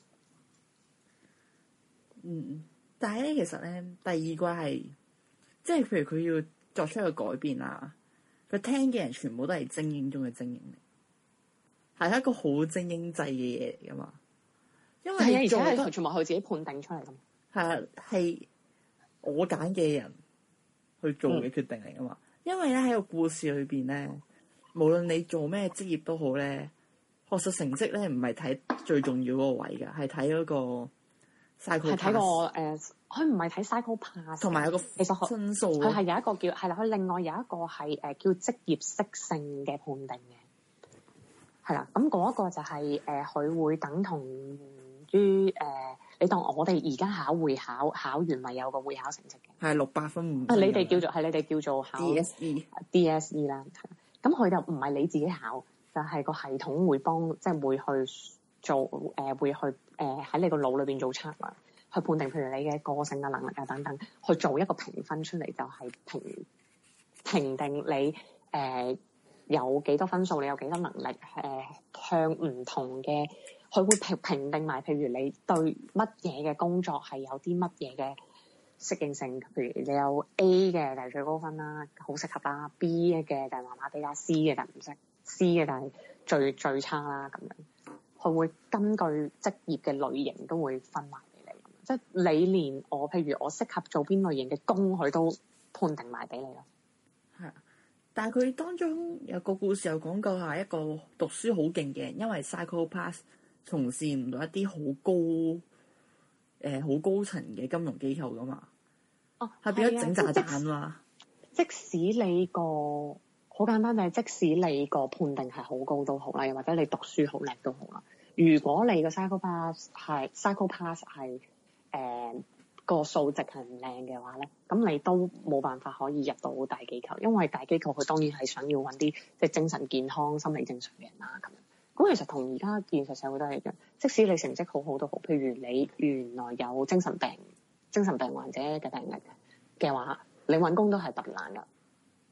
嗯，但係其實咧，第二個係，即係譬如佢要作出一個改變啦，佢聽嘅人全部都係精英中嘅精英嚟，係一個好精英制嘅嘢嚟噶嘛？因為做而且係全部佢自己判定出嚟噶。係，啊、我揀嘅人去做嘅決定嚟噶嘛？嗯、因為咧喺個故事裏邊咧，無論你做咩職業都好咧，學術成績咧唔係睇最重要嗰個位噶，係睇嗰個。係、呃、睇個誒，佢唔係睇 Psycho Pass，同埋有個其實分數，佢係有一個叫係啦，佢另外有一個係誒、呃、叫職業適性嘅判定嘅。係啦，咁嗰一個就係、是、誒，佢、呃、會等同於誒。呃你當我哋而家考會考，考完咪有個會考成績嘅。係六百分五分。啊，你哋叫做係你哋叫做考 DSE，DSE 啦。咁佢 SE 就唔係你自己考，就係、是、個系統會幫，即、就、係、是、會去做，誒、呃、會去誒喺、呃、你個腦裏邊做測量，去判定，譬如你嘅個性嘅能力啊等等，去做一個評分出嚟，就係、是、評評定你誒、呃、有幾多分數，你有幾多能力，誒、呃、向唔同嘅。佢會評評定埋，譬如你對乜嘢嘅工作係有啲乜嘢嘅適應性，譬如你有 A 嘅就係最高分啦，好適合啦；B 嘅就麻麻地啦，C 嘅就唔識，C 嘅但係最最差啦。咁樣佢會根據職業嘅類型都會分埋俾你，即係你連我譬如我適合做邊類型嘅工，佢都判定埋俾你咯。係啊，但係佢當中有個故事又講過係一個讀書好勁嘅，因為 Psycho Pass。從事唔到一啲好高，誒、呃、好高層嘅金融機構㗎嘛？哦，係變咗整炸彈嘛。即使，即使你個好簡單，就係即使你個判定係好高都好啦，又或者你讀書好叻都好啦。如果你個 Psycho Pass 係 Psycho Pass 係誒、 呃那個數值係唔靚嘅話咧，咁你都冇辦法可以入到大機構，因為大機構佢當然係想要搵啲即係精神健康、心理正常嘅人啦、啊、咁。咁其實同而家現實社會都係一樣，即使你成績好好都好，譬如你原來有精神病、精神病患者嘅病歷嘅話，你搵工都係揼難噶，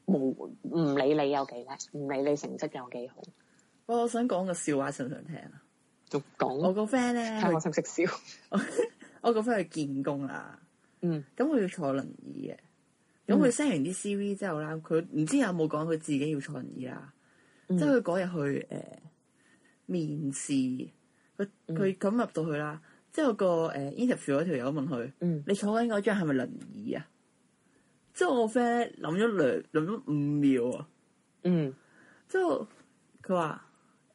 冇唔理你有幾叻，唔理你成績有幾好。我我想講個笑話想唔想聽啊？就講說。我個 friend 咧，我識笑， 我。我個 friend 去見工啦，嗯，咁佢要坐輪椅嘅，咁佢 send 完啲 CV 之後啦，佢唔、嗯、知有冇講佢自己要坐輪椅啊。即係佢嗰日去誒。面試佢佢咁入到去啦，即係、嗯有個誒、呃、interview 嗰條友問佢、嗯：你坐緊嗰張係咪輪椅啊？即係我 friend 諗咗兩諗咗五秒啊！嗯，即係佢話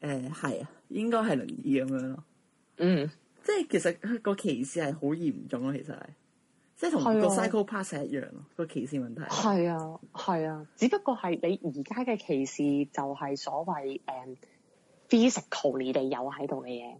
誒係啊，應該係輪椅咁樣咯。嗯，即係其實個歧視係好嚴重咯，其實係即係同個 Psycho Pass 係一樣咯，啊、個歧視問題係啊係啊，啊，只不過係你而家嘅歧視就係所謂誒。嗯 Physical 你哋有喺度嘅嘢，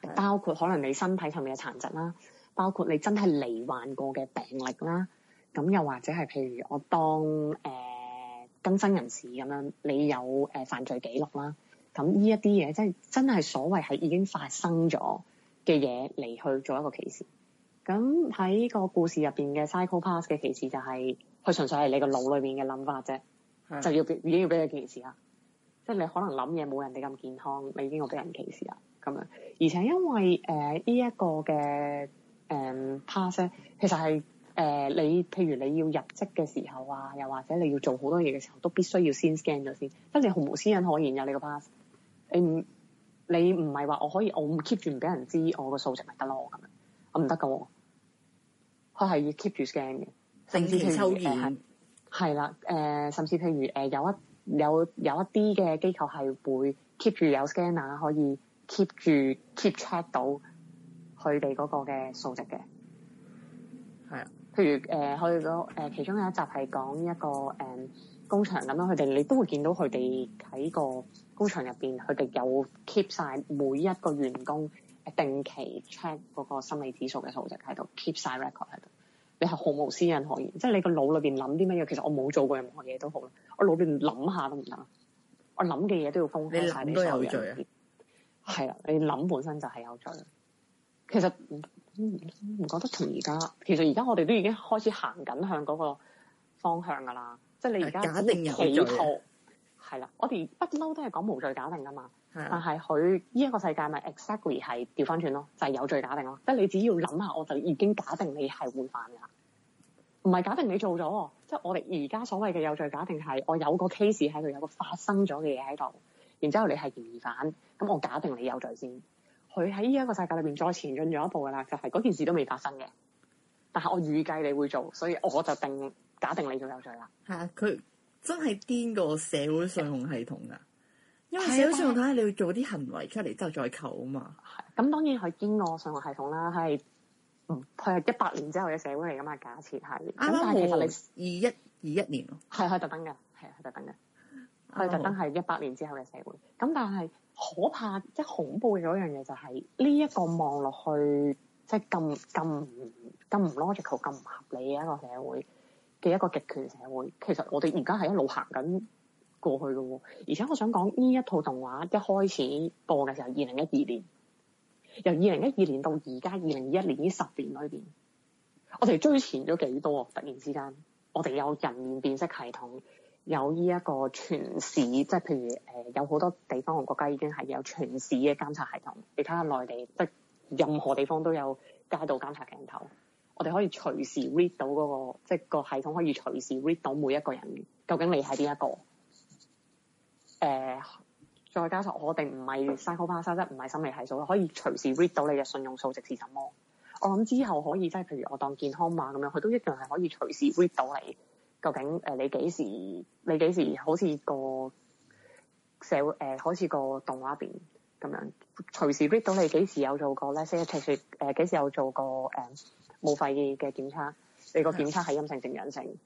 是的 包括可能你身體上面嘅殘疾啦，包括你真係罹患過嘅病歷啦，咁又或者係譬如我當誒、呃、更生人士咁樣，你有誒、呃、犯罪記錄啦，咁呢一啲嘢即係真係所謂係已經發生咗嘅嘢嚟去做一個歧視，咁喺個故事入邊嘅 Psycho Pass 嘅歧視就係佢純粹係你個腦裏面嘅諗法啫，是的 就要已經要俾你歧視啦。即係你可能諗嘢冇人哋咁健康，你已經好俾人歧視啦咁樣。而且因為誒呢一個嘅誒 pass 咧，其實係誒、呃、你譬如你要入職嘅時候啊，又或者你要做好多嘢嘅時候，都必須要先 scan 咗先。跟住毫無私隱可言有你個 pass，你唔你唔係話我可以我唔 keep 住唔俾人知我個數值咪得咯咁樣，我唔得㗎。佢係、哦、要 keep 住 scan 嘅。甚至譬如誒係啦，誒、呃呃呃呃、甚至譬如誒有一。呃呃呃呃呃呃呃呃有有一啲嘅機構係會 keep 住有 scanner 可以 keep 住 keep check 到佢哋個嘅數值嘅，係啊的，譬如誒去個誒其中有一集係講一個誒、呃、工場咁樣，佢哋你都會見到佢哋喺個工場入邊，佢哋有 keep 晒每一個員工誒定期 check 個心理指數嘅數值喺度，keep 晒 record 喺度。你係毫無私隱可言，即係你個腦裏邊諗啲乜嘢？其實我冇做過任何嘢都好啦，我腦邊諗下都唔得，我諗嘅嘢都要公開曬。你諗都有罪啊？係啊，你諗本身就係有罪。其實唔、嗯嗯嗯、覺得同而家，其實而家我哋都已經開始行緊向嗰個方向㗎啦。即係你而家假定有罪係啦，我哋不嬲都係講無罪假定㗎嘛。的但係佢呢一個世界咪 exactly 係調翻轉咯，就係、是、有罪假定咯。即係你只要諗下，我就已經假定你係換犯㗎啦。唔係假定你做咗，即係我哋而家所謂嘅有罪假定係我有個 case 喺度，有個發生咗嘅嘢喺度，然之後你係嫌疑犯，咁我假定你有罪先。佢喺呢一個世界裏面再前進咗一步㗎啦，就係、是、嗰件事都未發生嘅。但係我預計你會做，所以我就定假定你做有罪啦。係啊，佢真係癲過社會信用系統㗎，因為社會信用體係你要做啲行為出嚟之後再扣啊嘛。係，咁當然佢堅過信用系統啦，係。嗯，佢係一百年之後嘅社會嚟噶嘛？假設係，咁但係其實你二一二一年咯，係係特登嘅，係係特登嘅，佢特登係一百年之後嘅社會。咁但係可怕，即係恐怖嘅一樣嘢就係呢一個望落去，即係咁咁咁唔 logical，咁唔合理嘅一個社會嘅一個極權社會。其實我哋而家係一路行緊過去咯喎，而且我想講呢一套動畫一開始播嘅時候，二零一二年。由二零一二年到而家二零二一年呢十年裏邊，我哋追前咗幾多？突然之間，我哋有人面辨識系統，有呢一個全市，即係譬如誒、呃、有好多地方嘅國家已經係有全市嘅監察系統，你睇下內地，即係任何地方都有街道監察鏡頭，我哋可以隨時 read 到嗰、嗰個，即係個系統可以隨時 read 到每一個人究竟你係邊一個誒。呃再加上我哋唔係 Psycho Pass 啫，唔係心理係數啦，可以隨時 read 到你嘅信用數值是什麼。我諗之後可以即係譬如我當健康碼咁樣，佢都一樣係可以隨時 read 到你究竟誒、呃、你幾時你幾時好似個社會誒、呃、好似個動畫片咁樣隨時 read 到你幾時有做過咧，即係誒幾時有做過誒武肺嘅檢測？你個檢測係陰性定陽性？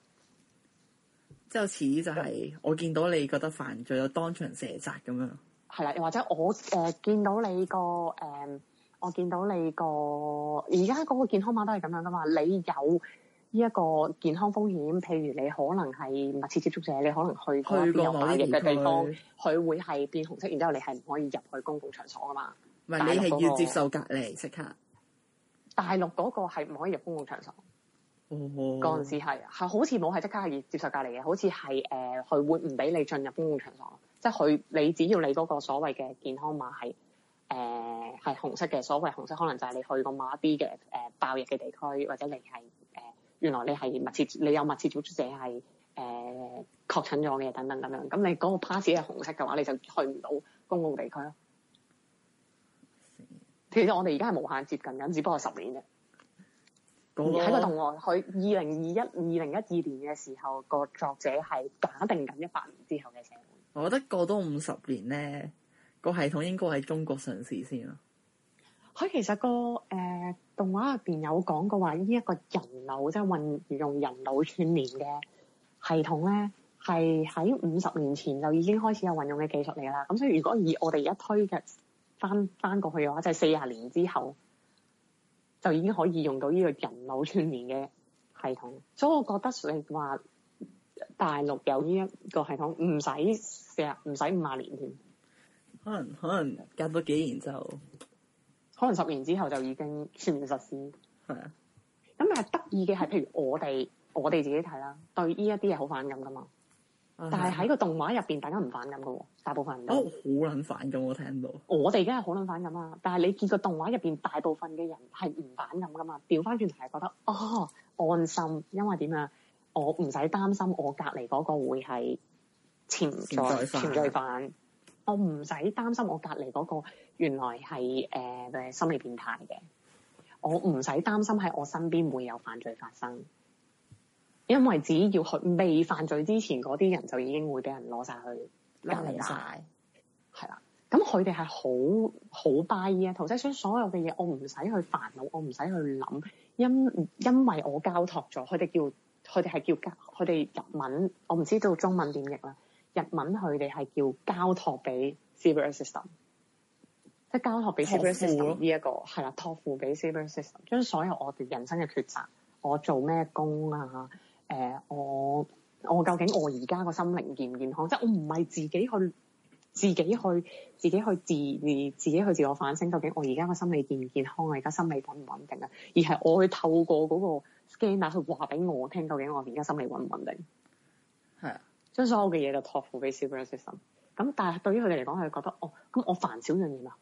即係似就係我見到你覺得犯罪，就當場射殺咁樣。係啦，又或者我誒、呃、見到你個誒、呃，我見到你個而家嗰個健康碼都係咁樣噶嘛。你有呢一個健康風險，譬如你可能係密切接觸者，你可能去去過防疫嘅地方，佢會係變紅色。然之後你係唔可以入去公共場所噶嘛？唔係是、那個、你係要接受隔離，即刻大陸嗰個係唔可以入公共場所。嗰陣時係係好似冇係即刻係接受隔離嘅，好似係誒佢會唔俾你進入公共場所，即係佢你只要你嗰個所謂嘅健康碼係誒係紅色嘅，所謂紅色可能就係你去過某一啲嘅誒爆疫嘅地區，或者你係誒、呃、原來你係密切你有密切接觸者係誒、呃、確診咗嘅等等等等，咁你嗰個 pass 係紅色嘅話，你就去唔到公共地區咯。其實我哋而家係無限接近緊，只不過十年啫。喺那個，個動畫去，佢二零二一、二零一二年嘅時候，那個作者係假定緊一百年之後嘅社會。我覺得過多五十年咧，個系統應該係中國嘗試先咯。佢其實、那個誒、呃、動畫入邊有講過話，呢一個人腦即係運用人腦串聯嘅系統咧，係喺五十年前就已經開始有運用嘅技術嚟啦。咁所以如果以我哋而家推嘅返返過去嘅話，就係四十年之後，就已經可以用到呢個人腦串聯嘅系統，所、so，以我覺得你話大陸有呢一個系統，唔使成日，唔使五啊年添。可能可能隔多幾年就，可能十年之後就已經全面實施。係啊，咁但係得意嘅係，譬如我哋我哋自己睇啦，對呢一啲嘢好反感㗎嘛。但係喺個動畫入邊，大家唔反感㗎喎，大部分人都好撚反感，我聽到。我哋而家係好撚反感啊！但係你見個動畫入邊，大部分嘅人係唔反感噶嘛，掉返轉係覺得哦，安心，因為點啊？我唔使擔心我隔離嗰個會係潛在犯罪犯。犯我唔使擔心我隔離嗰個原來係誒誒心理變態嘅，我唔使擔心喺我身邊會有犯罪發生。因為只要佢未犯罪之前，嗰啲人就已經會俾人攞晒去隔離晒，係啦。咁佢哋係好好 buy 啊！頭先所所有嘅嘢，我唔使去煩惱，我唔使去諗，因因為我交託咗佢哋，叫佢哋係叫佢哋日文，我唔知道中文點譯啦。日文佢哋係叫交託俾 Sibyl System，即係交託俾 Sibyl System 呢一、呢個係啦，託付俾 Sibyl System，將所有我哋人生嘅抉擇，我做咩工啊？誒、呃、我我究竟我而家個心靈健唔健康？即、就、係、是、我唔係自，自，自己去自己去自己去自自己去自我反省，究竟我而家個心理健唔健康啊？而家心理穩唔穩定啊？而係我去透過個個 scan 啊，去話俾我聽究竟我而家心理穩唔穩定？係啊的，將所有嘅嘢就託付俾 Sibyl System 咁，但係對於佢哋嚟講，佢覺得哦，咁我煩少樣嘢咪好？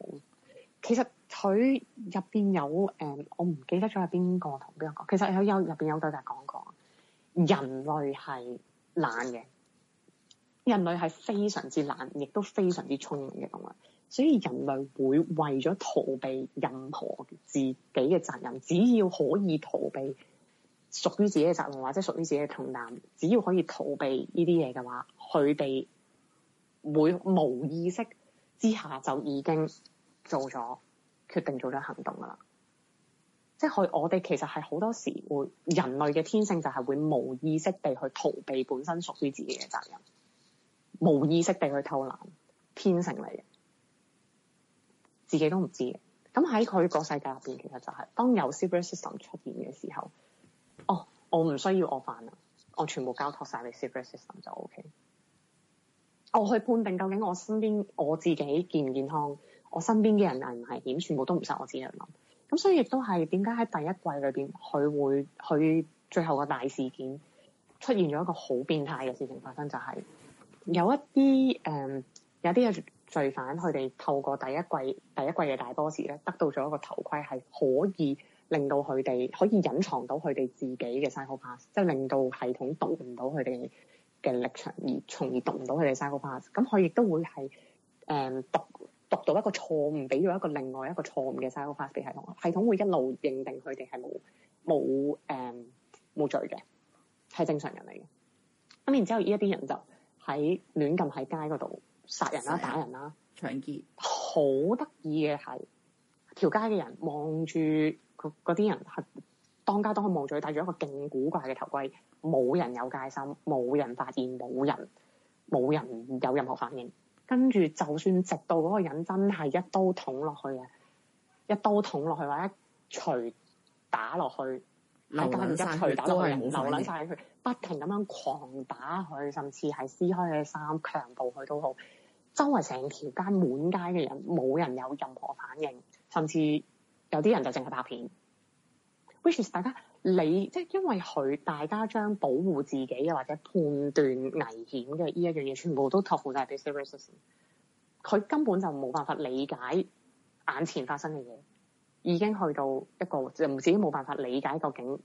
其實佢入邊有誒、嗯、我唔記得咗係邊個同邊個講。其實有有入邊有對就講過。人類係懶嘅，人類係非常之懶，亦都非常之聰明嘅動物，所以人類會為咗逃避任何自己嘅責任，只要可以逃避屬於自己嘅責任或者屬於自己嘅困難，只要可以逃避呢啲嘢嘅話，佢哋會無意識之下就已經做咗決定，做咗行動㗎喇。即係我哋其實係好多時會，人類嘅天性就係會無意識地去逃避本身屬於自己嘅責任，無意識地去偷懶，天性嚟嘅，自己都唔知嘅。咁喺佢個世界入邊，其實就係、是、當有 system 出現嘅時候，哦，我唔需要我犯啦，我全部交託晒畀 system 就 OK。我去判定究竟我身邊我自己健唔健康，我身邊嘅人危唔危險，全部都唔使我自己去諗。咁所以亦都係點解喺第一季裏邊，佢會佢最後個大事件出現咗一個好變態嘅事情發生，就係、是、有一啲誒、嗯、有啲嘅罪犯佢哋透過第一季第一季嘅大 boss 咧得到咗一個頭盔，係可以令到佢哋可以隱藏到佢哋自己嘅 Psycho Pass，即係令到系統讀唔到佢哋嘅立場，而從而讀唔到佢哋 Psycho Pass。咁佢亦都會係誒。讀。讀到一個錯誤，俾咗一個另外一個錯誤嘅西比拉系統，系統會一路認定佢哋係冇冇誒冇罪嘅，係正常人嚟嘅。咁然之後，呢一啲人就喺亂撳喺街嗰度殺人啦、打人啦、搶劫。 好得意嘅係，條街嘅人望住嗰啲人係當街當去望住佢，戴住一個勁古怪嘅頭盔，冇人有戒心，冇人發現，冇人冇人有任何反應。跟住，就算直到嗰個人真係一刀捅落去啊，一刀捅落去或者一錘打落去，係間一錘打到人就甩晒佢，不停咁樣狂打佢，甚至係撕開佢嘅衫強暴佢都好。周圍成條街滿街嘅人，冇人有任何反應，甚至有啲人就淨係拍片，which is 大家。你即係因為佢，大家將保護自己嘅或者判斷危險嘅呢一樣嘢，全部都託付晒畀 serious 佢根本就冇辦法理解眼前發生嘅嘢，已經去到一個就唔至於冇辦法理解究竟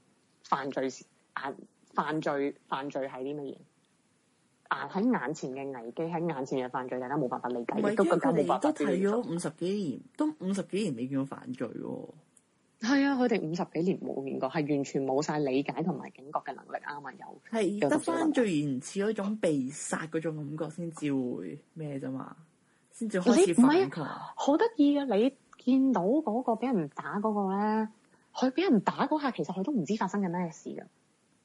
犯罪事、眼、啊、犯罪、犯罪係啲乜嘢？眼、啊、喺眼前嘅危機、喺眼前嘅犯罪，大家冇辦法理解，都更加冇辦法。睇咗五十幾年，都五十幾年你見到犯罪喎、啊。係啊，佢哋五十幾年冇見過，係完全冇晒理解同埋警覺嘅能力啊嘛，剛剛有係得翻最原始嗰種被殺嗰種感覺先至會咩啫嘛，先至開始反抗。唔係，好得意嘅，你見到嗰個俾人打嗰個咧，佢俾人打嗰下，其實佢都唔知發生緊咩事㗎。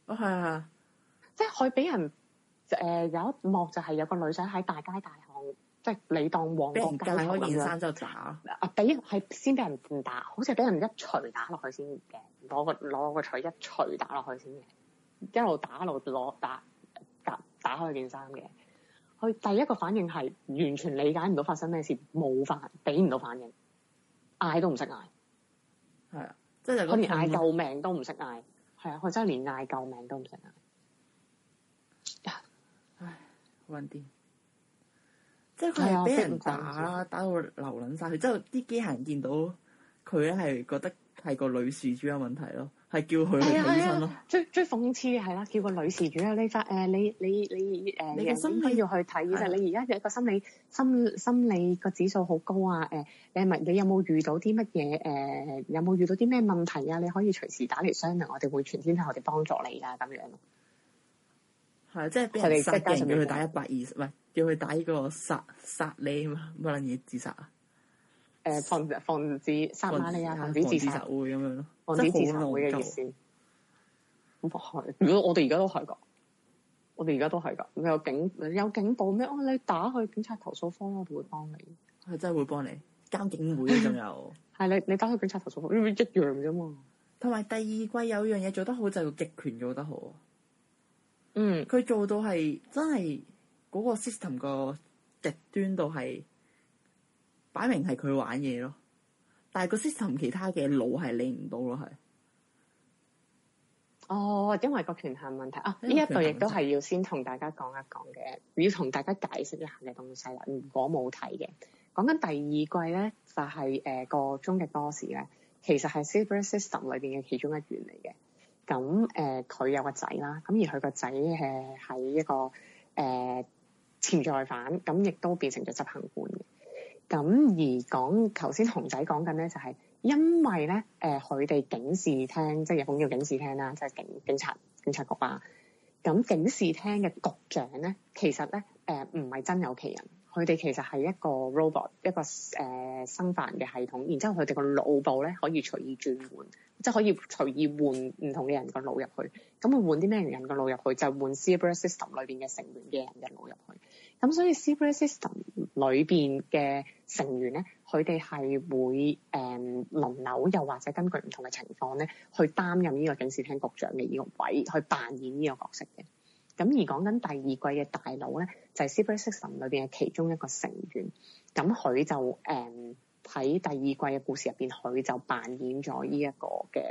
啊係啊，即係佢俾人誒、呃、有一幕就係有個女仔喺大街大。即係你當旺角街頭咁啊！俾人開件衫就打啊！俾係先俾人唔打，好似俾人一捶打落去先嘅，攞個攞個錘一捶打落去先嘅，一路打一路攞打打打開件衫嘅。佢第一個反應係完全理解唔到發生咩事，冇反，俾唔到反應，嗌都唔識嗌，係啊，即係佢連嗌救命都唔識嗌，係啊，佢真係連嗌救命都唔識嗌。呀，唉，混啲。好即係佢係俾人打，啦、啊，打到流撚晒。佢之後，啲機械人見到佢咧，係覺得係個女事主有問題咯，係叫佢去補咯。最最諷刺嘅係啦，叫個女事主啊，呢發誒，你你你誒，你嘅、呃、心理要去睇，就係、哎、呀你而家嘅個心理心心理個指數好高啊！誒、呃，你係咪你有冇遇到啲乜嘢？誒、呃，有冇遇到啲咩問題啊？你可以隨時打嚟商量，我哋會全天候地幫助你啦、啊，咁樣。係、嗯、即係俾人識人，人要去120，要佢打一百二十，唔叫佢打呢個殺殺你嘛，乜撚嘢自殺啊？誒、呃，防防止撒瑪利亞防止子自殺會咁樣咯，防止自殺會嘅意思。咁係好，如果我哋而家都係噶，我哋而家都係噶。有警有警報咩？哦、啊，你打去警察投訴方，佢會幫你，佢真係會幫你。監警會仲有。係你， 你打去警察投訴方，一樣啫嘛。同埋第二季有樣嘢做得好就係極權做得好，嗯，佢做到係真係。嗰個 system 個極端到係擺明係佢玩嘢咯，但係個 system 其他嘅腦係理唔到咯，係。哦，因為個權限問題啊，呢一度亦都係要先同大家講一講嘅，要同大家解釋一下嘅東西啦。如果冇睇嘅，講緊第二季咧，就係誒個終極 boss 咧，其實係 Sibyl System 裏邊嘅其中一員嚟嘅。咁誒，佢、呃、有個仔啦，咁而佢個仔誒喺一個誒。呃潛在犯咁亦都變成咗執行官嘅，咁而講頭先熊仔講緊咧、就是，就係因為咧，誒佢哋警視廳，即係日本叫警視廳啦，即、就、係、是、警警察警察局啊，咁警視廳嘅局長咧，其實咧，誒唔係真有其人。佢哋其實係一個 robot，一個誒、呃、生化人嘅系統，然之後佢哋個腦部咧可以隨意轉換，即係可以隨意換唔同嘅人個腦入去。咁佢換啲咩人個腦入去？就係、是、換 Sibyl System 裏邊嘅成員嘅人嘅腦入去。咁所以 Sibyl System 裏邊嘅成員咧，佢哋係會誒輪、呃、流，又或者根據唔同嘅情況咧，去擔任呢個警視廳局長嘅呢個位，去扮演呢個角色嘅。咁而講緊第二季嘅大佬咧，就係 Sibyl System 裏邊嘅其中一個成員。咁、嗯、佢就誒喺、嗯、第二季嘅故事入邊，佢就扮演咗呢一個嘅誒、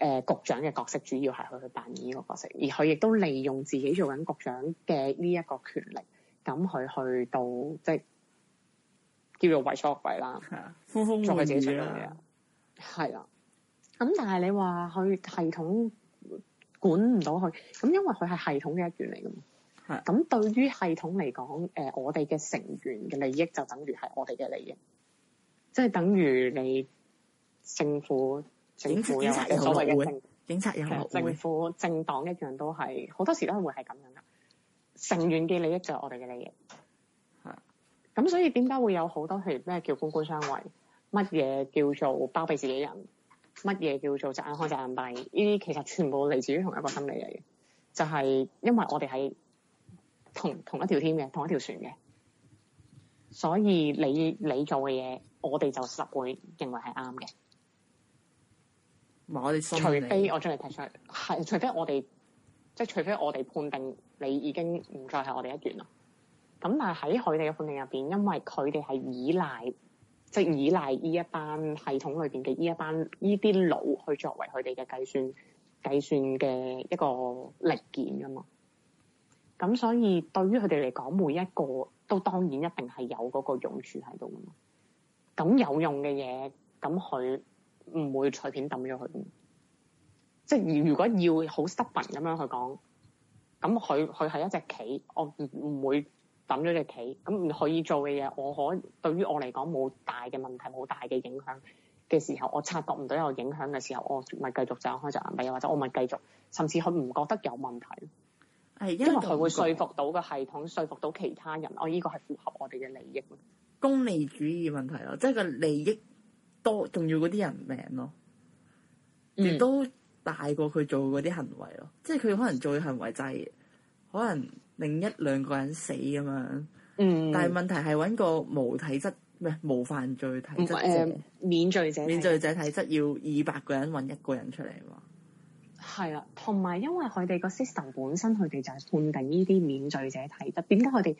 呃呃、局長嘅角色，主要係佢去扮演呢個角色。而佢亦都利用自己做緊局長嘅呢一個權力，咁、嗯、佢去到即係、就是、叫做為所欲為啦， 做佢自己啦。係 啊，咁、啊、但係你話佢系統？管唔到佢，咁因為佢係系統嘅一員嚟噶嘛。係。咁對於系統嚟講，誒、呃、我哋嘅成員嘅利益就等於係我哋嘅利益，即係等於你政府、政府有所謂嘅政府警察有，政府政黨一樣都係好多時都會係咁樣噶。成員嘅利益就係我哋嘅利益。係。咁所以點解會有好多譬如咩叫官官相衛，乜嘢叫做包庇自己人？乜嘢叫做隻眼開隻眼閉？呢啲其實全部嚟自於同一個心理嚟嘅，就係、是、因為我哋係同同一條天嘅、同一條船嘅，所以你你做嘅嘢，我哋就實會認為係啱嘅。我心除非我將你踢出去，除非我哋，即、就、係、是、除非我哋判定你已經唔再係我哋一員啦。咁但係喺佢哋嘅判斷入邊，因為佢哋係依賴。即係依賴呢一班系統裏邊嘅依一班依啲腦去作為佢哋嘅計算、計算嘅一個零件噶嘛，咁所以對於佢哋嚟講，每一個都當然一定係有嗰個用處喺度噶嘛。咁有用嘅嘢，咁佢唔會隨便抌咗佢。即係如果要好 stubborn 咁樣去講，咁佢、佢係一隻棋，我唔、唔會。抌咗隻棋，咁唔可以做嘅嘢，我可以對於我嚟講冇大嘅問題，冇大嘅影響嘅時候，我察覺唔到有影響嘅時候，我咪繼續走開就唔理，或者我咪繼續，甚至佢唔覺得有問題，因為佢會說服到個系統，說服到其他人，我、哦、呢、這個係符合我哋嘅利益，功利主義問題咯，即係個利益多重要嗰啲人命咯，亦都大過佢做嗰啲行為咯，即係佢可能做嘅行為就係、是、可能。另一兩個人死啊嘛，嗯、但係問題係搵個無體質，咩無犯罪體質者，免罪者。免罪者體質，者體質要二百個人搵一個人出嚟嘛？係啊，同埋因為佢哋個 system 本身，佢哋就係判定呢啲免罪者體質。點解佢哋？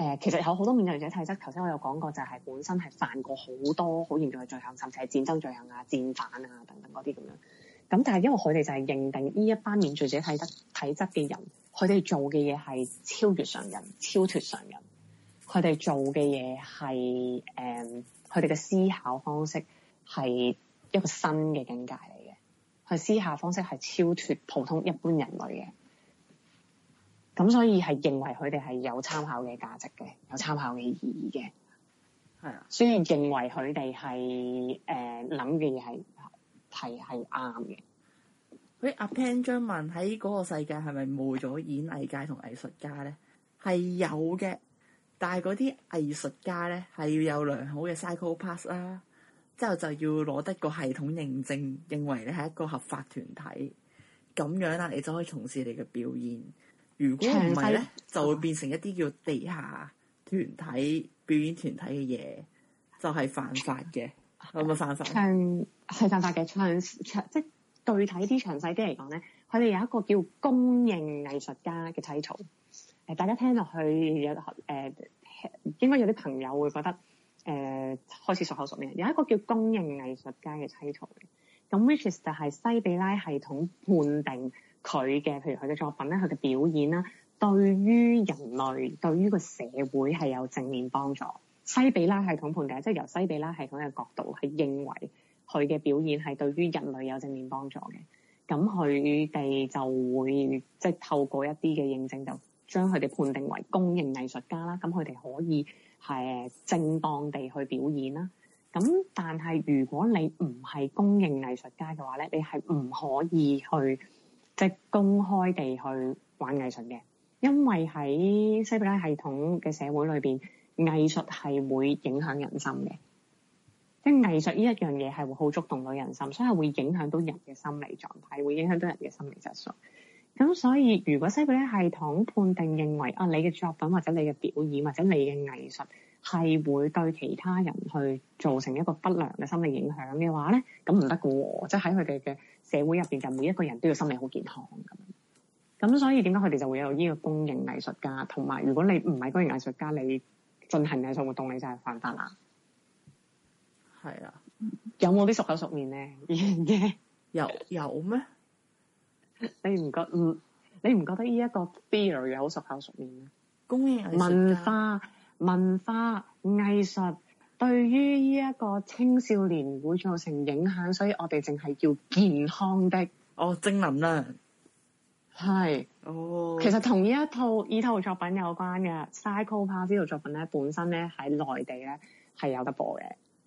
誒、呃，其實有好多免罪者體質。頭先我有講過，就係本身係犯過好多好嚴重嘅罪行，甚至係戰爭罪行啊、戰犯啊等等嗰啲咁樣。咁但係因為佢哋就係認定呢一班免罪者體質體質嘅人，佢哋做嘅嘢係超越常人、超脱常人，佢哋做嘅嘢係誒，佢哋嘅思考方式係一個新嘅境界嚟嘅，佢思考方式係超脱普通一般人類嘅，咁所以係認為佢哋係有參考嘅價值嘅，有參考嘅意義嘅，係啊的，所以認為佢哋係誒諗嘅嘢係。嗯題係啱嘅。誒、欸，阿 Pan 張文喺嗰個世界係咪冇咗演藝界同藝術家咧？係有嘅，但係嗰啲藝術家咧係要有良好嘅 Psycho Pass 啦、啊，之後就要攞得個系統認證，認為你係一個合法團體咁樣啦、啊，你就可以從事你嘅表演。如果唔係咧，就會變成一啲叫地下團體表演團體嘅嘢，就係、是、犯法嘅，有冇犯法？係曬大嘅詳詳，即係具體啲詳細啲嚟講咧，佢哋有一個叫公認藝術家嘅 title。誒，大家聽落去有誒、呃，應該有啲朋友會覺得誒、呃、開始熟口熟面。有一個叫公認藝術家嘅 title。咁 which is 就係西比拉系統判定佢嘅，譬如佢嘅作品咧，佢嘅表演啦，對於人類對於個社會係有正面幫助。西比拉系統判定，即係由西比拉系統嘅角度係認為。佢嘅表演係對於人類有正面幫助嘅，咁佢哋就會即係、就是、透過一啲嘅認證就將佢哋判定為公認藝術家啦。咁佢哋可以係正當地去表演啦。咁但係如果你唔係公認藝術家嘅話咧，你係唔可以去即係、就是、公開地去玩藝術嘅，因為喺西比拉系統嘅社會裏邊，藝術係會影響人心嘅。即係藝術呢一樣嘢係會好觸動到人心，所以係會影響到人嘅心理狀態，會影響到人嘅心理質素。咁所以如果西比拉系統判定認為啊，你嘅作品或者你嘅表演或者你嘅藝術係會對其他人去造成一個不良嘅心理影響嘅話咧，咁唔得噶，即係喺佢哋嘅社會入邊就每一個人都要心理好健康咁。咁所以點解佢哋就會有呢個公認藝術家，同埋如果你唔係公認藝術家，你進行藝術活動你就係犯法啦。係啊，有冇啲熟口熟面咧？嘅 有有咩？ 你唔覺唔？你唔覺得依一個 B 類有好熟口熟面嘅？工業文化文化藝術對於呢一個青少年會造成影響，所以我哋淨係要健康的哦，正能量啦、啊。係是哦。其實同呢一套呢套作品有關嘅《Psycho Pass》呢套作品咧，本身咧喺內地咧係有得播嘅。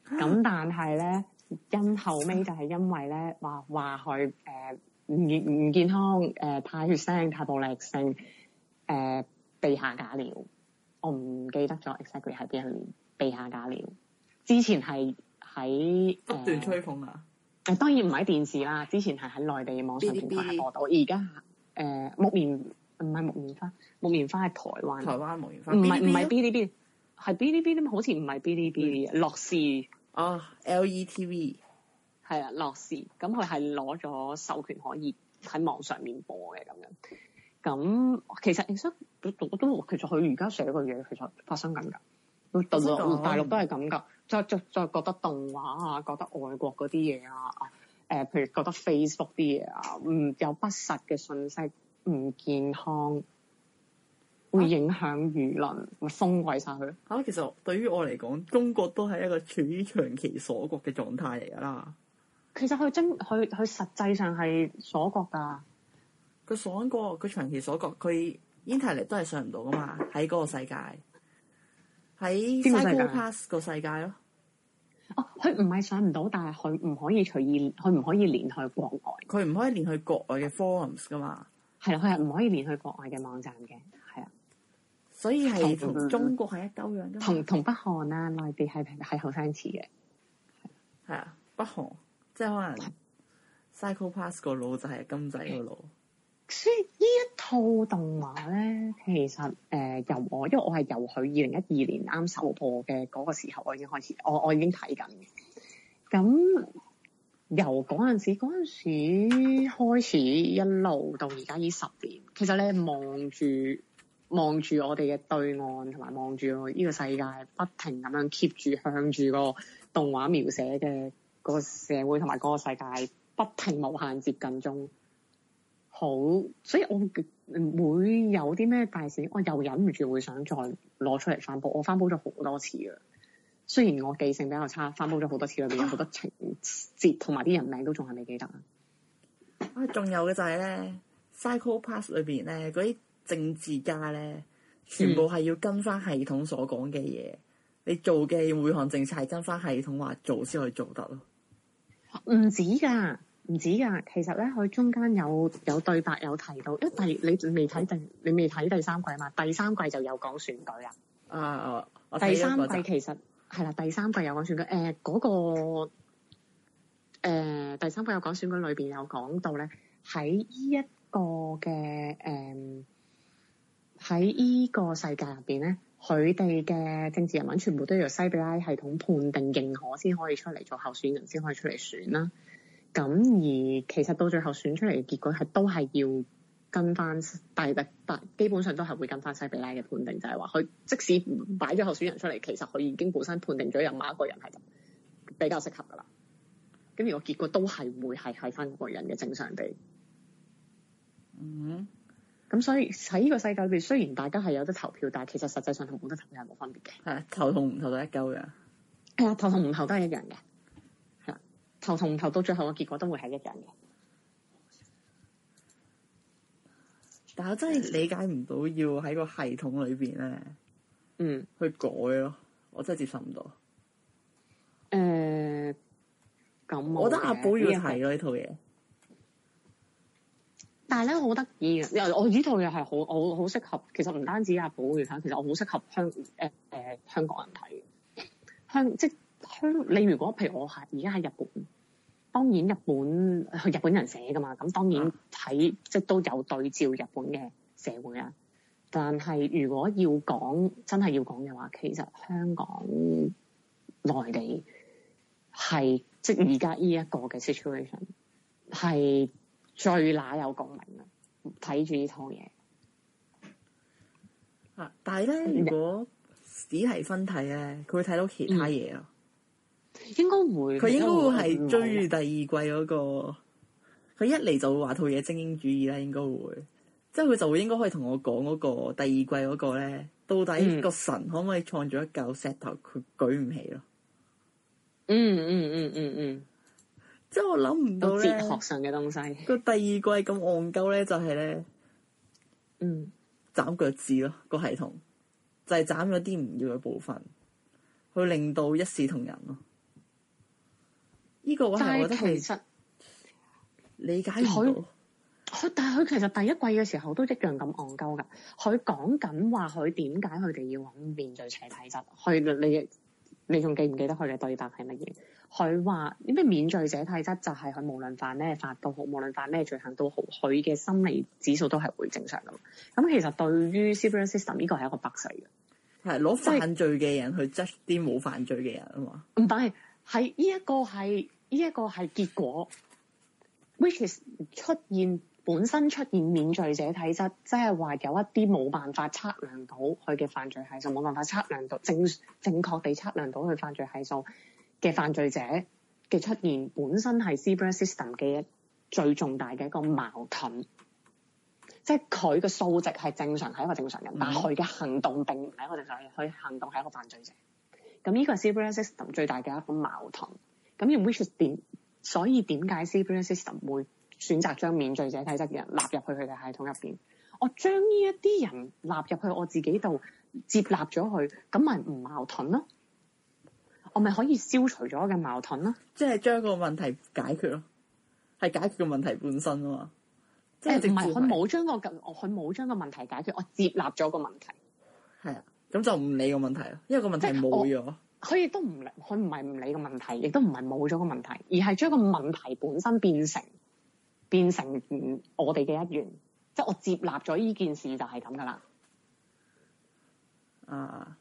咁但係咧，因後尾就係因為咧，話，話佢誒唔健唔健康，誒、呃、太血腥、太暴力性，誒、呃、被下架了。我唔記得咗 exactly 係邊一年被下架了。之前係喺、呃、不斷吹捧啊！誒當然唔喺電視啦，之前係喺內地嘅網上平台播到。而家誒木棉唔係木棉花，木棉花係台灣，台灣木棉花，唔係唔係 B B B。係 Bilibili 好似唔係 Bilibili 樂視啊，LETV 係啊，樂視，咁佢係攞咗授權可以喺網上面播嘅咁樣。咁其實其實我都其實佢而家寫嘅嘢其實發生緊㗎，大陸都係咁㗎，就就就覺得動畫啊，覺得外國嗰啲嘢啊，誒、呃，譬如覺得 Facebook 啲嘢啊，唔有不實嘅信息，唔健康。會影響輿論，咪封圍晒佢咯。其實對於我嚟講，中國都係一個處於長期鎖國嘅狀態嚟㗎啦。其實佢真佢佢實際上係鎖國㗎。佢鎖緊佢長期鎖國，佢 internet 都係上唔到㗎嘛。喺個世界，喺 Psycho Pass 個世界咯。哦，佢唔係上唔到，但係佢唔可以隨意，佢唔可以連去國外，佢唔可以連去國外嘅 forums 㗎嘛。係啦，佢係唔可以連去國外嘅網站嘅。所以係同中國係一鳩樣，同同北韓啊、內地係係好相似嘅。係啊，北韓即係可能，Psycho Pass 個腦就係金仔個腦，所以呢一套動畫咧，其實誒、呃、由我，因為我係由佢二零一二年啱首播嘅嗰個時候，我已經開始，我我已經睇緊嘅。咁由嗰陣時嗰陣時開始，一路到而家呢十年，其實你望住。望住我哋嘅對岸，同埋望住呢個世界，不停咁樣 keep 住向住個動畫描寫嘅個社會同埋個世界，不停無限接近中。好，所以我會有啲咩大事，我又忍唔住會想再攞出嚟翻煲。我翻煲咗好多次㗎！雖然我記性比較差，翻煲咗好多次，裏邊有好多情節同埋啲人名都仲係未記得。啊！仲有嘅就係咧，Psycho Pass 裏邊咧啲。政治家咧，全部係要跟翻系統所講嘅嘢。嗯、你做嘅每項政策係跟翻系統話做先可以做得咯。唔止噶，唔止噶。其實咧，佢中間有有對白有提到，因為你未睇第你未睇第三季嘛？第三季就有講選舉啊。啊第三季其實係啦，第三季有講選舉。誒、呃、嗰、嗰個、呃、第三季有講選舉裡面，裏邊有講到咧，喺呢一個嘅誒。嗯喺呢個世界入邊咧，佢哋嘅政治人物全部都要由西比拉系統判定認可先可以出嚟做候選人，先可以出嚟選啦。咁而其實到最後選出嚟嘅結果係都係要跟翻，大係但基本上都係會跟翻西比拉嘅判定，就係話佢即使擺咗候選人出嚟，其實佢已經本身判定咗有某一個人係比較適合噶啦。咁而個結果都係會係喺翻嗰個人嘅正常地。嗯、mm。Hmm. 咁、嗯、所以喺呢個世界裏邊，雖然大家係有得投票，但係其實實際上同冇得投票係冇分別嘅。係投同唔投、呃、投，投都一嚿嘅。係啊，投同唔投都係一樣嘅。吓，投同唔投到最後嘅結果都會係一樣嘅。但我真係理解唔到，要喺個系統裏邊咧，嗯，去改咯，我真係接受唔到。誒、呃，咁，我覺得阿寶如係咯呢套嘢。但係咧，好得意嘅，又我呢套又係好我好適合。其實唔單止阿寶嘅睇，其實我好適合香誒誒香港人睇。香即香，你如果譬如我係而家喺日本，當然日本日本人寫噶嘛，咁當然睇、啊、即都有對照日本嘅社會啊。但係如果要講真係要講嘅話，其實香港內地係即而家呢一個嘅 situation 係。最乸有共鳴啊？睇住呢套嘢啊！但係咧，如果史提芬睇咧，佢會睇到其他嘢咯、嗯。應該唔會，佢應該會係追第二季嗰、那個。佢一嚟就話套嘢精英主義啦，應該會。即係佢就會、是、應該可以同我講嗰個第二季嗰個咧，到底個神可唔可以創造一嚿石頭佢舉唔起啊、嗯？嗯嗯嗯嗯嗯。嗯嗯嗯。即係我諗唔到咧，個哲學上嘅東西。佢第二季咁戇鳩咧，就係、是、咧，嗯，斬腳趾咯，個系統就係斬咗啲唔要嘅部分，去令到一視同仁咯。呢、這個我係覺得其實理解到。佢但係佢其實第一季嘅時候都一樣咁戇鳩噶。佢講緊話佢點解佢哋要揾面對邪體質。佢你你仲記唔記得佢嘅對白係乜嘢？佢話：呢咩免罪者體質就係佢無論犯咩法都好，無論犯咩罪行都好，佢嘅心理指數都係會正常噶嘛？咁其實對於 Criminal System 呢個係一個 bug 嘅，係攞犯罪嘅人去質啲冇犯罪嘅人啊嘛？唔係，就是係呢一個係呢一個係結果。which is 出現本身出現免罪者體質，即係話有一啲冇辦法測量到佢嘅犯罪係數，冇辦法測量到正正確地測量到佢犯罪係數嘅犯罪者嘅出現本身係 Sibyl System 嘅一最重大嘅一個矛盾，即係佢嘅數值係正常，係一個正常人，但係佢嘅行動並唔係一個正常人。佢行動係一個犯罪者。咁呢個係 Sibyl System 最大嘅一個矛盾。咁而 which 點，所以點解 Sibyl System 會選擇將免罪者體質嘅人納入去佢嘅系統入邊？我將呢一啲人納入去我自己度，接納咗佢，咁咪唔矛盾咯？我咪可以消除咗嘅矛盾咯，即係將個問題解決咯，係解決個問題本身啊嘛，即係唔係我冇將個佢冇將個問題解決，我接納咗個問題，係啊，咁就唔理個問題咯，因為個問題冇咗，佢亦都唔理，佢唔係唔理個問題，亦都唔係冇咗個問題，而係將個問題本身變成變成我哋嘅一員，即係我接納咗呢件事就係咁噶啦，啊，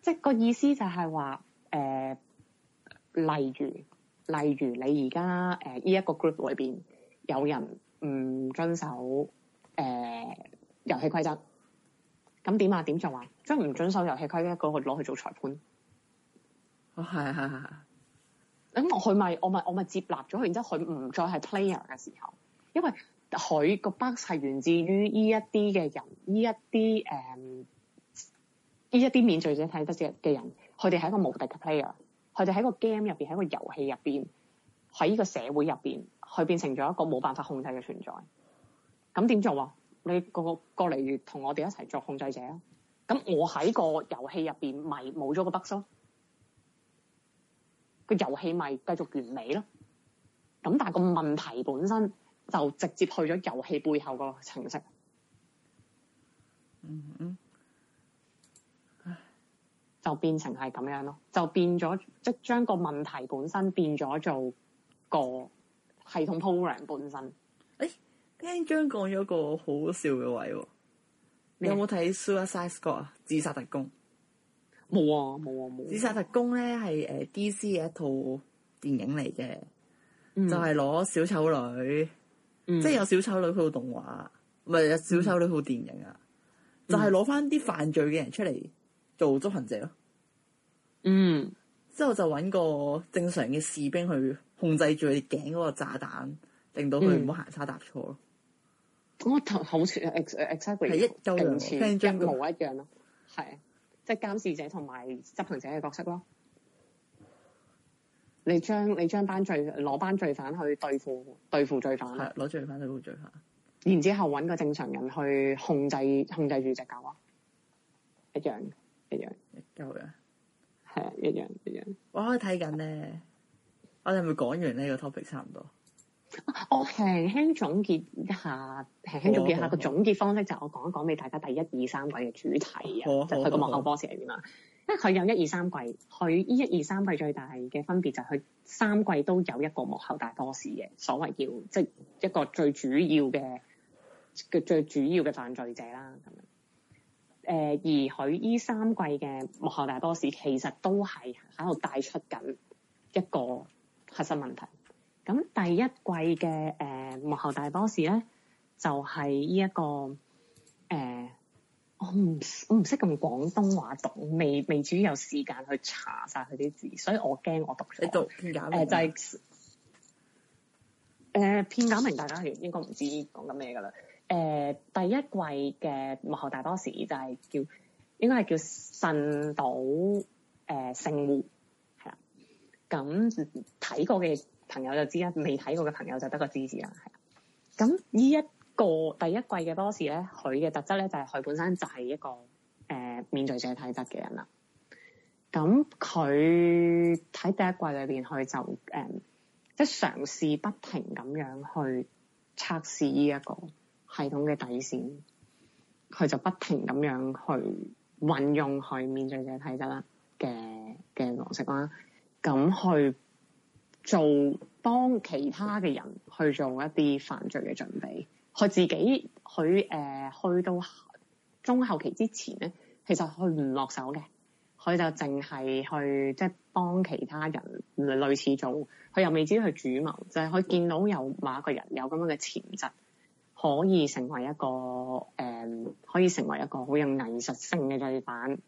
即係個意思就係話。誒、呃，例如，例如你而家誒呢一個 group 裏邊有人唔遵守誒遊戲規則，咁、呃、點啊？點就話將唔遵守遊戲規則嗰個攞去做裁判？啊、哦，係係係。咁、嗯、我佢咪我咪我咪接納咗佢，然之後佢唔再係 player 嘅時候，因為佢個 box 係源自於呢一啲嘅人，呢一啲誒呢一啲免罪者睇得嘅人。佢哋係一個無敵嘅 player，佢哋喺個 game 入邊，喺個遊戲入邊，喺呢個，個社會入邊，佢變成咗一個冇辦法控制嘅存在。咁點做啊？你個個過嚟同我哋一齊作控制者啊？咁我喺個遊戲入邊，咪冇咗個 bug 咯？個遊戲咪繼續完美咯？咁但係個問題本身就直接去咗遊戲背後個程式。嗯，嗯。就變成係咁樣咯，就變咗即將個問題本身變咗做個系統 program 本身。誒、欸，聽張講咗個好笑嘅位喎，你麼有冇睇 Suicide Squad 啊？自殺特工，冇啊冇啊冇！啊自殺特工咧係誒 DC 嘅一套電影嚟嘅，嗯、就係攞小丑女，即係、嗯、有小丑女套動畫，唔係、嗯、有小丑女套電影啊，嗯、就係攞翻啲犯罪嘅人出嚟。做執行者咯，嗯，之後就搵個正常嘅士兵去控制住佢頸嗰個炸彈，令到佢唔好行差踏錯咯。咁、exactly，啊，同好似 exactly 係一模一樣，一模一樣咯，係即係監視者同埋執行者嘅角色咯。你將你將班罪攞班罪犯去對付對付罪犯，係攞罪犯對付罪犯，罪犯然之後搵個正常人去控制控制住隻狗啊，一樣。一樣，一嚿嘅，係一樣一樣。一樣的我喺度睇緊咧，我哋係咪講完呢個 topic 差唔多？我輕輕總結一下，輕輕總結下個總結方式就我講一講俾大家第一、二、三季嘅主題啊，就佢個幕後 boss 係邊啦。因為佢有一二三季，佢呢一二三季最大嘅分別就係佢三季都有一個幕後大 boss 嘅，所謂叫即係、就是、一個最主要嘅嘅最主要嘅犯罪者啦咁。誒、呃、而佢依三季嘅幕後大 boss，其實都係喺度帶出緊一個核心問題。咁第一季嘅誒、呃、幕後大 boss 呢，就係呢一個誒、呃，我唔我唔識咁廣東話讀，未未至於有時間去查晒佢啲字，所以我驚我讀錯。你讀片、呃、就係誒片假名，大家要應該唔知講緊咩㗎喇。誒、呃，第一季嘅幕後大 boss 就係叫，應該係叫神島誒、呃、聖護係啦。咁睇過嘅朋友就知啦，未睇過嘅朋友就得個知字啦。係啦，咁呢一個第一季嘅 boss 咧，佢嘅特質咧就係、是、佢本身就係一個誒，免、呃、罪者體質嘅人啦。咁佢喺第一季裏邊，佢、呃、就誒，即係嘗試不停咁樣去測試呢、這、一個。系統嘅底線，佢就不停咁樣去運用去犯罪嫌疑者嘅嘅嘅模式啦，咁去做，幫其他嘅人去做一啲犯罪嘅準備。佢自己佢誒、呃、去到中後期之前咧，其實佢唔落手嘅，佢就淨係去即係、就是、幫其他人類似做。佢又未知佢主謀，就係、是、佢見到有某一個人有咁樣嘅潛質。可以成為一個誒、嗯，可以成為一個好有藝術性嘅作品，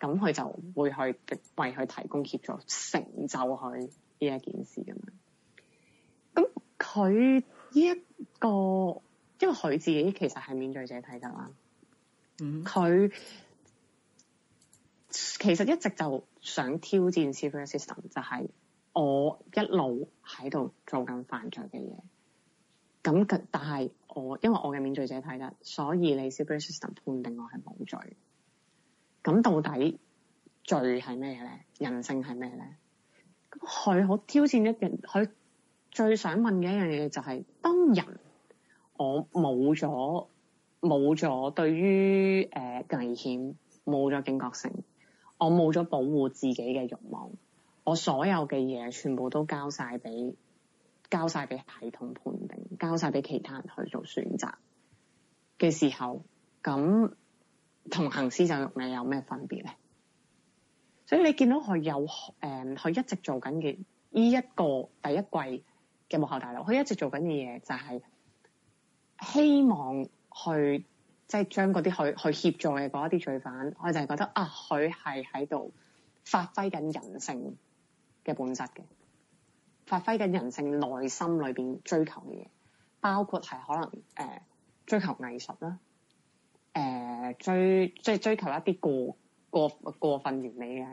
咁佢就會去為佢提供協助，成就佢呢一件事咁樣。咁佢呢一個，因為佢自己其實係免罪體質者嚟㗎啦，嗯，佢其實一直就想挑戰 Sibyl System，就係、是、我一路喺度做緊犯罪嘅嘢。咁但係我因為我嘅免罪者睇得，所以你，斯格里斯判定我係冇罪。咁到底罪係咩咧？人性係咩咧？咁佢好挑戰一樣，佢最想問嘅一樣嘢就係、是：當人我冇咗冇咗對於誒危險冇咗警覺性，我冇咗保護自己嘅慾望，我所有嘅嘢全部都交晒俾。交晒俾系統判定，交晒俾其他人去做選擇嘅時候，咁同行屍走肉咪有咩分別咧？所以你見到佢有誒，佢、嗯、一直做緊嘅依一個第一季嘅幕後大佬，佢一直做緊嘅嘢就係希望去即係將嗰啲佢去協助嘅嗰一啲罪犯，我就係覺得啊，佢係喺度發揮緊人性嘅本質嘅。發揮緊人性內心裏邊追求嘅嘢，包括係可能誒、呃、追求藝術啦，誒、呃、追即係追求一啲過過過分完美嘅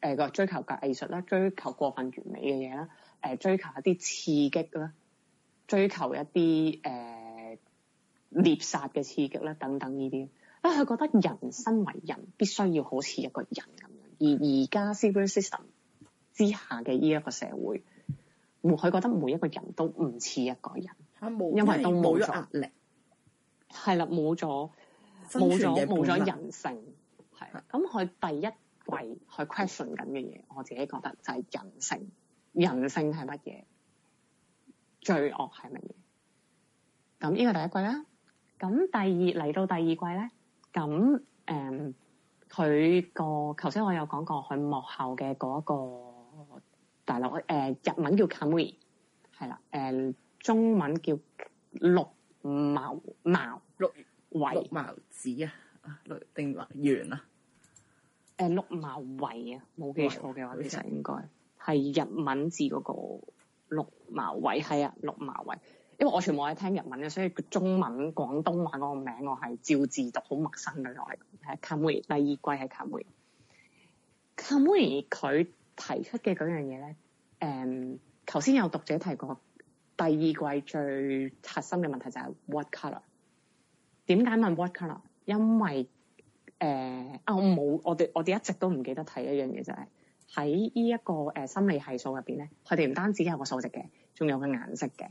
誒個追求嘅藝術啦，追求過分完美嘅嘢啦，誒追求一啲刺激啦，追求一啲誒獵殺嘅刺激啦，呃、激等等呢啲，因為佢覺得人身為人必須要好似一個人咁樣，而而家 civil system 之下嘅呢一個社會。佢覺得每一個人都唔似一個人，啊、因為都冇咗壓力，係啦，冇咗冇咗冇咗人性，係啦。咁佢的第一季佢 question 緊嘅嘢，我自己覺得就係人性，人性係乜嘢？罪惡係乜嘢？咁呢個第一季啦，咁第二嚟到第二季咧，咁誒佢個頭先我有講過佢幕後嘅嗰、嗰個。大六誒、呃、日文叫 Kamui 係啦，誒中文叫鹿矛茅鹿圍位 六子。字啊，六定話圓啊？誒、呃、鹿矛圍啊，冇記錯嘅話，其實錯應該係日文字嗰個鹿矛圍係啊，鹿矛圍。因為我全部係聽日文嘅，所以個中文廣東話嗰個名我係照字讀，好陌生嘅來。係 Kamui，第二季係 Kamui Kamui 佢。提出嘅樣嘢咧，誒頭先有讀者提過第二季最核心嘅問題就係 what color 點解問 what color 因為誒、呃、啊，我冇我哋我哋一直都唔記得睇一樣嘢就係喺呢一個誒、呃、心理係數入邊咧，佢哋唔單止有個數值嘅，仲有個顏色嘅，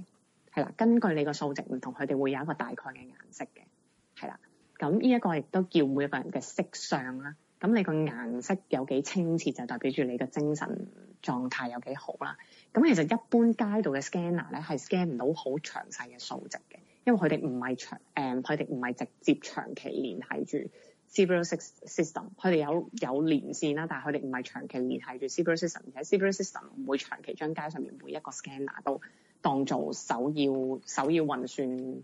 係啦。根據你個數值唔同，佢哋會有一個大概嘅顏色嘅，係啦。咁呢一個亦都叫每一個人嘅色相啦。咁你個顏色有幾清澈，就代表住你個精神狀態有幾好啦。咁其實一般街道嘅 scanner 咧，係 scan 唔到好詳細嘅數值嘅，因為佢哋唔係長誒，佢哋唔係直接長期連係住 C66 system。佢哋有有連線啦，但係佢哋唔係長期連係住 C66 system，而且 C66 system 唔會長期將街上面每一個 scanner 都當做首要首要運算。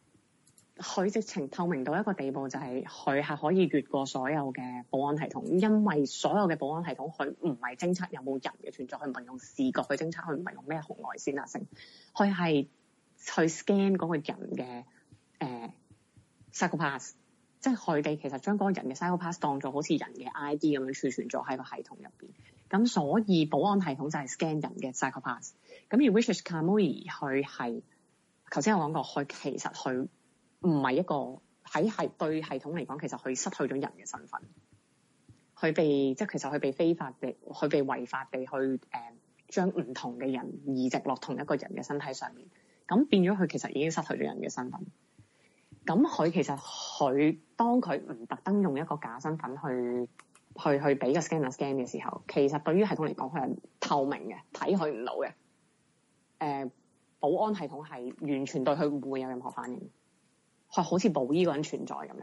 佢直情透明到一個地步，就係佢係可以越過所有嘅保安系統，因為所有嘅保安系統佢唔係偵測有冇人嘅存在，佢唔係用視覺去偵測，佢唔係用咩紅外線啊，成佢係去 scan 嗰個人嘅誒 Psycho Pass，即係佢哋其實將嗰個人嘅 Psycho Pass 當作好似人嘅 ID 咁樣儲存咗喺個系統入邊。咁所以保安系統就係 scan 人嘅 Psycho Pass。咁而 Wishamori 佢係頭先我講過，佢其實佢，唔係一個喺係對系統嚟講，其實佢失去咗人嘅身份，佢被即係其實佢被非法地佢被違法地去誒將唔同嘅人移植落同一個人嘅身體上面，咁變咗佢其實已經失去咗人嘅身份。咁佢其實佢當佢唔特登用一個假身份去去去俾個 scanner scan 嘅時候，其實對於系統嚟講，佢係透明嘅，睇佢唔到嘅。誒、呃、保安系統係完全對佢唔會有任何反應。佢好似冇呢個人存在咁樣，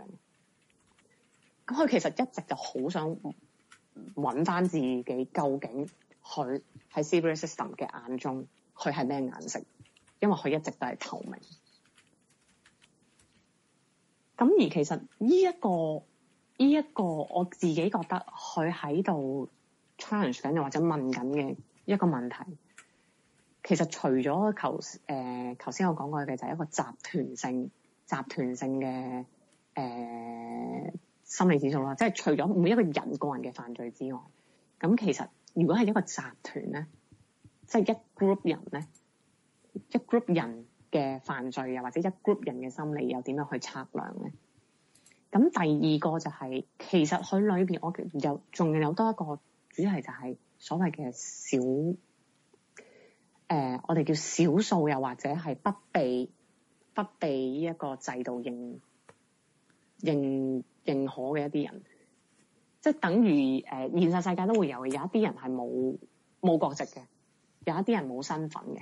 咁佢其實一直就好想揾翻自己究竟佢喺 Sibyl System 嘅眼中佢係咩顏色，因為佢一直都係透明。咁而其實呢一個呢一個，呢個、我自己覺得佢喺度 challenge 緊又或者問緊嘅一個問題，其實除咗求，誒頭先我講過嘅就係一個集團性。集團性嘅誒、呃、心理指數啦，即係除咗每一個人個人嘅犯罪之外，咁其實如果係一個集團咧，即係一 group 人咧，一 group 人嘅犯罪又或者一 group 人嘅心理又點樣去測量咧？咁第二個就係、是、其實佢裏邊我有仲有多一個主題，就係所謂嘅少誒，我哋叫少數又或者係不被。不被呢一個制度認認認可嘅一啲人，即係等於誒、呃、現實世界都會有有一啲人係冇冇國籍嘅，有一啲人冇身份嘅。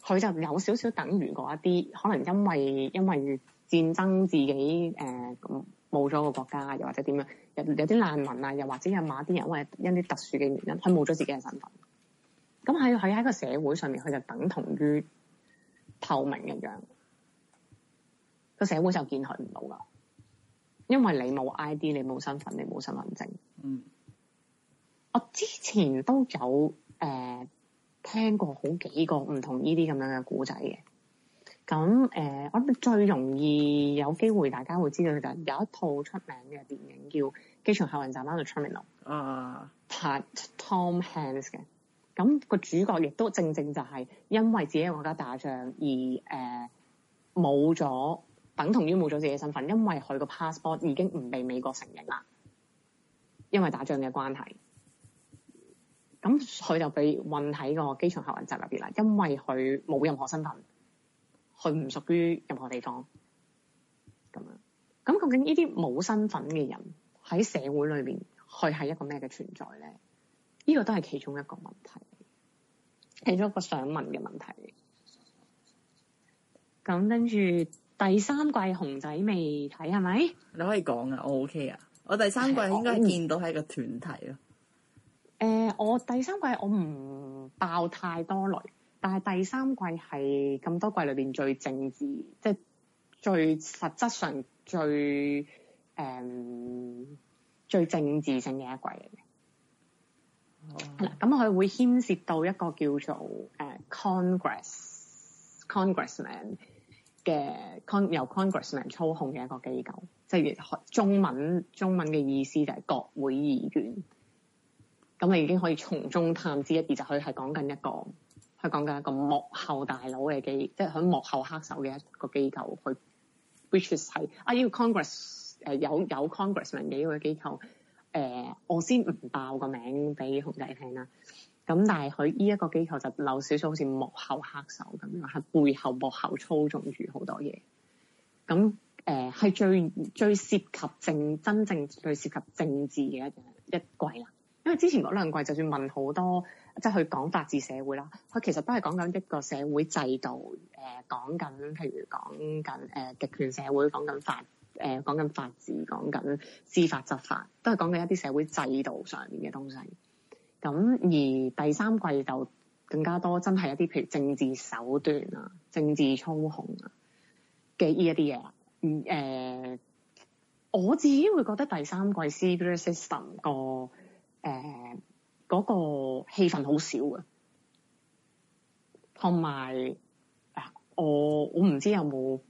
佢就有少少等於嗰一啲，可能因為因為戰爭自己誒冇咗個國家，又或者點樣有有啲難民啊，又或者有某啲人，或者因啲特殊嘅原因，佢冇咗自己嘅身份。咁喺喺喺個社會上面，佢就等同於，透明一樣，個社會就見佢唔到啦。因為你冇 ID，你冇身份，你冇身份證。嗯，我之前都有誒、呃、聽過好幾個唔同呢啲咁樣嘅古仔嘅。咁誒、呃，我諗最容易有機會大家會知道嘅就有一套出名嘅電影叫《機場客運站》嘅 The Terminal 啦。啊，由 Tom Hanks 嘅。咁個主角亦都正正就係因為自己國家打仗而誒冇咗，等同於冇咗自己嘅身份，因為佢個 passport 已經唔被美國承認啦，因為打仗嘅關係。咁佢就被困喺個機場客運站入邊啦，因為佢冇任何身份，佢唔屬於任何地方。咁樣，咁究竟呢啲冇身份嘅人喺社會裏邊，佢係一個咩嘅存在咧？呢個都係其中一個問題，其中一個想問嘅問題。咁跟住第三季熊仔未睇係咪？你可以講啊，我 OK 啊，我第三季應該見到係、呃、個團體咯。誒、呃，我第三季我唔爆太多雷，但係第三季係咁多季裏邊最政治，即係最實質上最誒、呃、最政治性嘅一季嚟嘅。嗱，咁佢、oh. 嗯、會牽涉到一個叫做誒、uh, Congress Congressman 嘅 Con 由 Congressman 操控嘅一個機構，即係中文中文嘅意思就係國會議員。咁你已經可以從中探知一二，就佢係講緊一個，佢講緊一個幕後大佬嘅機構，即係佢幕後黑手嘅一個機構去。Which is 係啊，呢個 Congress 誒有有 Congressman 嘅一個機構。誒、呃，我先唔爆個名俾熊仔聽啦。咁但係佢呢一個機構就漏少少，好似幕後黑手咁樣，喺背後幕後操縱住好多嘢。咁誒係最最涉及政真正最涉及政治嘅一一季啦。因為之前嗰兩季，就算問好多，即係去講法治社會啦，佢其實都係講緊一個社會制度。誒、呃，講緊譬如講緊誒極權社會，講緊法。誒，講緊、呃、法治，講緊司法執法，都係講緊一啲社會制度上面嘅東西。咁而第三季就更加多，真係一啲譬如政治手段啊、政治操控啊嘅呢一啲嘢、啊。誒、嗯呃，我自己會覺得第三季 Sibyl System、那個誒嗰、呃那個氣氛好少嘅，同埋啊，我我唔知有冇，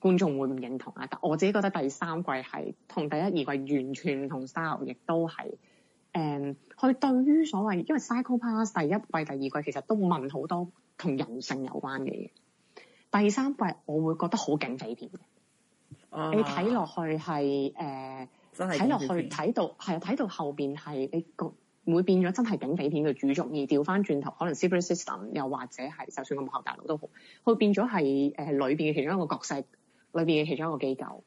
觀眾會唔認同啊？但我自己覺得第三季係同第一、二季完全唔同 style，亦都係誒佢對於所謂因為《Psycho Pass》第一季、第二季其實都問好多同人性有關嘅嘢，第三季我會覺得好警匪片嘅。你睇落去係誒，睇落去睇到係啊，睇到後邊係你個會變咗真係警匪片嘅、欸、主軸，而調翻轉頭，可能《e、Cyber System》又或者係就算個幕後大佬都好，佢變咗係誒裏邊嘅其中一個角色。裏邊嘅其中一個機構誒、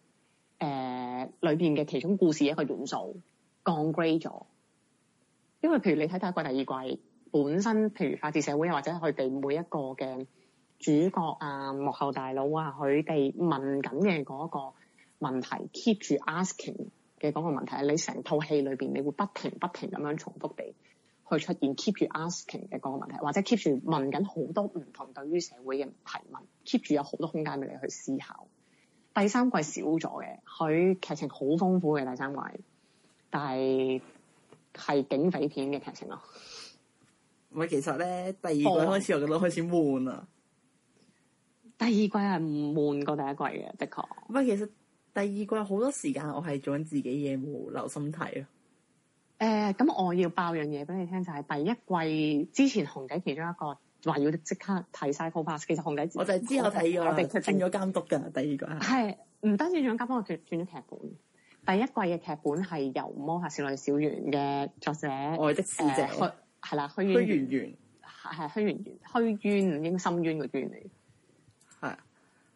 呃、裏邊嘅其中故事一個元素降 grade 咗，因為譬如你睇睇第一季、第二季本身，譬如法治社會又或者佢哋每一個嘅主角啊、幕後大佬啊，佢哋問緊嘅個問題 keep 住 asking 嘅個問題你成套戲裏邊，你會不停不停咁樣重複地去出現 keep 住 asking 嘅個問題或者 keep 住問緊好多唔同對於社會嘅提問 keep 住有好多，多空間俾你去思考。第三季少咗嘅，佢劇情好豐富嘅第三季，但係係警匪片嘅劇情咯。唔係，其實咧第二季開始我覺得開始悶啦。 第二季係唔悶過第一季嘅，的確。唔係，其實第二季好多時間我係做緊自己嘢，冇留心睇咯。誒、呃，咁我要爆樣嘢俾你聽，就係、是、第一季之前熊仔其中一個。話要即刻睇晒鋪 Psycho pass，其實熊仔自己，我就係知我睇過我哋決定咗監督㗎，第二個係唔單止轉咗監督，我轉咗劇本。第一季嘅劇本係由《魔法少女小圓》嘅作者愛的使者虛係啦，虛淵玄係係虛淵玄，虛淵唔應深淵嘅淵嚟，係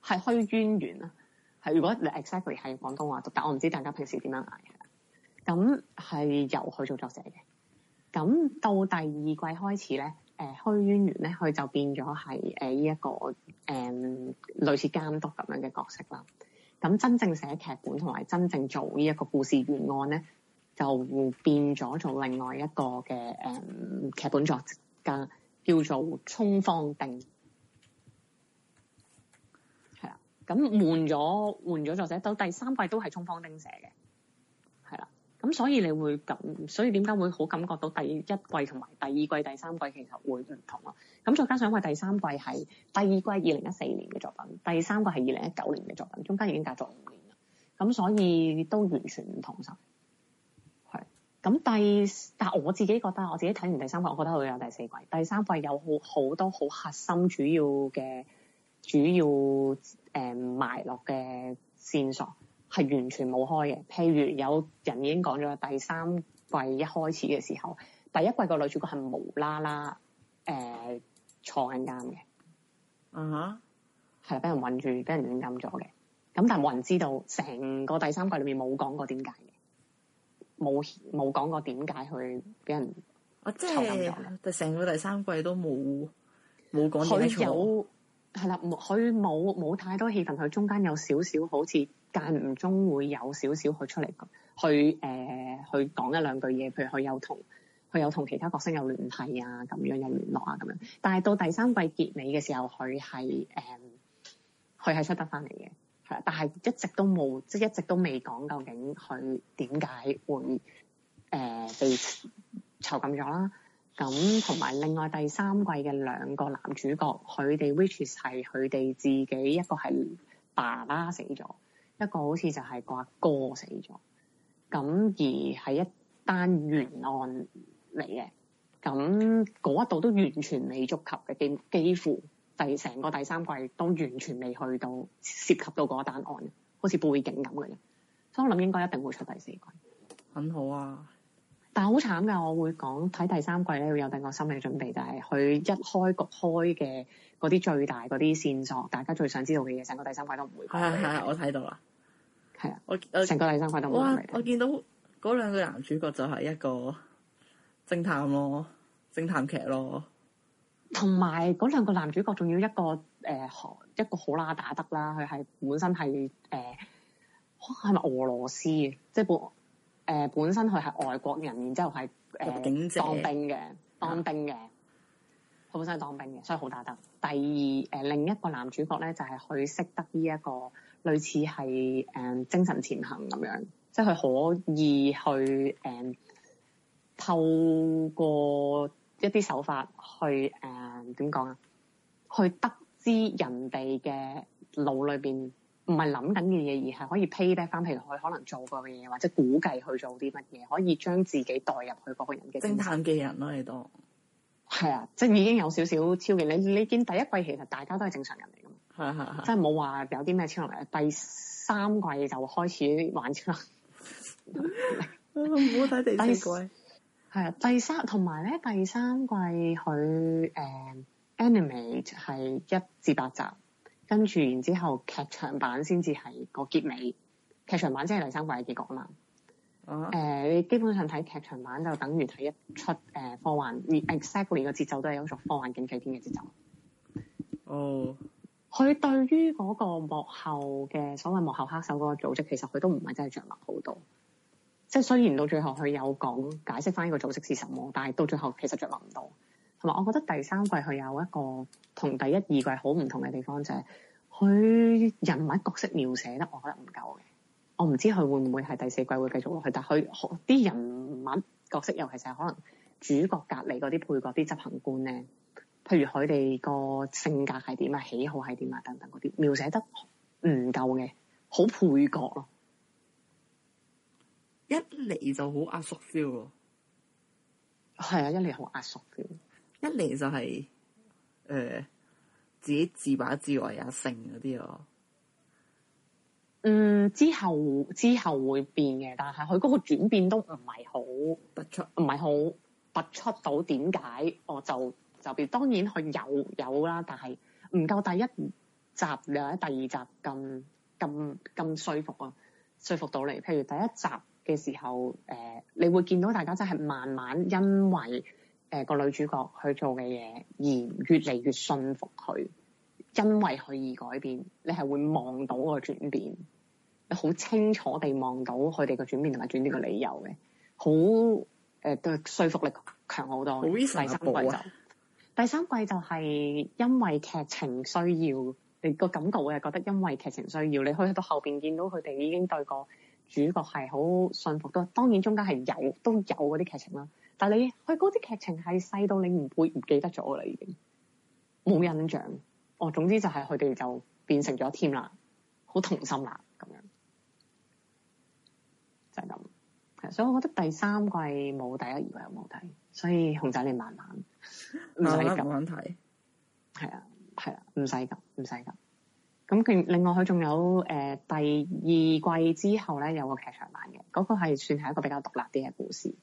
係的虛淵玄啦。係如果你 exactly 係廣東話讀，但我唔知大家平時點樣嗌。咁係由佢做作者嘅，咁到第二季開始咧。誒虛淵源咧，佢、呃、就變咗係誒呢一個誒、呃、類似監督咁樣嘅角色啦。咁真正寫劇本同埋真正做呢一個故事原案咧，就變咗做另外一個嘅誒、呃、劇本作者叫做沖方丁。係啦。咁換咗換咗作者，到第三季都係沖方丁寫嘅。咁所以你會感，所以點解會好感覺到第一季同埋第二季、第三季其實會唔同咯？咁再加上因為第三季係第二季二零一四年嘅作品，第三季係二零一九年嘅作品，中間已經隔咗五年啦。咁所以都完全唔同晒。係，咁第，但係我自己覺得，我自己睇完第三季，我覺得會有第四季。第三季有好好多好核心主要嘅主要誒、嗯、埋落嘅線索。係完全冇開嘅。譬如有人已經講咗，第三季一開始嘅時候，第一季個女主角係無啦啦誒坐緊監嘅。啊、呃、吓，係俾、uh huh. 人困住，俾人軟禁咗嘅，咁但係冇人知道，成個第三季裏面冇講過點解，冇冇講過點解去俾人啊，即係，就成、是、個第三季都冇冇講點係啦，佢冇冇太多戲份。佢中間有少少，好似間唔中會有少少佢出嚟，佢誒佢講一兩句嘢，譬如佢有同佢有同其他角色有聯繫啊，咁樣有聯絡啊咁樣。但係到第三季結尾嘅時候，佢係誒佢係出得返嚟嘅，係、呃，但係一直都冇，即、就、係、是、一直都未講究竟佢點解會誒、呃、被囚禁咗啦。咁同埋另外第三季嘅兩個男主角，佢哋 which is 係佢哋自己一個係爸爸死咗，一個好似就係個阿哥死咗。咁而係一單懸案嚟嘅，咁嗰一度都完全未觸及嘅，幾幾乎第成個第三季都完全未去到，涉及到嗰單案，好似背景咁嘅啫，所以我諗應該一定會出第四季，很好啊！但好慘㗎，我會講睇第三季咧，要有定個心理準備，就係、是、佢一開局開嘅嗰啲最大嗰啲線索，大家最想知道嘅嘢，成個第三季都唔會。係係我睇到啦，係啊我，我成個第三季都冇睇到。哇！我見說到嗰兩個男主角就係一個偵探咯，偵探劇咯，同埋嗰兩個男主角仲要一個誒、欸，一個好啦打得啦，佢係本身係誒，係、欸、咪俄羅斯嘅？即係本。誒、呃、本身佢係外國人，然之後係誒、呃、當兵嘅，當兵嘅。佢、嗯、本身係當兵嘅，所以好打得。第二誒、呃、另一個男主角咧，就係、是、佢識得呢一個類似係誒、呃、精神前行精神潛行咁樣，即係佢可以去誒、呃、透過一啲手法去誒點講啊？去得知人哋嘅腦裏邊。唔係諗緊嘅嘢，而係可以 payback 翻，譬如佢可能做過嘅嘢，或者估計去做啲乜嘢，可以將自己代入去嗰個人嘅。偵探嘅人咯，你都係啊，即係、啊就是、已經有少少超前。你你見第一季其實大家都係正常人嚟㗎嘛，係係係，即係冇話有啲咩超能力。第三季就開始玩超能。唔好睇第四季。係啊，第三同埋咧，第三季佢誒、uh, animate 係一至八集。跟住，然之後劇場版先至係個結尾。劇場版即係第三季嘅結局啦。誒、uh huh. 呃，你基本上睇劇場版就等於睇一出誒、呃、科幻，而 exactly 個節奏都係一種科幻警匪片嘅節奏。哦、uh。佢、huh. 對於嗰個幕後嘅所謂幕後黑手嗰個組織，其實佢都唔係真係著墨好多。即係雖然到最後佢有講解釋返呢個組織是什麼，但係到最後其實著墨唔到。同埋，我覺得第三季佢有一個同第一二季好唔同嘅地方，就係佢人物角色描寫得我覺得唔夠嘅。我唔知佢會唔會係第四季會繼續落去，但係佢啲人物角色，尤其是可能主角隔離嗰啲配角啲執行官咧，譬如佢哋個性格係點啊、喜好係點啊，等等嗰啲描寫得唔夠嘅，好配角咯。一嚟就好壓縮 feel 咯，係啊，一嚟好壓縮 feel。一嚟就係、是、誒、呃、自己自把自為啊性嗰啲咯，嗯，之後之後會變嘅，但係佢嗰個轉變都唔係好突出，唔係好突出到點解我就就變。當然佢有有啦，但係唔夠第一集或者第二集咁咁咁說服啊，說服到你。譬如第一集嘅時候，誒、呃、你會見到大家真係慢慢因為。誒、呃，個女主角去做嘅嘢，而越嚟越信服佢，因為佢而改變，你係會望到個轉變，你好清楚地望到佢哋個轉變同埋轉呢個理由嘅，好誒，對、呃、說服力強好多。意第三季就、啊、第三季就係因為劇情需要，你個感覺會係覺得因為劇情需要，你可以去到後邊見到佢哋已經對個主角係好信服，都當然中間係有都有嗰啲劇情啦。但你佢嗰啲劇情係細到你唔會唔記得咗啦，已經冇印象。哦，總之就係佢哋就變成咗添 e 啦，好同心啦咁樣，就係、是、咁。所以，我覺得第三季冇第一、二季有冇睇，所以熊仔你慢慢，唔使咁難睇。係啊，係啊，唔使咁，唔使咁。咁佢另外佢仲有誒、呃、第二季之後咧，有個劇場版嘅，嗰、那個係算係一個比較獨立啲嘅故事。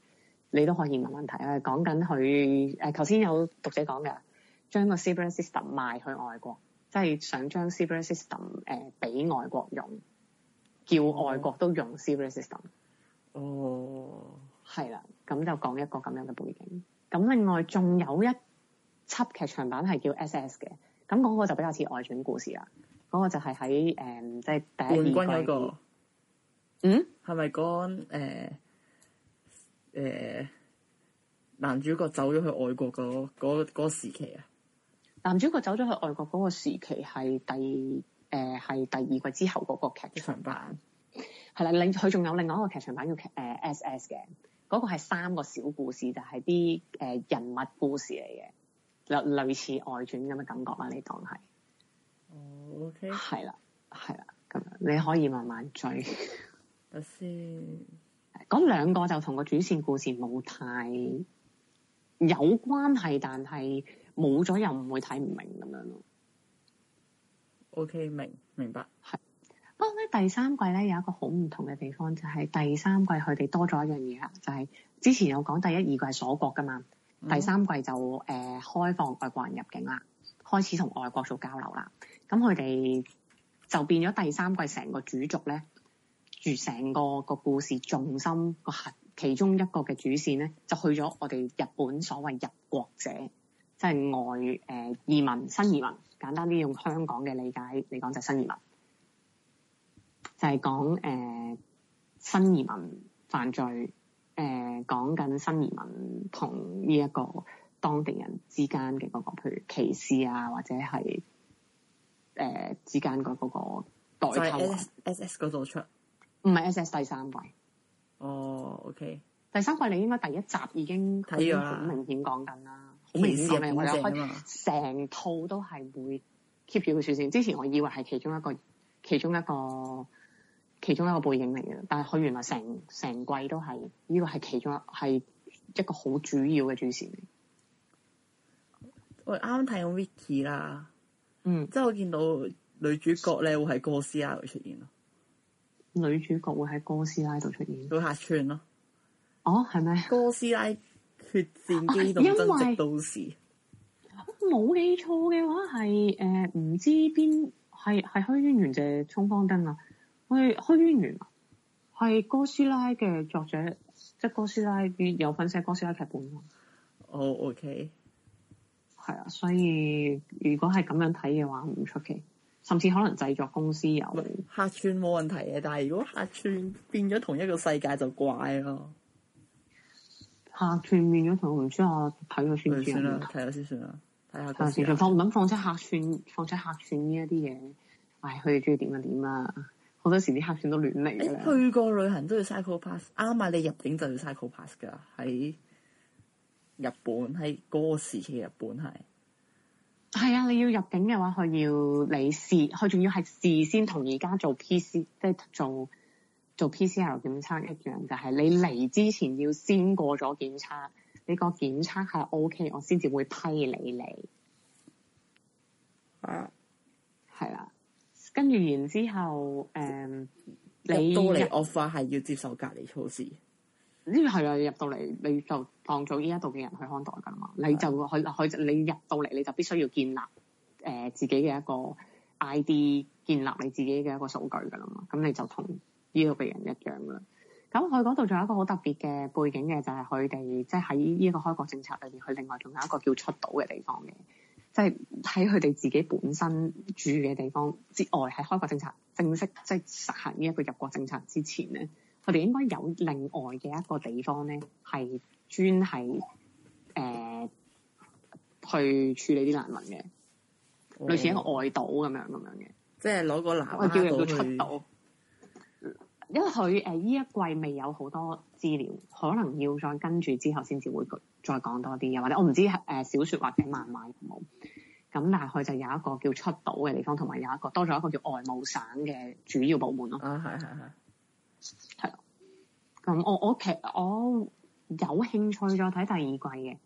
你都可以問問題啊！講緊佢誒，頭、呃、先有讀者講嘅，將個 Sibyl System 賣去外國，即係想將 Sibyl System 誒、呃、俾外國用，叫外國都用 Sibyl System。哦，係啦，咁就講一個咁樣嘅背景。咁另外仲有一輯劇場版係叫 SS 嘅，咁嗰個就比較似外傳故事啦。嗰、那個就係喺誒，即係第一冠軍嗰、那個，嗯，係咪講誒？呃誒，uh, 男主角走咗去外國嗰嗰嗰個時期啊，男主角走咗去外國嗰個時期係第誒係、呃、第二季之後嗰個劇場版，係啦，另佢仲有另外一個劇場版叫誒 S S 嘅，嗰、呃，那個係三個小故事，就係啲誒人物故事嚟嘅，類似外傳咁嘅感覺啊。你當係，OK 係啦，係啦、oh, okay，咁樣你可以慢慢追，等先。咁兩個就同個主線故事冇太有關係，但係冇咗又唔會睇唔明咁樣咯。OK，明明白，係。不過咧，第三季咧有一個好唔同嘅地方，就係、是、第三季佢哋多咗一樣嘢啦，就係、是、之前有講第一二季係鎖國噶嘛，第三季就誒、嗯呃、開放外國人入境啦，開始同外國做交流啦。咁佢哋就變咗第三季成個主軸咧。住成個個故事重心個核，其中一個嘅主線咧，就去咗我哋日本所謂入國者，即、就、係、是、外誒、呃、移民新移民。簡單啲用香港嘅理解嚟講就係新移民就係講誒新移民犯罪。誒講緊新移民同呢一個當地人之間嘅、嗰個譬如歧視啊，或者係誒、呃、之間個嗰代溝、啊、S S 嗰度出。唔係 S S 第三季。哦、oh,，OK，第三季你應該第一集已經睇咗啦，好明顯講緊啦，好明顯嘅，我有開成套都係會 keep 住佢出線。之前我以為係其，其中一個、其中一個、其中一個背影嚟嘅，但係佢原來成成季都係呢個係其中一係一個好主要嘅主線。我啱啱睇到 Vicky 啦，嗯，即係我見到女主角咧會喺哥斯拉度出現。女主角會喺哥斯拉度出現？到客串咯、啊，哦，係咪哥斯拉決戰機動增殖都市？冇記錯嘅話係誒，唔知邊係係虛淵玄借沖方丁啊？我哋虛淵玄啊，係、啊、哥斯拉嘅作者，即係哥斯拉啲有份寫哥斯拉劇本咯、啊。哦、oh,，OK，係啊，所以如果係咁樣睇嘅話，唔出奇。甚至可能製作公司有客串冇問題嘅、啊，但係如果客串變咗同一個世界就怪咯。客串變咗同一，唔知我睇下先算啦，睇下先算啦，睇下。但係時唔放諗放啲客串，放啲客串呢一啲嘢，唉，佢哋中意點就點啦、啊。好多時啲客串都亂嚟啦、哎。去過旅行都要 Psycho Pass，啱埋你入境就要 Psycho Pass 㗎。喺日本喺嗰時期，日本係。係啊，你要入境嘅話，佢要你事，佢仲要係事先同而家做 P C，即係做做 P C R 檢測一樣，就係、是、你嚟之前要先過咗檢測，你個檢測係 O K，我先至會批你嚟。啊，係啦，跟住然之後，誒、嗯，你都嚟 offer 係要接受隔離措施。呢個係啊，入到嚟你就當做呢一度嘅人去看待㗎嘛。的你就佢佢你入到嚟你就必須要建立誒、呃、自己嘅一個 ID，建立你自己嘅一個數據㗎啦嘛。咁你就同呢度嘅人一樣㗎啦。咁佢嗰度仲有一個好特別嘅背景嘅就係佢哋即係喺呢一個開國政策裏面，佢另外仲有一個叫出島嘅地方嘅，即係喺佢哋自己本身住嘅地方之外，喺開國政策正式即係、就是、實行呢一個入國政策之前咧。我哋應該有另外嘅一個地方咧，係專係誒、呃、去處理啲難民嘅，嗯、類似一個外島咁樣咁樣嘅。即係攞個喇叭叫人去出島，嗯、因為佢誒呢一季未有好多資料，可能要再跟住之後先至會再講多啲，又或者我唔知誒、呃、小説或者漫畫有冇。咁但係佢就有一個叫出島嘅地方，同埋有一個多咗一個叫外務省嘅主要部門咯。啊，係係係係咯，咁、嗯、我我其實我有興趣再睇第二季嘅，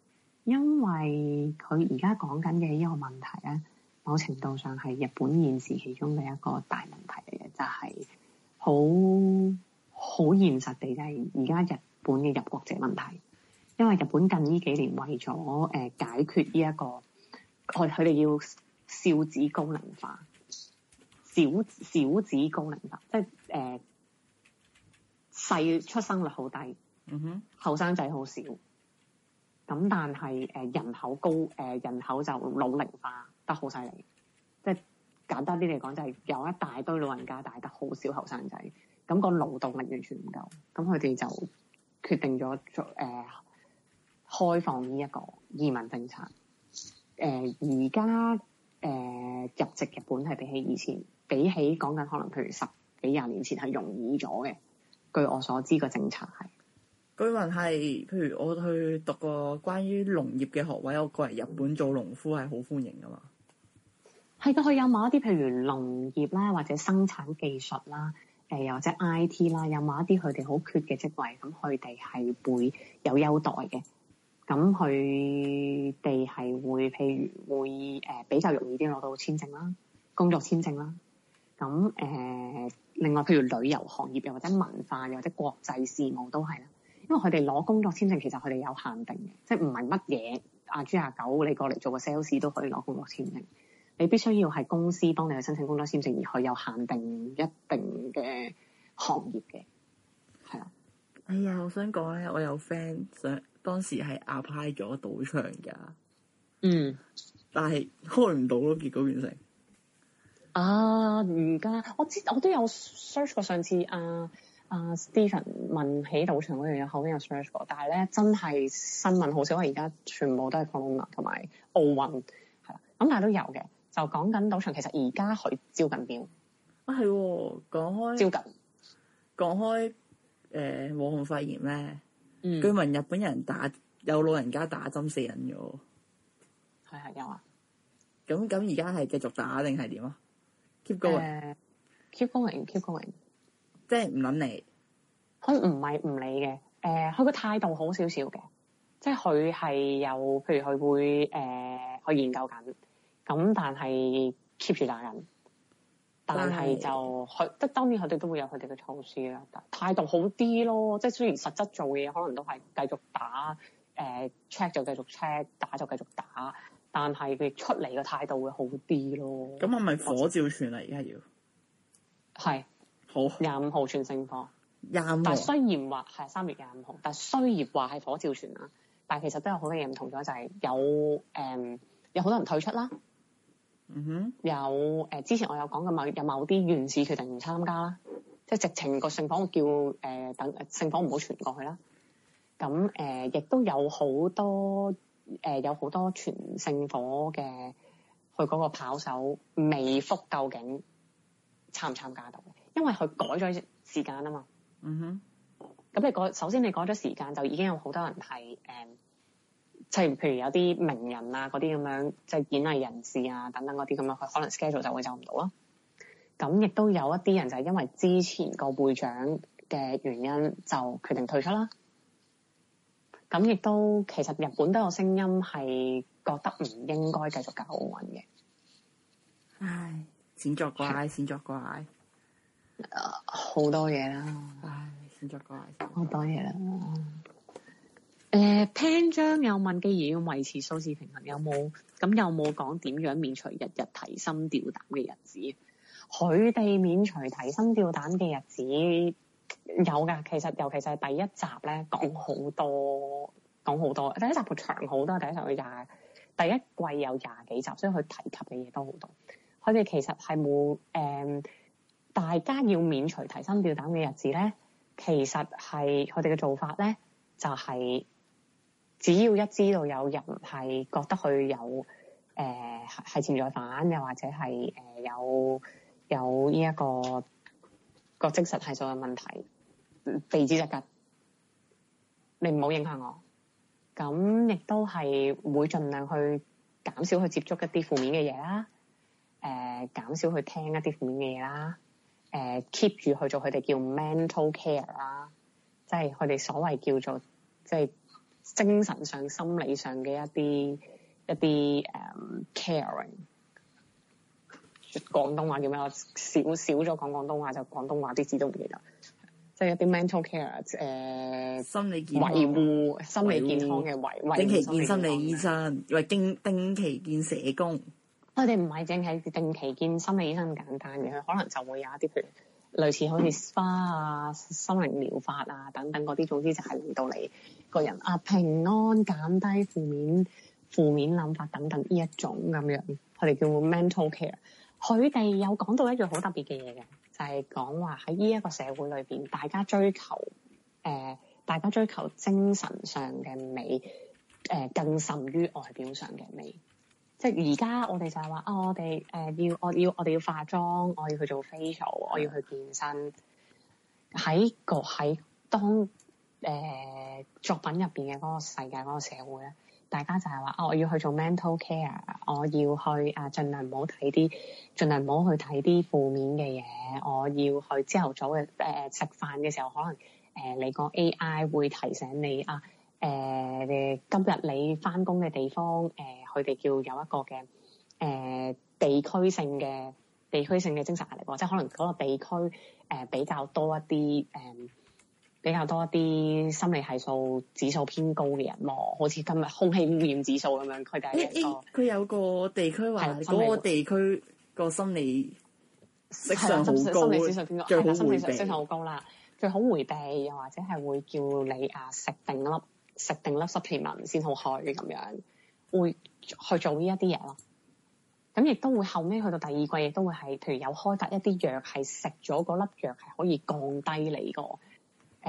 因為佢而家講緊嘅呢個問題咧，某程度上係日本現時其中嘅一個大問題嚟嘅，就係好好現實地就係而家日本嘅入國者問題，因為日本近呢幾年為咗誒、呃、解決呢、這、一個，我佢哋要少子高齡化，少少子高齡化，即係誒。呃細出生率好低，嗯哼。後生仔好少。咁但係誒人口高，誒人口就老齡化得好犀利。即係簡單啲嚟講，就係有一大堆老人家，但係得好少後生仔。咁個勞動力完全唔夠，咁佢哋就決定咗做誒、呃、開放呢一個移民政策。誒而家誒入籍日本係比起以前，比起講緊可能譬如十幾廿年前係容易咗嘅。據我所知，個政策係居民係，譬如我去讀個關於農業嘅學位，我過嚟日本做農夫係好歡迎噶嘛？係噶，佢有某一啲，譬如農業啦，或者生產技術啦，誒、呃，又或者 I T 啦，有某一啲佢哋好缺嘅職位，咁佢哋係會有優待嘅。咁佢哋係會譬如會誒、呃、比較容易啲攞到簽證啦，工作簽證啦。咁誒。呃另外，譬如旅遊行業又或者文化又或者國際事務都係啦，因為佢哋攞工作簽證其實佢哋有限定嘅，即係唔係乜嘢阿朱阿九你過嚟做個 sales 都可以攞工作簽證，你必須要係公司幫你去申請工作簽證，而佢有限定一定嘅行業嘅，係啊。哎呀，我想講咧，我有 friend 想當時係 apply 咗賭場㗎，嗯，但係開唔到咯，結果變成。啊！而家我知我都有 search 過上次啊啊 Stephen 問起賭場嗰樣嘢，後面有 search 過，但係咧真係新聞好少，因為而家全部都係 Corona 同埋奧運係啦。咁但係都有嘅，就講緊賭場。其實而家佢招緊邊啊？係講開招緊，講近開誒，武、呃、漢肺炎咧，嗯、據聞日本人打有老人家打針死人咗，係係有啊。咁咁而家係繼續打定係點啊？Keep going，keep going，keep going，即係唔諗你，佢唔係唔理嘅，誒，佢個態度好少少嘅，即係佢係有，譬如佢會誒去、uh, 研究緊，咁但係 keep 住打緊，但係就佢即係當然佢哋都會有佢哋嘅措施啦，態度好啲咯，即係雖然實質做嘢可能都係繼續打，誒、uh, check 就繼續 check，打就繼續打。但係佢出嚟嘅態度會好啲咯。咁係咪火照傳嚟而家要，係是好廿五號傳聖火。廿五日，但雖然話係三月廿五號，但雖然話係火照傳啦，但其實都有好多嘢唔同咗，就係、是、有誒、嗯、有好多人退出啦。嗯、哼，有誒、呃、之前我有講嘅某有某啲院士決定唔參加啦，即係直情個聖火叫誒、呃、等聖火唔好傳過去啦。咁誒亦都有好多。誒、呃、有好多傳聖火嘅，佢嗰個跑手未覆，究竟參唔參加到？因為佢改咗時間，啊嘛。嗯哼。咁你改首先你改咗時間，就已經有好多人係誒即係譬如有啲名人啊、啲咁樣，即、就、係、是、演藝人士啊等等啲咁樣，佢可能 schedule 就會走唔到啦。咁亦都有一啲人就係因為之前個會長嘅原因，就決定退出啦。咁亦都，其實日本都有聲音係覺得唔應該繼續搞奧運嘅。唉，錢作怪，錢作怪。誒，好、呃、多嘢啦。唉，錢作怪。好多嘢啦。誒、嗯，聽、呃、章有問，既然要維持收支平衡有冇？咁有冇講點樣免除日日提心吊膽嘅日子？佢哋免除提心吊膽嘅日子。有㗎，其實尤其是係第一集咧，講好多講好多。第一集佢長好多，第一集佢廿，第一季有廿幾集，所以佢提及嘅嘢都好多。佢哋其實係冇誒，大家要免除提心吊膽嘅日子咧，其實係佢哋嘅做法咧，就係、是、只要一知道有人係覺得佢有誒係、呃、潛在犯，又或者係誒、呃、有有呢、這、一個。個精神係就嘅問題，鼻子就㗎，你唔好影響我。咁亦都係會盡量去減少去接觸一啲負面嘅嘢啦，誒、呃、減少去聽一啲負面嘅嘢啦，誒 keep 住去做佢哋叫 mental care 啦，即係佢哋所謂叫做即係、就是、精神上、心理上嘅一啲一啲誒、um, caring。廣東話叫咩？我少少咗講廣東話，就廣東話啲字都唔記得。即係一啲 mental care 誒、呃，維護心理健康嘅維護，定期見心理醫生，或經定期見社工。我哋唔係淨係定期見心理醫生咁簡單嘅，佢可能就會有一啲，譬如類似好似 SPA 啊、心靈療法啊等等嗰啲，總之就係、是、令到你個人啊平安，減低負面負面諗法等等呢一種咁樣，佢哋叫 mental care。佢哋有講到一樣好特別嘅嘢嘅，就係講話喺呢一個社會裏邊，大家追求誒、呃，大家追求精神上嘅美誒、呃，更甚於外表上嘅美。即係而家我哋就係話啊，我哋誒要我要我哋要，要化妝，我要去做 facial，我要去健身。喺個喺當誒、呃、作品入邊嘅嗰個世界，嗰、嗰個社會咧。大家就係話啊，我要去做 mental care，我要去啊，儘量唔好睇啲，儘量唔好去睇啲負面嘅嘢。我要去朝頭早嘅誒食飯嘅時候，可能誒你個 AI 會提醒你啊，誒、呃、今日你翻工嘅地方誒，佢、呃、哋叫有一個嘅誒、呃、地區性嘅地區性嘅精神壓力，或者可能嗰個地區誒、呃、比較多一啲誒。呃比較多一啲心理係數指數偏高嘅人咯，好似今日空氣污染指數咁樣。佢哋誒誒，佢、欸，有個地區話係嗰個地區個心理色上好心理指數偏高係啦，心理色上色彩好高啦，最好回避，又或者係會叫你啊食定，定粒食定粒 supplement 先好去咁樣，會去做呢一啲嘢咯。咁亦都會後尾去到第二季，亦都會係譬如有開發一啲藥，係食咗嗰粒藥係可以降低你個。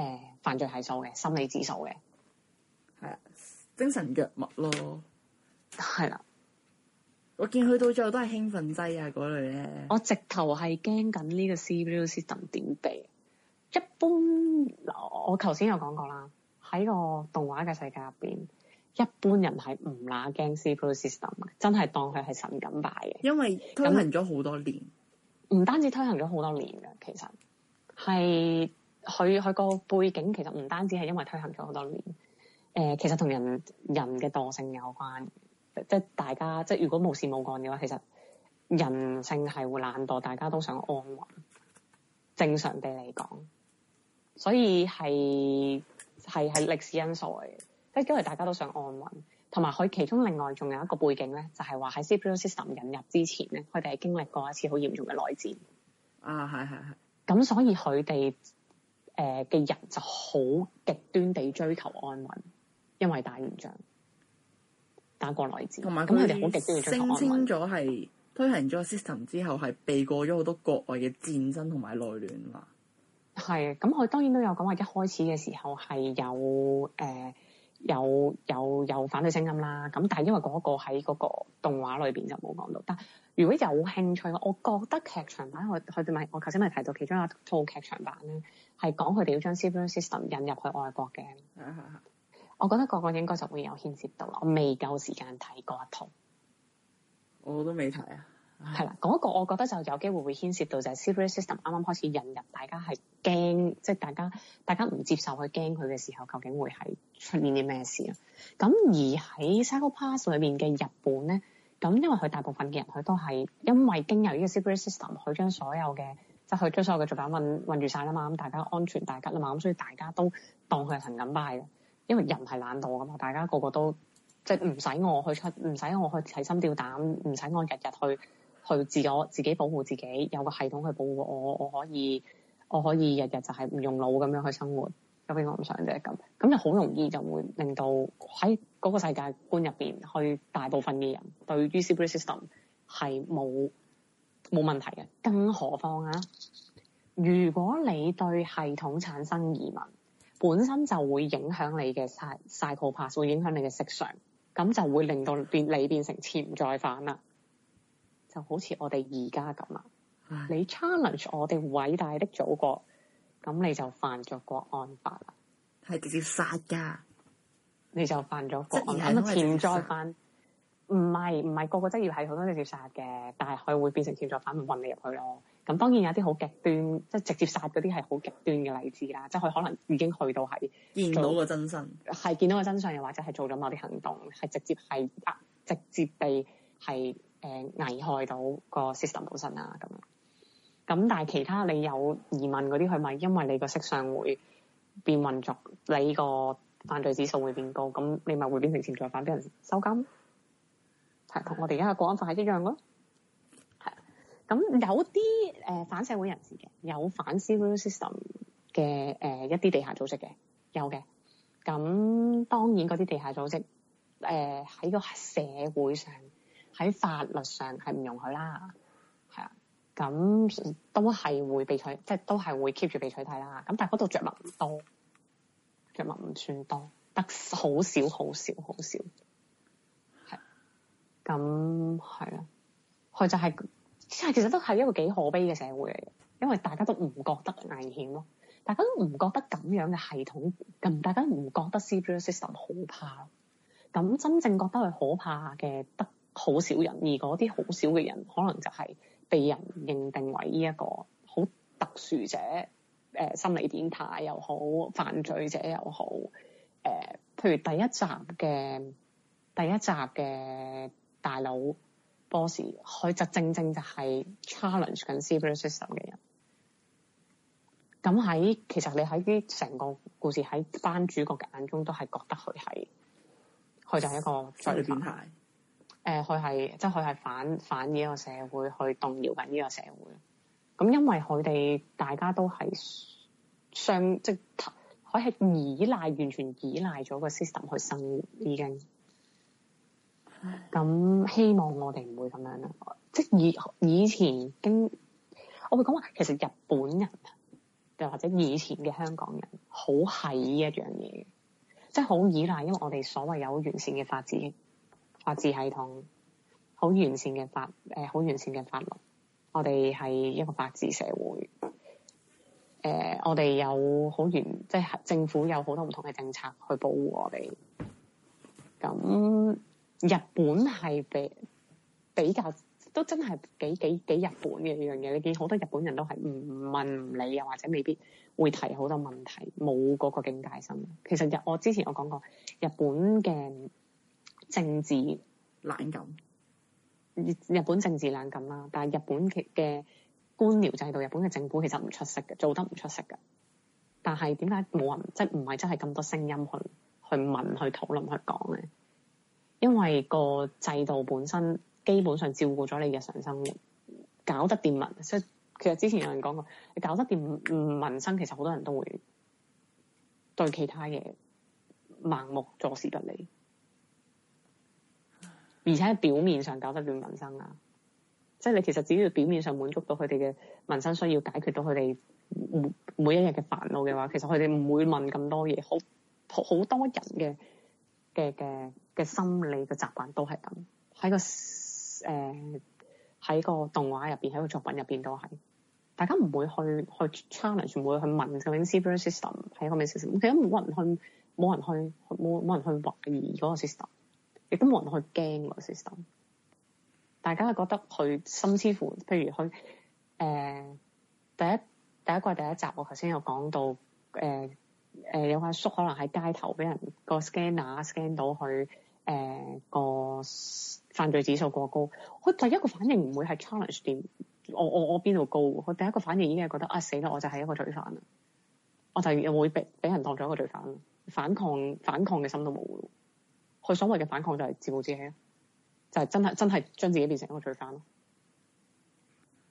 誒、欸，犯罪係數嘅心理指數嘅，係啊，精神藥物咯，係啦的，我見佢到最後都係興奮劑啊嗰類咧。我直頭係驚緊呢個 Sibyl system 點避？一般嗱，我頭先有講過啦，喺個動畫嘅世界入邊，一般人係唔乸驚 Sibyl system 真係當佢係神咁拜嘅。因為推行咗好多年，唔單止推行咗好多年嘅，其實係。佢佢個背景其實唔單止係因為推行咗好多年，誒、呃，其實同人人嘅惰性有關，即係大家即係如果無事冇幹嘅話，其實人性係會懶惰，大家都想安穩。正常地嚟講，所以係係係歷史因素嚟嘅，即係因為大家都想安穩，同埋佢其中另外仲有一個背景咧，就係話喺 Sibyl System 引入之前咧，佢哋係經歷過一次好嚴重嘅內戰。啊，係係係，咁所以佢哋。誒嘅人就好極端地追求安穩，因為打完仗打國內戰，同埋，咁佢哋好極端地追求安穩。升咗係推行咗 system 之後，係避過咗好多國外嘅戰爭同埋內亂嘛。係，咁我當然都有講話，一開始嘅時候係有誒、呃、有有有反對聲音啦。咁但係因為嗰個喺嗰個動畫裏邊就冇講到，但。如果有興趣我覺得劇場版佢佢哋咪我頭先咪提到其中一套劇場版咧，係講佢哋要將 Sibyl System 引入去外國嘅。啊啊、我覺得嗰個應該就會有牽涉到啦。我未夠時間睇嗰一套。我都未睇啊。係、啊、啦，嗰、那個我覺得就有機會會牽涉到，就係 Sibyl System 啱啱開始引入，大家係驚，即、就、係、是、大家大家唔接受去驚佢嘅時候，究竟會係出現啲咩事啊？咁而喺《Psycho Pass》裏面嘅日本咧。咁因為佢大部分嘅人佢都係因為經由呢個 security system，佢將所有嘅即係佢將所有嘅作假混混住晒啦嘛，咁大家安全大吉啦嘛，咁所以大家都當佢係恆緊拜嘅，因為人係懶惰噶嘛，大家個個都即係唔使我去出，唔使我去提心吊膽，唔使我日日去去自我自己保護自己，有個系統去保護我，我可以我可以日日就係唔用腦咁樣去生活。究竟我唔想啫咁，咁就好容易就會令到喺嗰個世界觀入邊，去大部分嘅人對於 Sibyl System 係冇冇問題嘅。更何況啊，如果你對系統產生疑問，本身就會影響你嘅 Psycho Psycho Pass，會影響你嘅色相，咁就會令到變你變成潛在犯啦。就好似我哋而家咁啦，你 challenge 我哋偉大的祖國。咁你就犯咗國安法啦，係直接殺噶，你就犯咗國安法。潛在犯，唔係唔係個個職業係好多直接殺嘅，但係佢會變成潛在犯，混你入去咯。咁當然有啲好極端，即係直接殺嗰啲係好極端嘅例子啦，即係佢可能已經去到係見到個真身，係見到個真相，又或者係做咗某啲行動，係直接係直接地係誒危害到個 system 本身啦咁。咁但係其他你有疑問嗰啲，係咪因為你個色相會變混濁，你個犯罪指數會變高，咁你咪會變成潛在犯，俾人收監？係同我哋而家嘅國安法係一樣咯。係，咁有啲誒、呃、反社會人士嘅，有反 civil system 嘅誒一啲地下組織嘅，有嘅。咁當然嗰啲地下組織，誒喺個社會上，喺法律上係唔容許啦。咁都係會被取，即係都係會 keep 住被取替啦。咁但係嗰度着墨唔多，着墨唔算多，得好少好少好少。係，咁係啊，佢就係，即係其實都係一個幾可悲嘅社會嚟嘅，因為大家都唔覺得危險咯，大家都唔覺得咁樣嘅系統，咁大家唔覺得 Sibyl System 好怕，咁真正覺得佢可怕嘅得好少人，而嗰啲好少嘅人可能就係。被人認定為呢一個好特殊者，誒、呃、心理變態又好，犯罪者又好，誒、呃、譬如第一集嘅第一集嘅大佬 boss，佢就正正就係 challenge 緊 Sibyl System 嘅人。咁喺其實你喺啲成個故事喺班主角嘅眼中都係覺得佢係，佢就係一個心理變態。誒，佢係、呃、即係佢係反反依個、個社會，去動搖緊呢個社會。咁因為佢哋大家都係相即係，佢係依賴完全依賴咗個 system 去生活，已經。咁、嗯、希望我哋唔會咁樣啦。即係以以前經，我會講話其實日本人，又或者以前嘅香港人，好係依一樣嘢，即係好依賴，因為我哋所謂有完善嘅法治，法治系統好完善嘅法，誒、呃、好完善嘅法律。我哋係一個法治社會，誒、呃、我哋有好完，即係政府有好多唔同嘅政策去保護我哋。咁、嗯、日本係比比較都真係幾幾幾日本嘅一樣嘢。你見好多日本人都係唔問唔理，又或者未必會提好多問題，冇嗰個境界心。其實日我之前我講過日本嘅。政治冷感，日本政治冷感啦。但係日本嘅官僚制度，日本嘅政府其實唔出色嘅，做得唔出色嘅。但係點解冇人即係唔係真係咁多聲音去去問、去討論、去講咧？因為個制度本身基本上照顧咗你嘅日常生活，搞得掂民。即係其實之前有人講過，你搞得掂唔民生，其實好多人都會對其他嘢盲目坐視不理。而且喺表面上搞得掂民生啊，即係你其實只要表面上滿足到佢哋嘅民生需要，解決到佢哋每一日嘅煩惱嘅話，其實佢哋唔會問咁多嘢。好好多人嘅嘅嘅嘅心理嘅習慣都係咁。喺個誒喺、呃、個動畫入邊，喺個作品入邊都係大家唔會去去 challenge，唔會去問。個 i s y s t e m 係一個 system，其實冇人去，冇人去，冇冇人，人去懷疑嗰個 system。亦都冇人去驚喎，system 大家係覺得佢甚至乎譬如佢誒、呃、第一第一季第一集我，我頭先有講到誒誒有位叔,叔可能喺街頭俾人個 scanner scan 到佢誒、呃、個犯罪指數過高，佢第一個反應唔會係 challenge 點我我我邊度高？佢第一個反應已經係覺得啊死啦！我就係一個罪犯啦，我就會被俾人當咗一個罪犯，反抗反抗嘅心都冇佢所謂嘅反抗就係自暴自棄就係、是、真係真係將自己變成一個罪犯咯。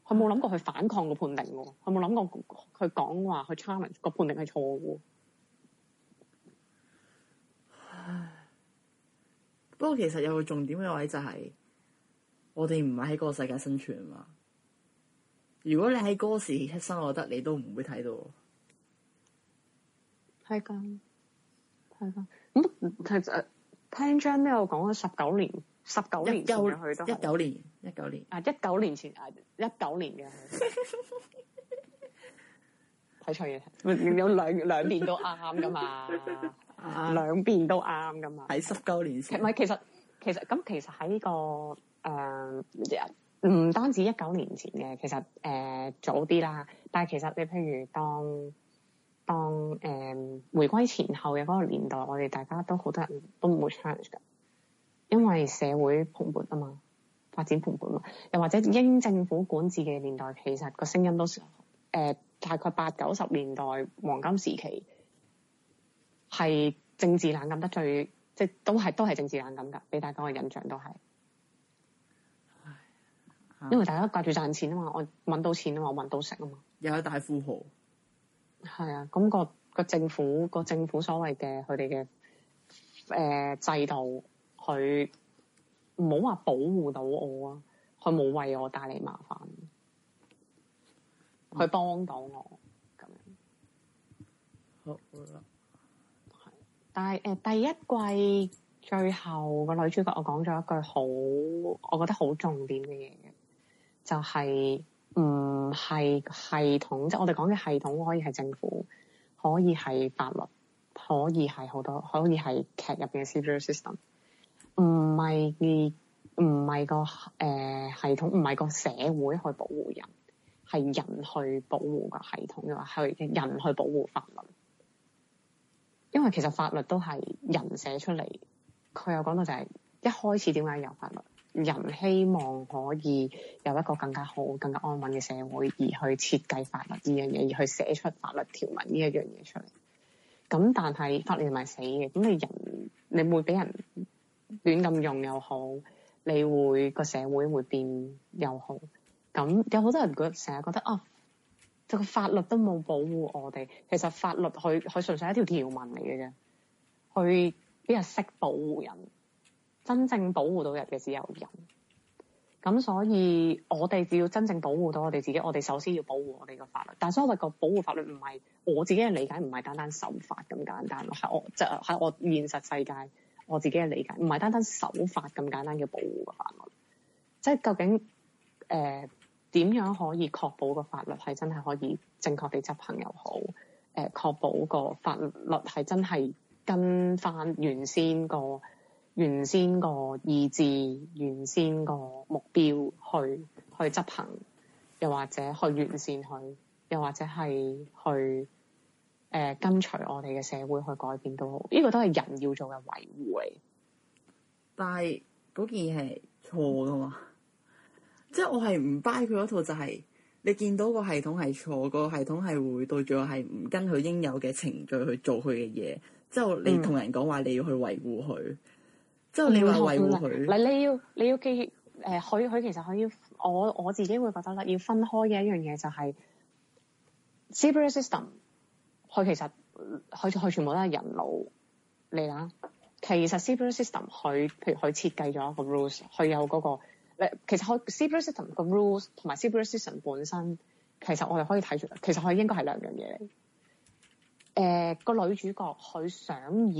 佢冇諗過去反抗個判定喎，佢冇諗過去講話去 challenge 個判定係錯嘅喎。不過其實有個重點嘅位就係、是、我哋唔係喺個世界生存啊嘛。如果你喺嗰時出生，我覺得你都唔會睇到。係咁，係咁，咁睇誒。聽章呢度講咗十九年，十九年前去到一九年，一九年啊，一九年前啊，一九年嘅，睇錯嘢。有兩兩邊都啱噶嘛，兩邊都啱噶嘛。喺十九年前，唔係其實其實咁其實喺呢個誒唔單止一九年前嘅，其實誒、這個呃呃、早啲啦。但係其實你譬如當。當誒、嗯、回歸前後嘅嗰個年代，我哋大家都好多人都唔會 challenge 噶，因為社會蓬勃啊嘛，發展蓬勃嘛，又或者英政府管治嘅年代，其實個聲音都誒、呃、大概八九十年代黃金時期係政治冷感得最，即係都係都係政治冷感噶，俾大家嘅印象都係，因為大家都掛住賺錢啊嘛，我搵到錢啊嘛，我搵到食啊嘛，又有大富豪。係啊，咁、那個個政府個政府所謂嘅佢哋嘅誒制度，佢唔好話保護到我啊，佢冇為我帶嚟麻煩，佢幫到我咁、嗯、樣。好啦，係。但係誒、呃，第一季最後、那個女主角，我講咗一句好，我覺得好重點嘅嘢，就係、是。唔係系統，即係我哋講嘅系統，可以係政府，可以係法律，可以係好多，可以係劇入邊嘅 civil system。唔係唔係個誒系統，唔係個社會去保護人，係人去保護個系統嘅，係人去保護法律。因為其實法律都係人寫出嚟。佢有講到就係一開始點解有法律？人希望可以有一個更加好、更加安穩嘅社會，而去設計法律呢樣嘢，而去寫出法律條文呢一樣嘢出嚟。咁但係法律係咪死嘅？咁你人你會俾人亂咁用又好，你會個社會會變又好。咁有好多人覺成日覺得啊，就、哦這個法律都冇保護我哋。其實法律佢佢純粹係一條條文嚟嘅啫，去俾人識保護人。真正保護到人嘅只有人，咁所以我哋只要真正保護到我哋自己，我哋首先要保護我哋嘅法律。但所謂個保護法律唔係我自己嘅理解，唔係單單守法咁簡單咯。係我即係喺我現實世界我自己嘅理解，唔係單單守法咁簡單嘅保護嘅法律。即係究竟誒點樣可以確保個法律係真係可以正確地執行又好？誒確保個法律係真係跟翻原先個。原先個意志，原先個目標去，去去執行，又或者去完善佢，又或者係去誒、呃、跟隨我哋嘅社會去改變都好，呢、呢個都係人要做嘅維護嚟。但係嗰件係錯噶嘛？嗯、即係我係唔 buy 佢嗰套、就是，就係你見到個系統係錯，嗰個系統係會對住係唔跟佢應有嘅程序去做佢嘅嘢，之後你同人講話你要去維護佢。嗯即係你， 你要維護佢，唔係你要你要記誒，佢、呃、佢其實佢要我我自己會覺得咧，要分開嘅一樣嘢就係 Sibyl System，佢其實佢佢全部都係人腦嚟啦。其實 Sibyl System 佢譬如佢設計咗一個 rules，佢有嗰、那個其實佢 Sibyl System 個 rules 同埋 Sibyl System 本身，其實我哋可以睇出，其實佢應該係兩樣嘢嚟。誒個、嗯呃、女主角佢想要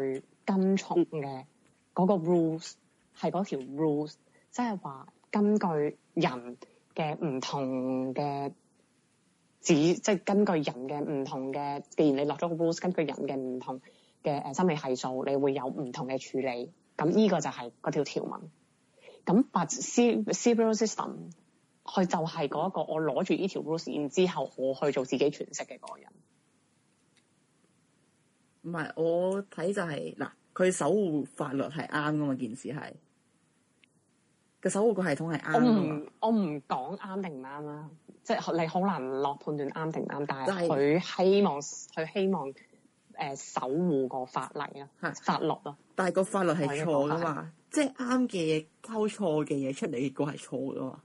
去跟從嘅。嗯嗰個 rules 係嗰條 rules，即係話根據人嘅唔同嘅指，即係根據人嘅唔同嘅，既然你落咗個 rules，根據人嘅唔同嘅誒心理係數，你會有唔同嘅處理。咁呢個就係嗰條條文。咁 but civil system，佢就係嗰個我攞住呢條 rules 然之後我去做自己詮釋嘅個人。唔係，我睇就係、是、嗱。佢守護法律係啱噶嘛？件事係佢守護個系統係啱㗎嘛？我唔我唔講啱定唔啱啦，即係你好難落判斷啱定啱。但係是佢希望佢希望誒、呃、守護法法個，法個法例啊，法律啊，但係個法律係錯嘅嘛，即係啱嘅嘢交錯嘅嘢出嚟，結果係錯嘅嘛。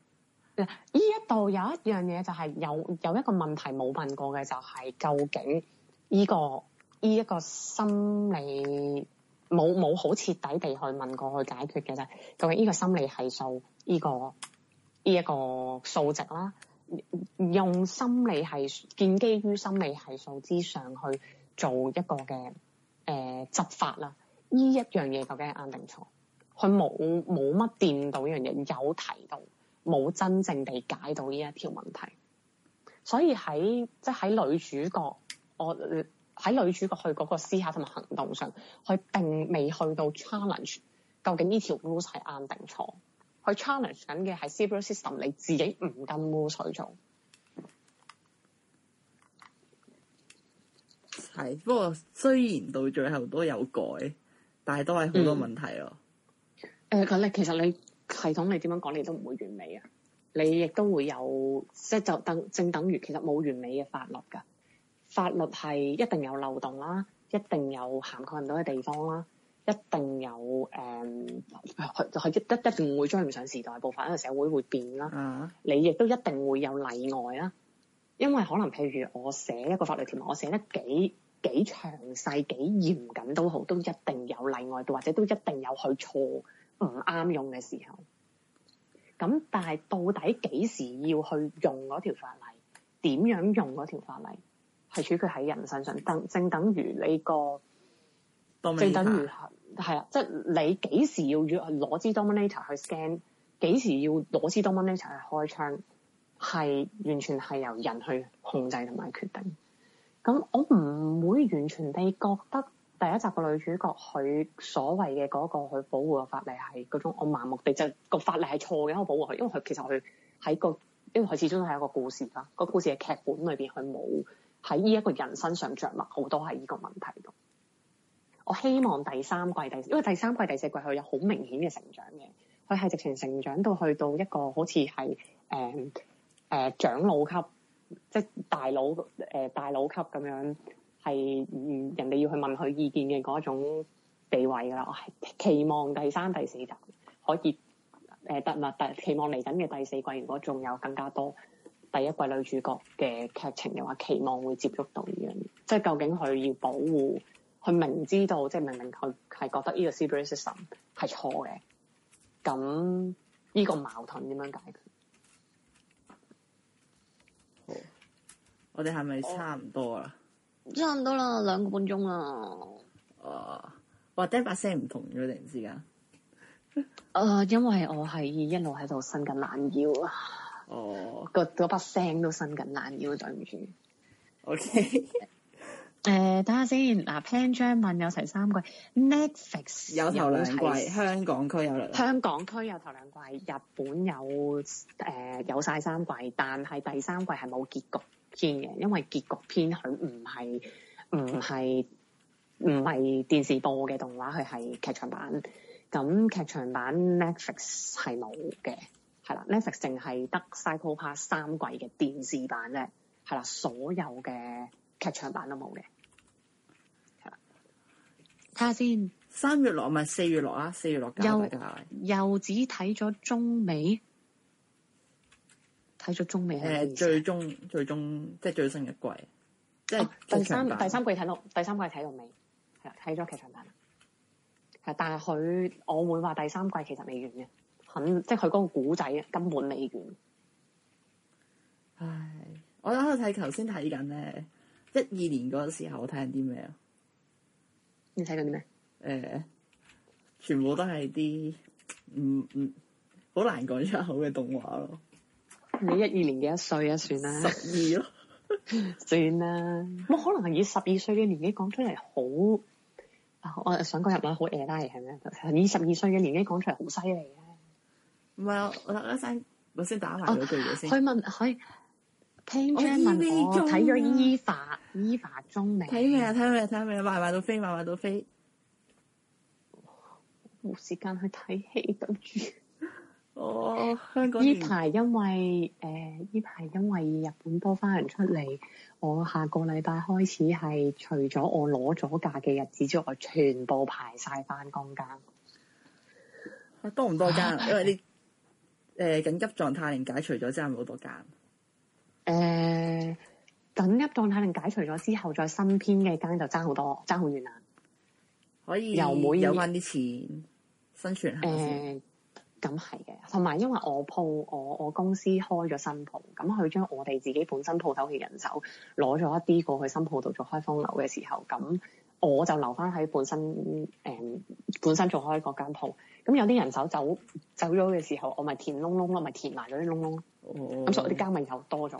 呢一度有一樣嘢就係有有一個問題冇問過嘅就係、是、究竟依、這個依一、呢個心理。冇冇好徹底地去問過去解決嘅啫，究竟呢個心理係數，呢個呢一個數值啦，用心理係建基於心理係數之上去做一個嘅誒執法啦，呢一樣嘢究竟係啱定錯？佢冇冇乜掂到依樣嘢，有提到，冇真正地解到呢一條問題，所以喺即喺女主角，我。喺女主角去個思考同埋行動上，佢並未去到 challenge。究竟呢條 rules 係啱定錯？佢 challenge 緊嘅係 civil system，你自己唔跟 rules 走。係不過雖然到最後都有改，但係都係好多問題咯。誒、嗯，咁、呃、你其實你系統你點樣講你都唔會完美啊？你亦都會有即係就等正等於其實冇完美嘅法律㗎。法律係一定有漏洞啦，一定有涵蓋唔到嘅地方啦，一定有誒，佢佢一一定會追唔上時代步伐，因為社會會變啦。Uh huh. 你亦都一定會有例外啦，因為可能譬如我寫一個法律條文，我寫得幾幾詳細幾嚴謹都好，都一定有例外，或者都一定有去錯唔啱用嘅時候。咁但係到底幾時要去用嗰條法例？點樣用嗰條法例？係取決佢喺人身上，等正等於你個 Dominator 正等於係係啊，即係你幾時要要攞支 dominator 去 scan，幾時要攞支 dominator 去開槍，係完全係由人去控制同埋決定。咁我唔會完全地覺得第一集個女主角佢所謂嘅嗰個佢保護嘅法例係嗰種我盲目地就是、個法例係錯嘅，我保護佢，因為佢其實佢喺個因為佢始終係一個故事啦，個故事嘅劇本裏邊佢冇。喺呢一個人身上着墨好多係呢個問題嘅，我希望第三季第，因為第三季第四季佢有好明顯嘅成長嘅，佢係直情成長到去到一個好似係誒誒長老級，即係大佬誒、呃、大佬級咁樣，係人哋要去問佢意見嘅嗰種地位噶啦，我、啊、係期望第三第四集可以誒、呃、得啦，但期望嚟緊嘅第四季如果仲有更加多。第一季女主角嘅劇情嘅話，期望會接觸到呢樣嘢，即係究竟佢要保護，佢明知道，即係明明佢係覺得呢個 Sibyl System 係錯嘅，咁呢個矛盾點樣解決？好，我哋係咪差唔多啦、哦？差唔多啦，兩個半鐘啦。啊、哦，哇！爹把聲唔同咗，突然之間。誒，因為我係一路喺度伸緊懶腰啊！哦，個嗰、oh. 把聲都伸緊懶腰，對唔住。OK，誒、 呃，等下先。嗱 p a n j a n 有齊三季，Netflix 有頭兩季，有兩季，香港區有兩。香港區有頭兩季，日本有誒、呃、有晒三季，但係第三季係冇結局篇嘅，因為結局篇佢唔係唔係唔係電視播嘅動畫，佢係劇場版。咁劇場版 Netflix 係冇嘅。係啦，Netflix 淨係得《Psycho Pass》三季嘅電視版啫。係啦，所有嘅劇場版都冇嘅。睇下先。三月落咪四月落啊！四月落㗎。又又只睇咗中美，睇咗、呃、中美，誒、呃，最終最終，即係最新一季，即係、哦、第三第三季睇到，第三季睇到尾，係啊，睇咗劇場版。係，但係佢我會話第三季其實未完嘅。很即係佢嗰個古仔根本未完。唉，我喺度睇頭先睇緊咧，一二年嗰時候我睇緊啲咩啊？你睇緊啲咩？誒、呃，全部都係啲唔唔好難講出口嘅動畫咯。你一二年幾多歲啊？算啦，十二咯，算啦。冇可能係以十二歲嘅年紀講出嚟，好、啊，我想講入啦，好 earlier 係咪啊？以十二歲嘅年紀講出嚟好犀利。唔係，我等一陣，我先打埋嗰句嘢先。佢以、啊、問，可以聽張問我睇咗 Eva，Eva 鍾未？睇未啊？睇未啊？睇未啊？埋埋到飛，埋埋到飛。冇時間去睇戲，等住。哦，香港呢排因為誒，依、呃、排因為日本多翻人出嚟，我下個禮拜開始係除咗我攞咗假嘅日子之外，全部排晒翻工間。多唔多間因為呢。誒緊急狀態令解除咗之後，好多間。誒緊急狀態令解除咗之後，再新編嘅間就爭好多，爭好遠啊！可以有翻啲錢、呃、生存下先。咁係嘅，同、嗯、埋因為我鋪，我我公司開咗新鋪，咁佢將我哋自己本身鋪頭嘅人手攞咗一啲過去新鋪度做開封樓嘅時候，咁。我就留翻喺本身，誒、呃、本身仲開嗰間鋪。咁有啲人手走走咗嘅時候，我咪填窿窿咯，咪填埋嗰啲窿窿咯。咁所以啲間咪又多咗，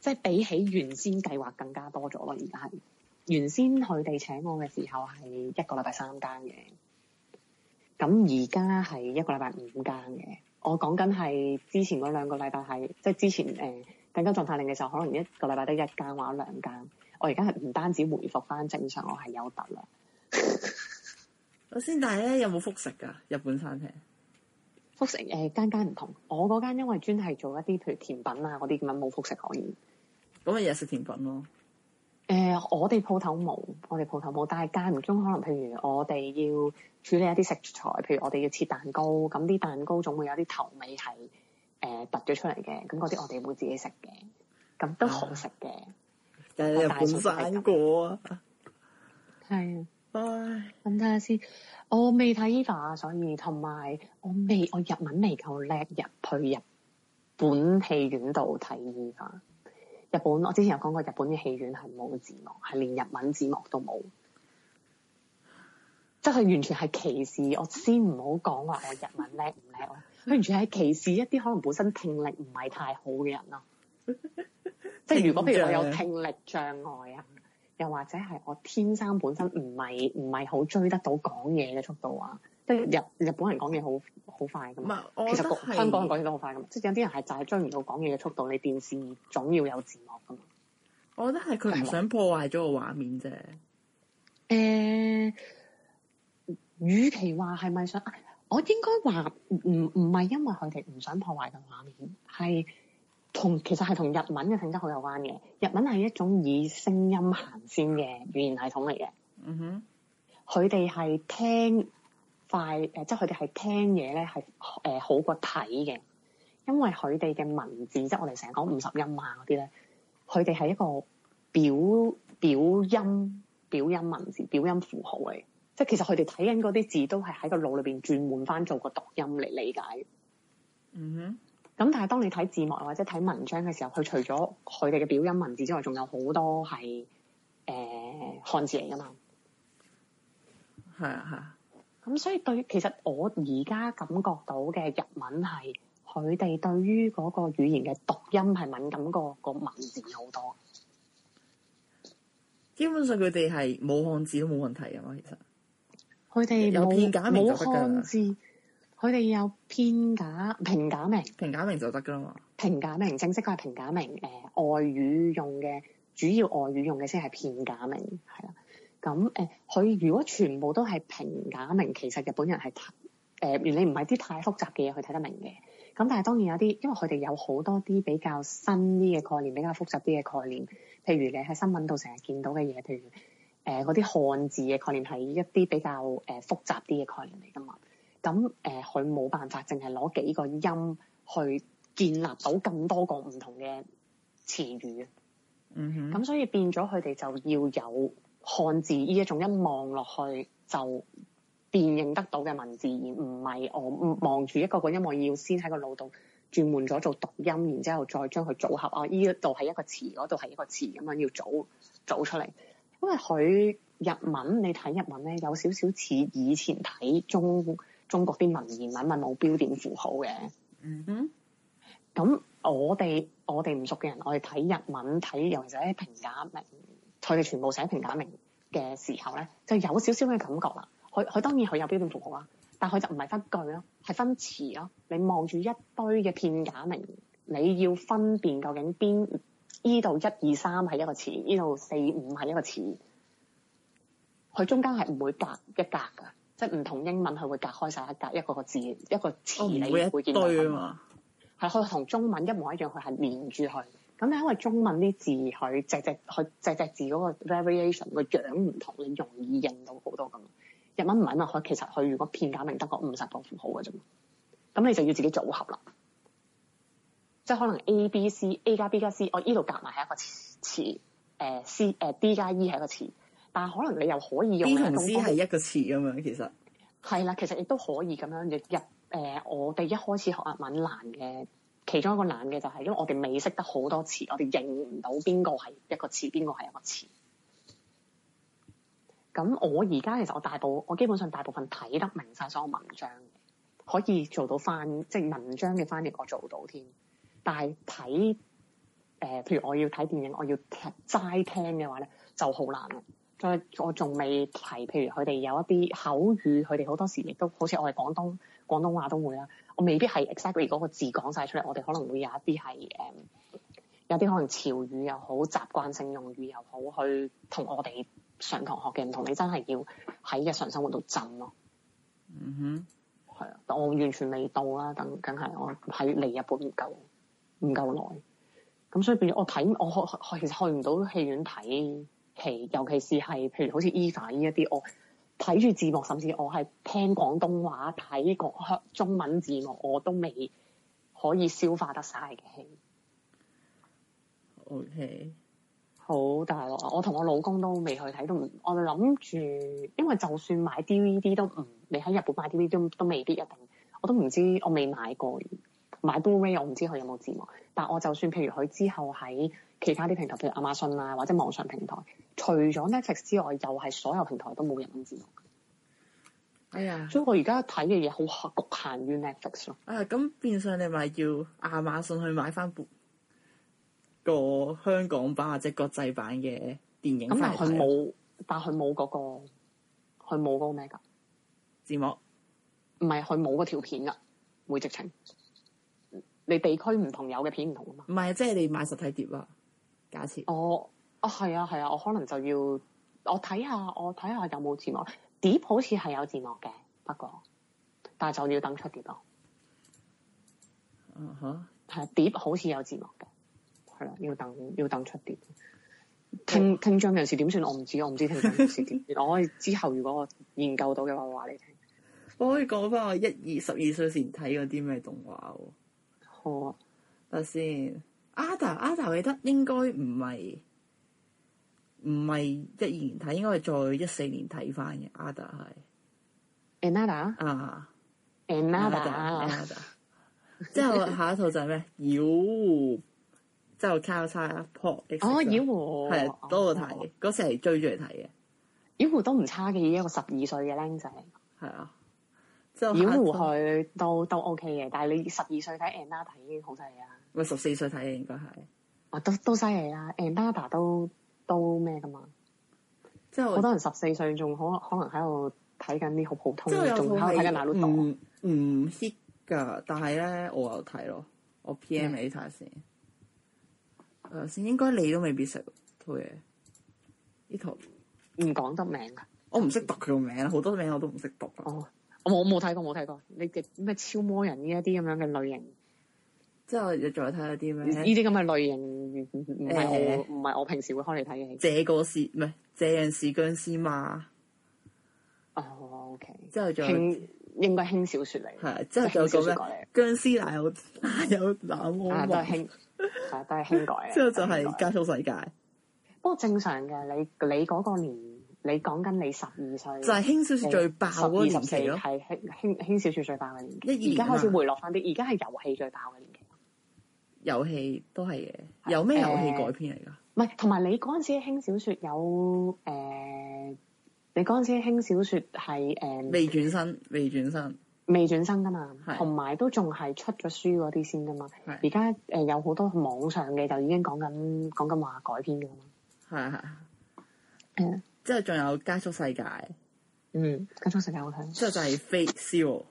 即係比起原先計劃更加多咗咯。而家係原先佢哋請我嘅時候係一個禮拜三間嘅，咁而家係一個禮拜五間嘅。我講緊係之前嗰兩個禮拜係即係之前誒、呃、更加狀態靚嘅時候，可能一個禮拜得一間或者兩間。我而家係唔單止回復翻正常，我係有得啦。首先，但係咧有冇復食噶？日本餐廳復食誒，間間唔同。我嗰間因為專係做一啲譬如甜品啊嗰啲咁樣冇復食可以。咁咪嘢食甜品咯？誒、呃，我哋鋪頭冇，我哋鋪頭冇，但係間唔中可能譬如我哋要處理一啲食材，譬如我哋要切蛋糕，咁啲蛋糕總會有啲頭尾係誒突咗出嚟嘅。咁嗰啲我哋會自己食嘅，咁都好食嘅。嗯有啲係生過啊，係啊是，咁睇唉下先。我未睇 Eva，所以同埋我未我日文未夠叻，入去日本戲院度睇 Eva。日本我之前有講過，日本嘅戲院係冇字幕，係連日文字幕都冇，即係完全係歧視。我先唔好講話我日文叻唔叻咯，佢完全係歧視一啲可能本身聽力唔係太好嘅人咯。 即係如果譬如我有聽力障礙啊，又或者係我天生本身唔係唔係好追得到講嘢嘅速度啊，即係日日本人講嘢好好快噶嘛，其實香港人講嘢都好快噶嘛，即係有啲人係就係追唔到講嘢嘅速度，你電視總要有字幕噶嘛。我覺得係佢唔想破壞咗個畫面啫。誒、呃，與其話係咪想，我應該話唔唔係因為佢哋唔想破壞個畫面，係。同其實係同日文嘅性質好有關嘅，日文係一種以聲音行先嘅語言系統嚟嘅。嗯哼、mm，佢哋係聽快，誒、呃，即係佢哋係聽嘢咧係誒好過睇嘅，因為佢哋嘅文字即係我哋成日講五十音啊嗰啲咧，佢哋係一個表表音表音文字表音符號嚟，即係其實佢哋睇緊嗰啲字都係喺個腦裏邊轉換翻做個讀音嚟理解。嗯哼、mm。Hmm. 咁但係當你睇字幕或者睇文章嘅時候，佢除咗佢哋嘅表音文字之外，仲有好多係誒漢字嚟噶嘛？係啊係啊！咁、啊、所以對其實我而家感覺到嘅日文係佢哋對於嗰個語言嘅讀音係敏感過個文字好多。基本上佢哋係冇漢字都冇問題㗎嘛，其實佢哋有片假名冇漢字。佢哋有片假平假名，平假名就得㗎喇嘛。平假名正式佢係平假名，誒、呃、外語用嘅主要外語用嘅先係片假名，係啦。咁、嗯、誒，佢、呃、如果全部都係平假名，其實日本人係誒、呃，原理唔係啲太複雜嘅嘢，佢睇得明嘅。咁但係當然有啲，因為佢哋有好多啲比較新啲嘅概念，比較複雜啲嘅概念，譬如你喺新聞度成日見到嘅嘢，譬如誒嗰啲漢字嘅概念係一啲比較誒複雜啲嘅概念嚟㗎嘛。咁誒，佢冇、呃、辦法，淨係攞幾個音去建立到咁多個唔同嘅詞語。嗯哼，咁所以變咗佢哋就要有漢字依一種，一望落去就辨認得到嘅文字，而唔係我望住一個個音樂，要先喺個腦度轉換咗做讀音，然之後再將佢組合啊。依一度係一個詞，嗰度係一個詞咁樣要組組出嚟。因為佢日文，你睇日文咧，有少少似以前睇中中國啲文言文文冇標點符號嘅，嗯哼。咁我哋我哋唔熟嘅人，我哋睇日文睇，尤其是喺平假名，佢哋全部寫平假名嘅時候咧，就有少少嘅感覺啦。佢佢當然佢有標點符號啦、嗯哼，但佢就唔係分句咯，係分詞咯。你望住一堆嘅片假名，你要分辨究竟邊依度一二三係一個詞，依度四五係一個詞，佢中間係唔會隔一格噶。即係唔同英文，佢會隔開晒一格一個個字，一個詞你會見到嘛？係佢同中文一模一樣，佢係連住去。咁你因為中文啲字佢隻隻佢隻隻字嗰個 variation 個樣唔同，你容易認到好多咁。日文唔係嘛，佢其實佢如果片假名得個五十個符號嘅啫嘛，咁你就要自己組合啦。即係可能 A, BC, A、B、C，A 加 B 加 C，我依度夾埋係一個詞。誒、呃、C 誒、呃、D 加 E 係一個詞。但係可能你又可以用兩種係一個詞，咁樣，其實係啦，其實亦都可以咁樣入誒、呃。我哋一開始學日文難嘅其中一個難嘅就係因為我哋未識得好多詞，我哋認唔到邊個係一個詞，邊個係一個詞。咁我而家其實我大部我基本上大部分睇得明晒所有文章，可以做到翻即係文章嘅翻譯我做到添。但係睇誒，譬如我要睇電影，我要齋聽嘅話咧，就好難啦。所以我仲未提，譬如佢哋有一啲口語，佢哋好多時亦都好似我哋廣東廣東話都會啦。我未必係 exactly 嗰個字講晒出嚟，我哋可能會有一啲係誒有啲可能潮語又好，習慣性用語又好，去我同我哋上堂學嘅唔同。你真係要喺日常生活度浸咯。嗯哼、mm，係、hmm. 啊，但我完全未到啦。等，梗係我喺嚟日本唔夠唔夠耐。咁所以變我睇我去其實去唔到戲院睇。尤其是係，譬如好似 Eva 呢一啲，我睇住字幕，甚至我係聽廣東話睇國香中文字幕，我都未可以消化得晒嘅戲。O Okay . K，好大鑊，我同我老公都未去睇，都唔，我諗住，因為就算買 D V D 都唔，你喺日本買 D V D 都都未必一定，我都唔知，我未買過，買 Blu-ray 我唔知佢有冇字幕，但我就算譬如佢之後喺其他啲平台，譬如亞馬遜啊，或者網上平台，除咗 Netflix 之外，又係所有平台都冇日文字幕。哎呀，所以我而家睇嘅嘢好局限於 Netflix 咯。啊，咁變相你咪要亞馬遜去買翻部個香港版或者國際版嘅電影？咁但係佢冇，但係佢冇嗰個，佢冇嗰個咩㗎字幕？唔係佢冇嗰條片㗎，會直情。你地區唔同有嘅片唔同啊嘛。唔係，即係你買實體碟啊。假設我啊係啊係啊，我可能就要我睇下我睇下有冇字幕，碟好似係有字幕嘅，不過但係就要等出碟咯。啊哈，係碟好似有字幕嘅，係啦，要等要等出碟。聽聽障人士點算？我唔知，我唔知聽障人士點。 我可以之後如果我研究到嘅話，我話你聽。我可以講翻我一二十二歲前睇過啲咩動畫喎？好啊，oh，等先。Ada，Ada 我記得應該唔係唔係一二年睇，應該係再一四年睇翻嘅。Ada 係 Another 啊 Another Another 之後下一套就係咩？妖，之後叉，叉，叉，Pop，哦、oh，妖狐，係嗰個睇，嗰時係追住嚟睇嘅。妖狐都唔差嘅，一個十二歲嘅僆仔。係啊，妖狐佢都都 OK 嘅，但係你十二歲睇 Another 已經好犀利啦。咪十四歲睇嘅應該係，哦，啊都都犀利啦，Another 都都咩噶嘛？即係我好多人十四歲仲可可能喺度睇緊啲好普通，即係有套睇緊《馬騮黨》，唔 hit 噶，但係咧我又睇咯，我 PM 你睇下先。誒、嗯，先、呃、應該你都未必識套嘢，呢套唔講得名噶、哦。我唔識讀佢個名，好多名我都唔識讀。我我冇睇過，冇睇過。你嘅咩超魔人呢一啲咁樣嘅類型？之後又再睇下啲咩？呢啲咁嘅類型唔係我唔係我平時會開嚟睇嘅。這個是唔係？這是僵屍嘛？哦，O K。之後再應該係輕小說嚟。係，之後有咁樣。僵屍有有冷都係輕，啊都係輕改。之後就係加速世界。不過正常嘅，你你嗰個年，你講緊你十二歲，就係輕小說最爆，十二、十四係輕輕小說最爆嘅年，你而家開始回落翻啲，而家係遊戲最爆嘅年。遊戲都係嘅，有咩遊戲改編嚟噶？唔係、呃，同埋你嗰陣時輕小說有誒、呃，你嗰陣時輕小說係誒、呃、未轉身，未轉身，未轉身噶嘛？同埋都仲係出咗書嗰啲先噶嘛？而家誒有好多網上嘅就已經講緊講緊話改編噶啦，係啊，係係即係仲有加速世界，嗯，加速世界好睇，之後就係《Fate Zero》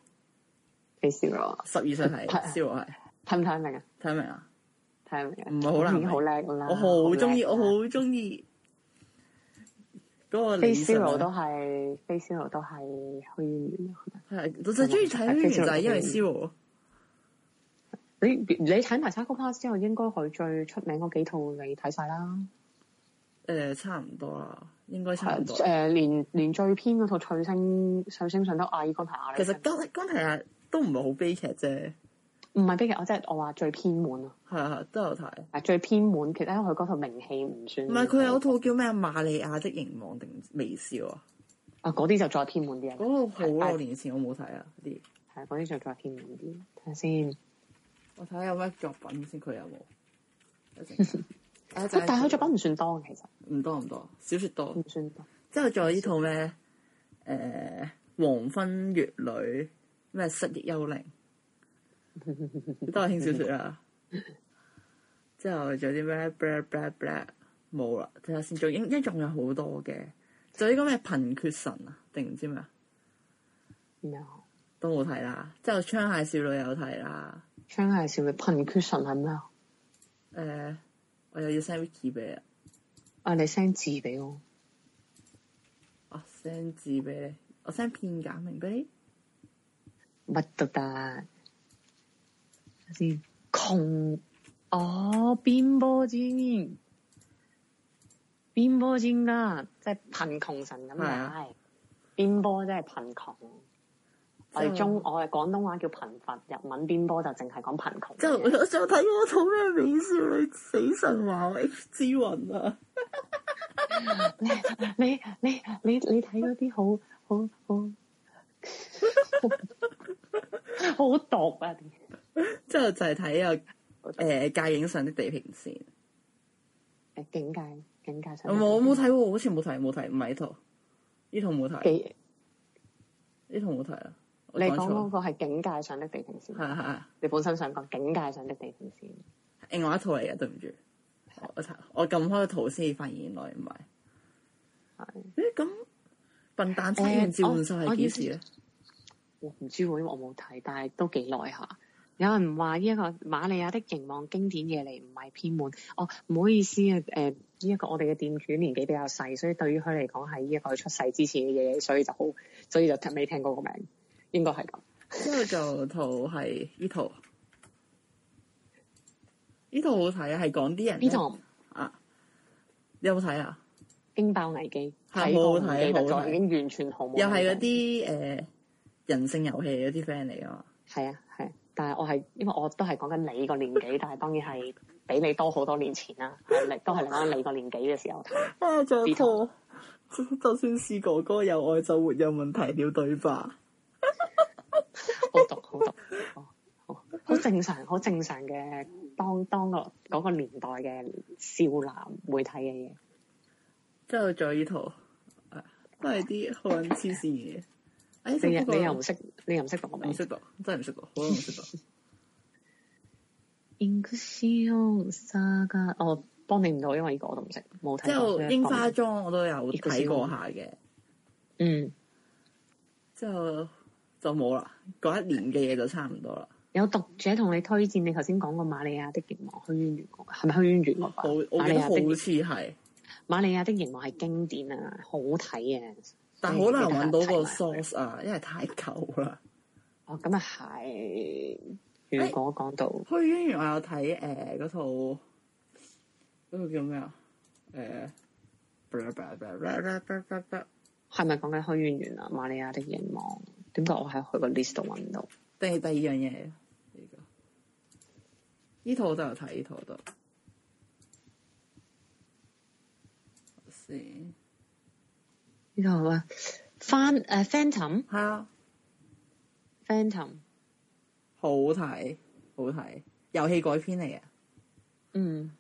，Fate Zero，十二歲係，係。 是啊睇唔睇得明啊？睇得明啊？睇得明啊！唔係好已嘅，好叻噶啦！我好中意，我好中意嗰個。c 蕭都係，飛蕭都係，演員係咪？係，我就中意睇演員就係因為蕭。你你睇埋差一個 part 之後，應該佢最出名嗰幾套你睇晒啦。誒，差唔多啦，應該差唔多。誒，連連最偏嗰套《翠星》上星上都阿伊哥皮其實《金金皮亞》都唔係好悲劇啫。唔係逼劇，我即係我話最偏門咯。係啊，都有睇。係、啊、最偏門，其實因為他佢嗰套名氣唔算。唔係佢有套叫咩《瑪利亞的凝望》定《微笑》啊？啊，嗰啲就再偏門啲。啊。好多年前對我冇睇啊，嗰啲。係嗰啲就再偏門啲。睇下先。我睇下有咩作品先？佢有冇？誒，但係佢作品唔算多，其實。唔多唔多，小說多。唔算多。之後仲有呢套咩？誒、呃，黃昏乙女咩？失憶幽靈。 都係 輕小說啦，之後仲有啲咩 b l a b l a b l a 冇啦，睇下先。仲應應仲有好多嘅，仲有啲咁嘅貧血神啊，定唔知咩啊？都冇睇啦，之後《窗下少女有》有睇啦，《窗下少女》貧血神係咩啊？誒，我又要 send wiki 俾你，啊，你 send 字畀我，我 send、啊、字畀你，我 send 片假名俾你，乜都得。窮哦，邊波精，邊波精啦，即係貧窮神咁樣，係、啊、邊波即係貧窮。我哋中我哋廣東話叫貧乏，日文邊波就淨係講貧窮。我想睇我做咩美少女死神華為之魂啊！ 你你你你你睇嗰啲好好好，好，好，好毒啊！之後就係睇啊，誒，界影上的地平線，誒，境界境界上。我冇睇，好似冇睇冇睇，唔係呢套，呢套冇睇。呢套冇睇啊！你講嗰個係境界上的地平線。你本身想講境界上的地平線，另外一套嚟嘅，對唔住。我查，我撳開圖先，發現原來唔係。係咁笨蛋，我呢樣召喚術係幾時咧？我唔知，因為我冇睇，但係都幾耐下。有人話呢一個《瑪利亞的凝望》經典嘅嚟，唔係偏門。哦，唔好意思啊，誒，呢一個我哋嘅店主年紀比較細，所以對於佢嚟講係呢一個出世之前嘅嘢，所以就好，所以就未聽過個名，應該係咁。呢個就套係呢套，呢套好睇啊，係講啲人。呢套啊，有冇睇啊？《驚爆危機》係好好睇，好啦，已經完全好冇，又係嗰啲誒人性遊戲嗰啲 friend 嚟啊，係啊，係。誒，uh, 我係因為我都係講緊你個年紀，但係當然係比你多好多年前啦，啊，係 都係講緊你個年紀嘅時候仲有呢套， 哎， 就算是哥哥有愛就沒有問題了，對吧 好？好毒，好毒，好正常，好正常嘅當當個個年代嘅少男會睇嘅嘢。之後仲有呢套，都係啲好撚黐線嘅。你又你又唔識，你又唔識讀咩？唔識讀真係唔識讀，我都唔識讀。Inkstone Saga，我幫你唔到，因為呢個我都唔識，冇睇過。之後櫻花莊我都有睇過下嘅，嗯，之後就就冇啦，嗰一年嘅嘢就差唔多啦。有讀者同你推薦，你頭先講過《瑪利亞的凝望》《虛淵玄》，係咪《虛淵玄》？我我都好似係《瑪利亞的凝望》係經典啊，好睇啊！但好難揾到個 source 啊，因為太舊啦。哦，咁啊係。如果講到《虛淵玄》，我有睇誒嗰套，嗰套叫咩啊？誒、呃，係咪講緊《虛淵玄》遠遠啊？瑪利亞的凝望。點解我喺去個 list 度揾到？定第二樣嘢？呢、呢個、套都有睇，呢套都有。先好啊，翻誒，Phantom 係啊，Phantom 好睇好睇，遊戲改編嚟嘅，嗯，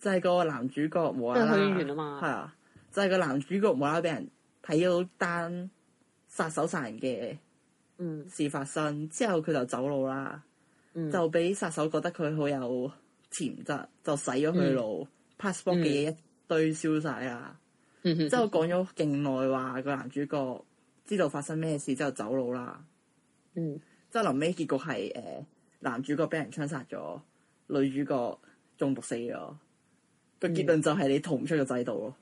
就係個男主角冇啦啦，係啊，就係、是、個男主角冇啦啦俾人睇到單殺手殺人嘅，嗯，事發生之後佢就走佬啦，就俾殺手覺得佢好有潛質，就洗咗佢腦 passport 嘅嘢一堆消晒啦。嗯即係我講咗勁耐話，個男主角知道發生咩事，之後就走佬啦。嗯，即係臨尾結局係誒、呃，男主角俾人槍殺咗，女主角中毒死咗。個結論就係你逃唔出個制度咯。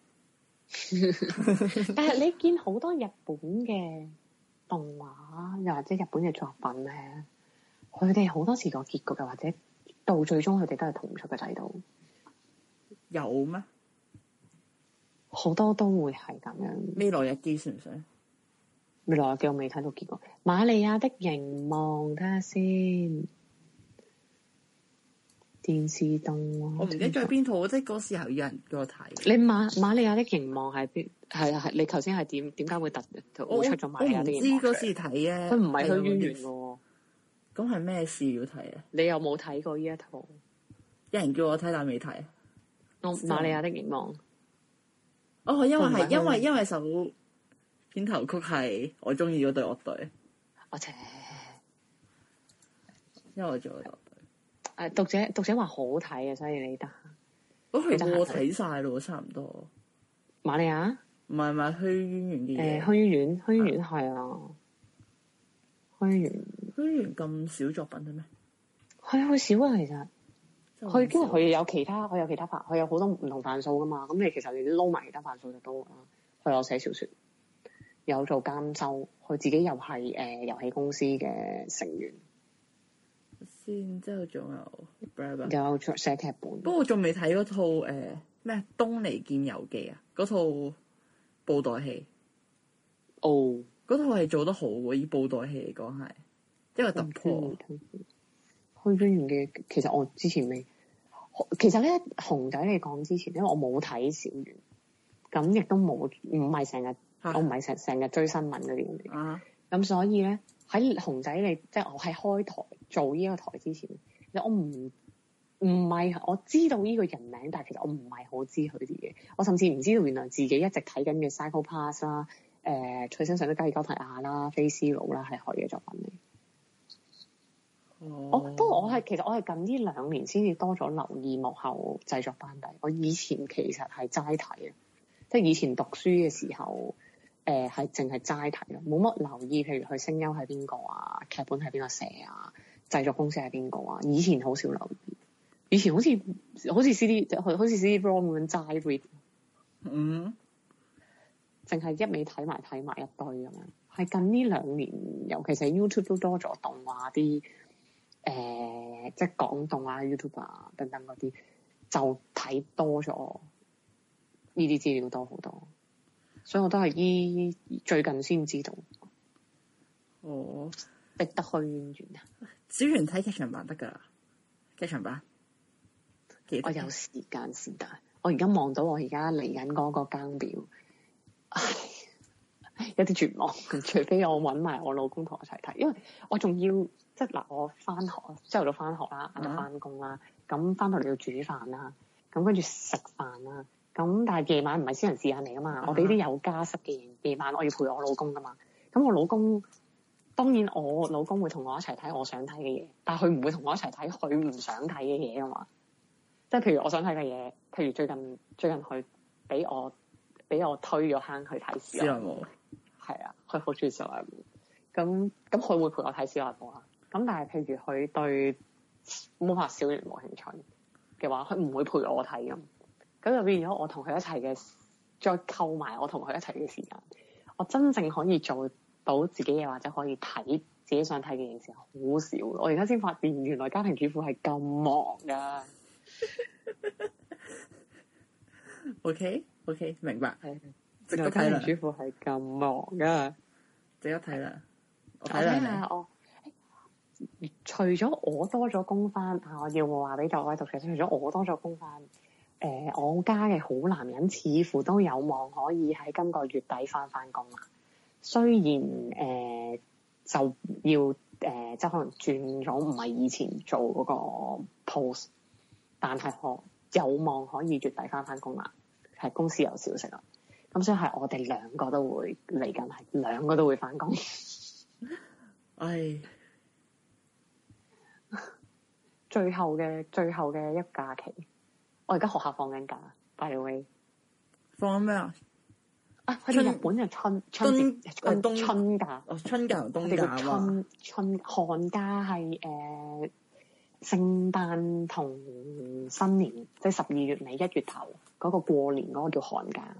但係你見好多日本嘅動畫，又或者日本嘅作品咧，佢哋好多時個結局又或者到最終佢哋都係逃唔出個制度。有咩？好多都會係咁樣。未來日記算唔算？未來日記我未睇到結果。瑪利亞的凝望，睇下先。電視動，電視動我唔記得咗係邊套，即係嗰時候有人叫我睇、啊啊。你瑪瑪利亞的凝望係邊？係係你頭先係點？點解會突？我會出咗瑪利亞的凝望？我唔知嗰時睇嘅，佢唔係佢演員嘅。咁係咩事要睇啊？你又冇睇過呢一套？有人叫我睇但未睇。我瑪 So 利亞的凝望。哦，因為係、嗯、因為、嗯、因，為因為首片頭曲係我中意嗰對樂隊，我請謝，因為我做樂隊，誒、啊、讀者讀者話好睇啊，所以你得，其實、哦、我睇晒咯，差唔多。瑪利亞？唔係唔係，虛淵嘅嘢。誒，虛淵，虛淵係啊，虛淵，虛淵咁少作品嘅咩？係啊好少啊，其實。佢跟住佢有其他，佢有其他範，佢有好多唔同範數㗎嘛。咁你其實你撈埋其他範數就都，啦。佢有寫小說，有做監修，佢自己又係誒遊戲公司嘅成員。先，之後仲有，有寫劇本。不過我仲未睇嗰套誒咩《東、呃、離劍遊紀》啊，嗰套布袋戲。哦，嗰套係做得好喎，以布袋戲嚟講係一個突破。嗯嗯嗯嗯。區區源嘅，其實我之前未，其實咧熊仔你講之前因為，的我冇睇小圓，咁亦都冇，唔係成日，我唔係成成日追新聞嗰啲咁，的所以咧喺熊仔你即係我喺開台做呢一個台之前，我唔唔係我知道呢個人名，但係其實我唔係好知佢啲嘢，我甚至唔知道原來自己一直睇緊嘅 Psycho Pass 啦，誒、呃，翠星上嘅加爾岡緹亞啦，Fate Zero 啦係學嘢作品嚟。不過、oh, 我係其實我係近呢兩年先至多咗留意幕後製作班底。我以前其實係齋睇啊，即係以前讀書嘅時候，誒係淨係齋睇咯，冇乜留意。譬如佢聲優係邊個啊，劇本係邊個寫啊，製作公司係邊個啊。以前好少留意，以前好似好似 C D，好似 C D Rom 咁樣齋 read。嗯，淨係一味睇埋睇埋一堆咁樣。係近呢兩年，尤其是 YouTube 都多咗動畫啲。誒、呃，即係廣東啊、YouTube 啊等等嗰啲，就睇多咗呢啲資料多好多，所以我都係依最近先知道。我、哦、逼得去遠啊！只能睇劇場版得㗎，劇場版，場版我有時間先得。我而家望到我而家嚟緊嗰個更表，有 啲絕望。 除非我揾埋我老公同我一齊睇，因為我仲要。即係嗱，我翻學，朝頭早翻學啦，咁就翻工啦，咁翻到嚟要煮飯啦，咁跟住食飯啦，咁但係夜晚唔係私人時間嚟啊嘛，uh huh. 我俾啲有家室嘅人，夜晚我要陪我老公啊嘛，咁我老公當然我老公會同我一齊睇我想睇嘅嘢，但係佢唔會同我一齊睇佢唔想睇嘅嘢啊嘛，即係譬如我想睇嘅嘢，譬如最近最近佢俾我俾我推咗坑去睇《小人物》，係啊，佢好中意《小人物》，咁咁佢會陪我睇《小人物》啊？咁但係，譬如佢對魔法小人冇興趣嘅話，佢唔會陪我睇咁，咁就變咗我同佢一齊嘅，再扣埋我同佢一齊嘅時間，我真正可以做到自己嘢，或者可以睇自己想睇嘅嘢時好少。我而家先發現，原來家庭主婦係咁忙噶。OK OK，明白。係、哎，okay. 家庭主婦係咁忙噶。只有睇啦，睇咩啊？Okay, 除咗我多咗工翻，啊，我要唔要話俾各位讀者先？除咗我多咗工翻，誒，我家嘅好男人似乎都有望可以喺今個月底翻翻工啦。雖然誒、呃，就要誒、即、呃、係可能轉咗，唔係以前做嗰個 post，但係我有望可以月底翻翻工啦。係公司有消息啦，咁所以係我哋兩個都會嚟緊，係兩個都會翻工。誒、 哎。最後嘅最後嘅一假期，我而家學校放緊假。By the way，放緊咩啊？啊，佢哋日本嘅春春春冬節東春假，哦、春假同冬假春，春寒假係誒、呃、聖誕同新年，即係十二月尾一月頭嗰、嗰個過年嗰個叫寒假。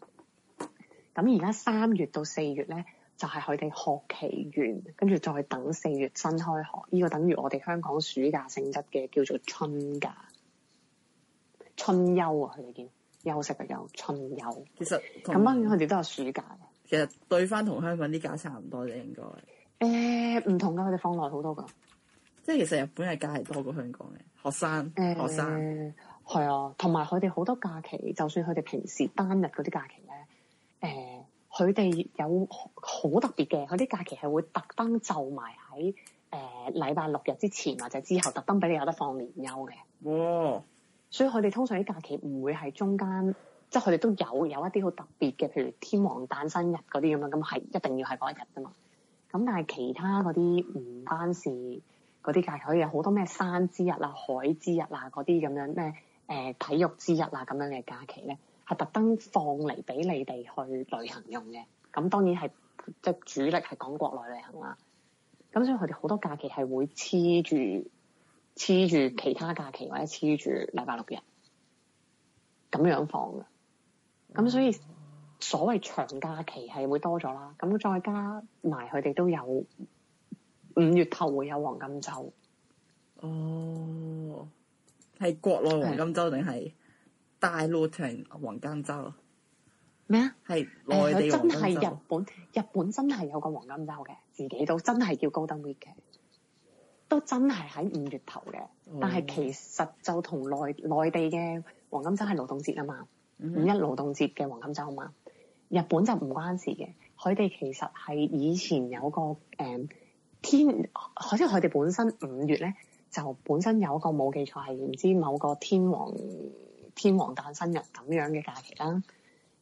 咁而家三月到四月咧。就係佢哋學期完，跟住再等四月新開學，呢、呢個等於我哋香港暑假性質嘅，叫做春假、春休啊！佢哋叫休息嘅休，春休。其實日本佢哋都有暑假嘅。其實對翻同香港啲假差唔多啫，應該。誒，唔同㗎，佢哋放耐好多㗎。即係其實日本嘅假係多過香港嘅學生，學生係、呃、啊，同埋佢哋好多假期，就算佢哋平時單日嗰啲假期咧，誒、呃。佢哋有好特別嘅，佢啲假期係會特登就埋喺誒禮拜六日之前或者之後，特登俾你有得放年休嘅。哦哇，所以佢哋通常啲假期唔會係中間，即係佢哋都有有一啲好特別嘅，譬如天皇誕生日嗰啲咁樣，咁係一定要係嗰一日㗎嘛。咁但係其他嗰啲唔關事嗰啲假期，有好多咩山之日啊、海之日啊嗰啲咁樣咩誒、呃、體育之日啊咁樣嘅假期咧，係特登放嚟俾你哋去旅行用嘅，咁當然係即係主力係講國內旅行啦。咁所以佢哋好多假期係會黐住黐住其他假期或者黐住禮拜六日咁樣放嘅。咁所以所謂長假期係會多咗啦。咁再加埋佢哋都有五月頭會有黃金週。哦，係國內黃金週定係？大陸田，黃金周咩啊？係內麼地，欸、真係日本，日本真係有個黃金周嘅，自己都真係叫 Golden Week 嘅，都真係喺五月頭嘅。但係其實就同內內地嘅黃金周係勞動節啊嘛，嗯、哼五一勞動節嘅黃金周啊嘛。日本就唔關事嘅，佢哋其實係以前有個誒、嗯、天，或者佢哋本身五月咧就本身有一個冇記錯係唔知某個天皇。天皇誕生日咁樣嘅假期啦，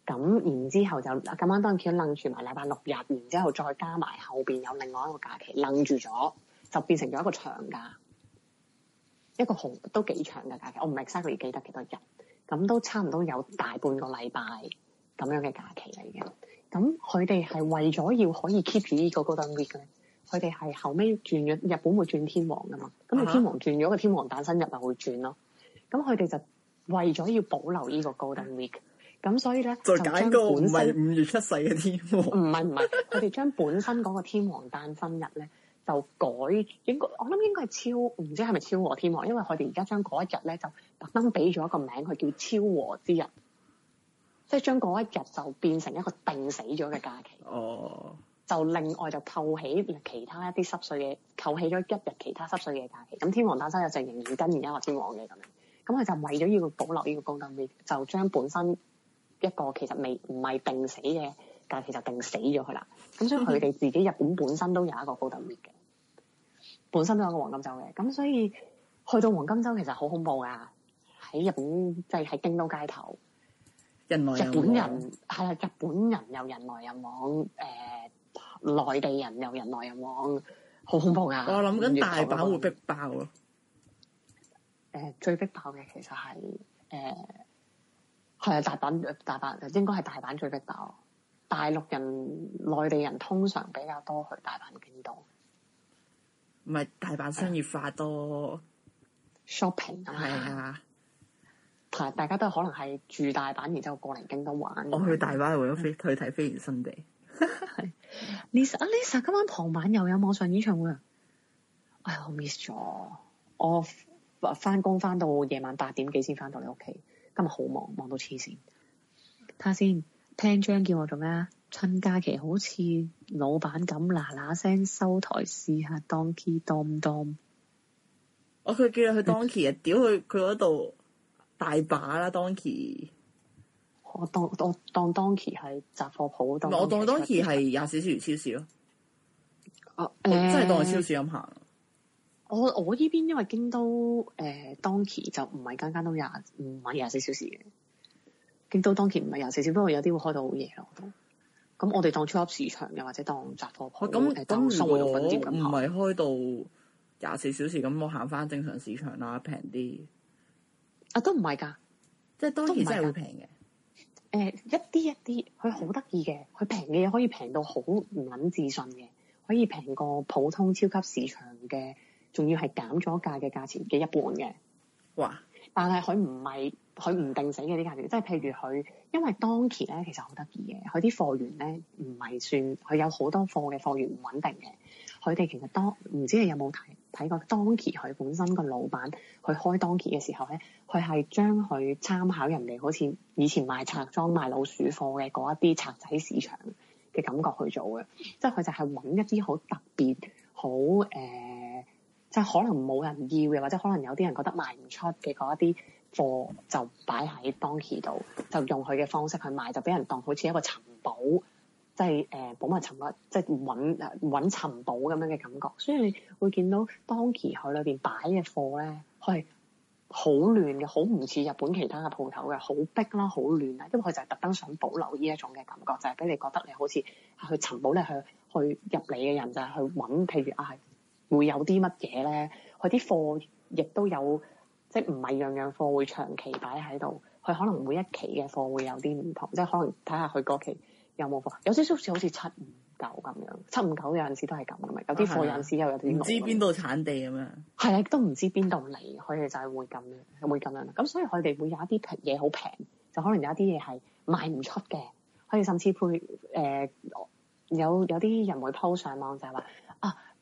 咁然之後就啊，咁啱當然 keep 愣住埋禮拜六日，然之後再加埋後邊有另外一個假期愣住咗，就變成咗一個長假，一個好都幾長嘅假期。我唔係 exactly 記得幾多日，咁都差唔多有大半個禮拜咁樣嘅假期嚟嘅。咁佢哋係為咗要可以 keep 住呢個 golden week 咧，佢哋係後尾轉咗日本會轉天皇㗎嘛，咁你天皇轉咗個天皇誕生日咪會轉咯，咁佢哋就。為咗要保留呢個 Golden Week，咁所以咧就將本身係五月出世嘅天王，唔係唔係，佢哋將本身嗰個天王誕生日咧就改，應該我諗應該係超唔知係咪超和天王，因為佢哋而家將嗰一日咧就特登俾咗一個名，佢叫超和之日，即係將嗰一日就變成一個定死咗嘅假期。哦，oh。就另外就扣起其他一啲濕碎嘅扣起咗一日其他濕碎嘅假期，咁天王誕生日就仍然跟住一個天王嘅咁樣。咁佢就為咗要保留呢個高登熱，就將本身一個其實未唔係定死嘅假期就定死咗佢啦。咁所以佢哋自己日本本身都有一個高登熱嘅，本身都有個黃金周嘅。咁所以去到黃金周其實好恐怖噶，喺日本即係喺京都街頭，人來人往。日本人係啦，日本人又人來人往，誒，內地人又人來人往，好、呃、恐怖噶。我諗緊大把會逼爆啊！誒、呃、最逼爆嘅其實係誒係啊，大阪，大阪應該係大阪，最逼爆大陸人、內地人通常比較多去大阪、京都，唔係大阪商業化多 shopping 係啊，係、哎、的大家都可能係住大阪，然之後過嚟京都玩。我去大阪係為咗飛的去睇飛田新地。Lisa，Lisa Lisa，今晚傍晚又有網上演唱會啊！哎呀，我 miss 咗我。話翻工翻到夜晚八點幾先翻到你屋企，今日好忙，忙到黐線。睇下先，聽張叫我做咩啊？春假期好似老闆咁嗱嗱聲收台試下 Donkey Don Don？我佢、哦、叫 Donkey 啊！屌佢佢嗰度大把啦，Donkey。我當當當 Donkey 係雜貨鋪，唔係我當 Donkey 係廿少少超市咯。哦、啊，即、呃、係當去超市咁行。我我依邊因為京都誒當期就唔係間間都廿唔係廿四小時嘅，京都當期唔係廿四小時，不過有啲會開到好夜咯。都咁我哋當超級市場又或者當雜貨鋪，咁都唔唔係開到廿四小時。咁、啊、我、嗯、行翻正常市場啦，平啲啊，都唔係㗎，即係當期真係會平嘅。誒、呃、一啲一啲，佢好得意嘅，佢平嘅嘢可以平到好唔撚自信嘅，可以平過普通超級市場嘅。仲要係減咗價嘅價錢嘅一半嘅哇！但係佢唔係佢唔定死嘅啲價錢，即係譬如佢因為當期咧，其實好得意嘅佢啲貨源咧，唔係算佢有好多貨嘅貨源唔穩定嘅。佢哋其實當唔知你有冇睇睇過當期佢本身個老闆去開當期嘅時候咧，佢係將佢參考人哋好似以前賣拆裝賣老鼠貨嘅嗰一啲賊仔市場嘅感覺去做嘅，即係佢就係揾一啲好特別好誒。即係可能冇人要嘅，或者可能有啲人覺得賣唔出嘅嗰一啲貨就擺喺 Donkey 度，就用佢嘅方式去賣，就俾人當好似一個尋寶，即係誒寶物尋物，即係揾揾尋寶咁樣嘅感覺。所以你會見到 Donkey 佢裏邊擺嘅貨咧，佢係好亂嘅，好唔似日本其他嘅鋪頭嘅，好逼啦，好亂啦，因為佢就係特登想保留呢一種嘅感覺，就係、是、俾你覺得你好似去尋寶咧，去去入嚟嘅人就係、是、去揾，譬如啊係。哎會有啲乜嘢咧？佢啲貨亦都有，即係唔係樣樣貨會長期擺喺度？佢可能每一期嘅貨會有啲唔同，即係可能睇下佢嗰期有冇貨。有啲超市好似七五九咁樣，七五九有陣時都係咁嘅，有啲貨有陣時又有啲唔、啊、知邊度產地咁樣。係啊，都唔知邊度嚟，佢哋就係會咁樣，會咁樣。咁所以佢哋會有一啲嘢好平，就可能有一啲嘢係賣唔出嘅。佢哋甚至配誒、呃、有有啲人會 po 上網就係話。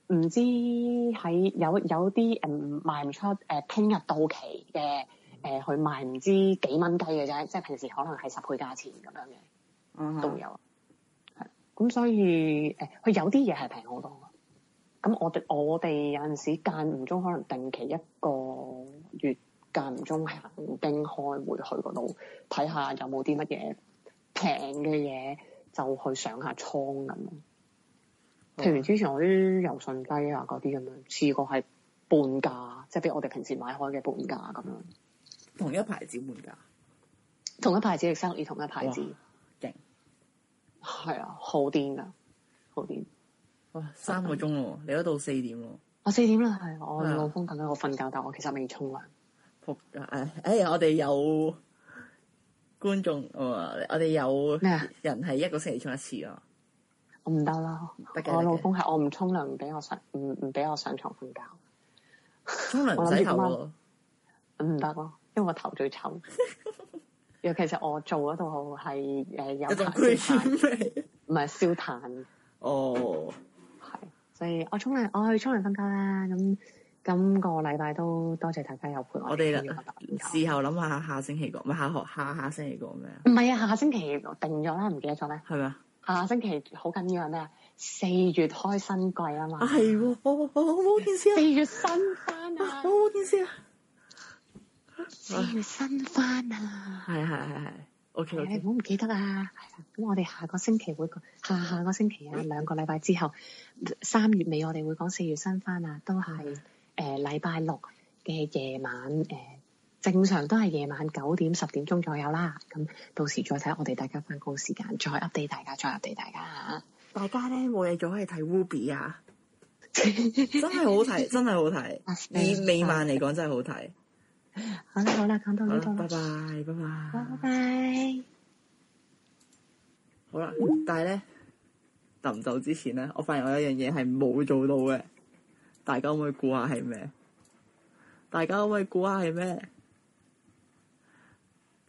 唔知喺有有啲誒、呃、賣唔出誒，聽、呃、日到期嘅誒，佢、呃、賣唔知幾蚊雞嘅啫，即係平時可能係十倍價錢咁樣嘅，都有。係咁、嗯哼，所以誒，佢、呃、有啲嘢係平好多。咁我哋我哋有陣時間唔中，可能定期一個月間唔中行丁開會去嗰度睇下有冇啲乜嘢平嘅嘢，就去上下倉咁。譬如之前我啲柔順劑啊嗰啲咁樣，試過係半價，即係比我哋平時買開嘅半價咁樣。同一牌子半價，同一牌子嘅 exactly，同一牌子。勁、exactly。係啊，好癲㗎，好癲。哇！三個鐘喎，嗯、你嗰度四點喎、啊啊。我四點啦，係我老公等緊我瞓覺，啊、但我其實未沖涼。仆誒、哎、我哋有觀眾，我哋有咩啊？麼人係一個星期沖一次啊。我唔得啦，我老公係我唔沖涼唔俾我上唔唔俾我上床瞓覺。沖涼唔使洗頭，唔得咯，因為我頭最臭。 尤其是我做嗰套係誒，一個唔係笑彈。哦，係、oh.，所以我沖涼，我去沖涼瞓覺啦。咁今、那個禮拜都多謝，謝大家有陪我，我們。我哋事後諗下下星期個，唔係下學下下星期個咩啊？唔係啊，下下星期定咗啦，唔記得咗咩？係咪啊？下星期好緊要係咩啊？四月開新季啊嘛，係我好好好，件事啊。四月新番啊，我冇件事啊。四月新番啊，係係係係，OK OK，唔好唔記得啊。咁我哋下個星期會講， 下下個星期啊，兩個禮拜之後 三月尾我哋會講四月新番啊，都係誒禮拜六嘅夜晚誒。呃正常都係夜晚九點十點鐘左右啦，咁到時再睇我哋大家翻工時間再 update 大家再 update 大家吓。大家咧冇嘢做可以睇《WooBee》啊， 真係好睇，真係好睇。 以美漫嚟講真係好睇 。好啦好啦，講到呢度，拜拜拜拜拜拜。拜拜好啦，但係咧，臨走之前咧，我發現我有樣嘢係冇做到嘅，大家可唔可以估下係咩？大家可唔可以估下係咩？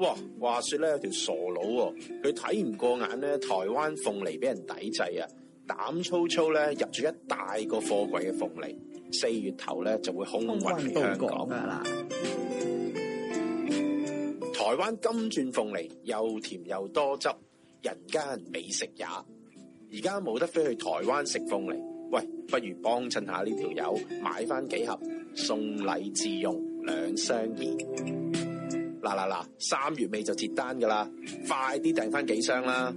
哇，話說咧有條傻佬，哦，佢睇唔過眼咧，台灣鳳梨俾人抵制啊，膽粗粗咧入咗一大個貨櫃嘅鳳梨，四月頭咧就會空運嚟香港噶啦。台灣金鑽鳳梨又甜又多汁，人間美食也。而家冇得飛去台灣食鳳梨，喂，不如幫襯下呢條友，買翻幾盒送禮自用，兩相宜。嗱嗱嗱，三月尾就接單噶啦，快啲訂翻幾箱啦！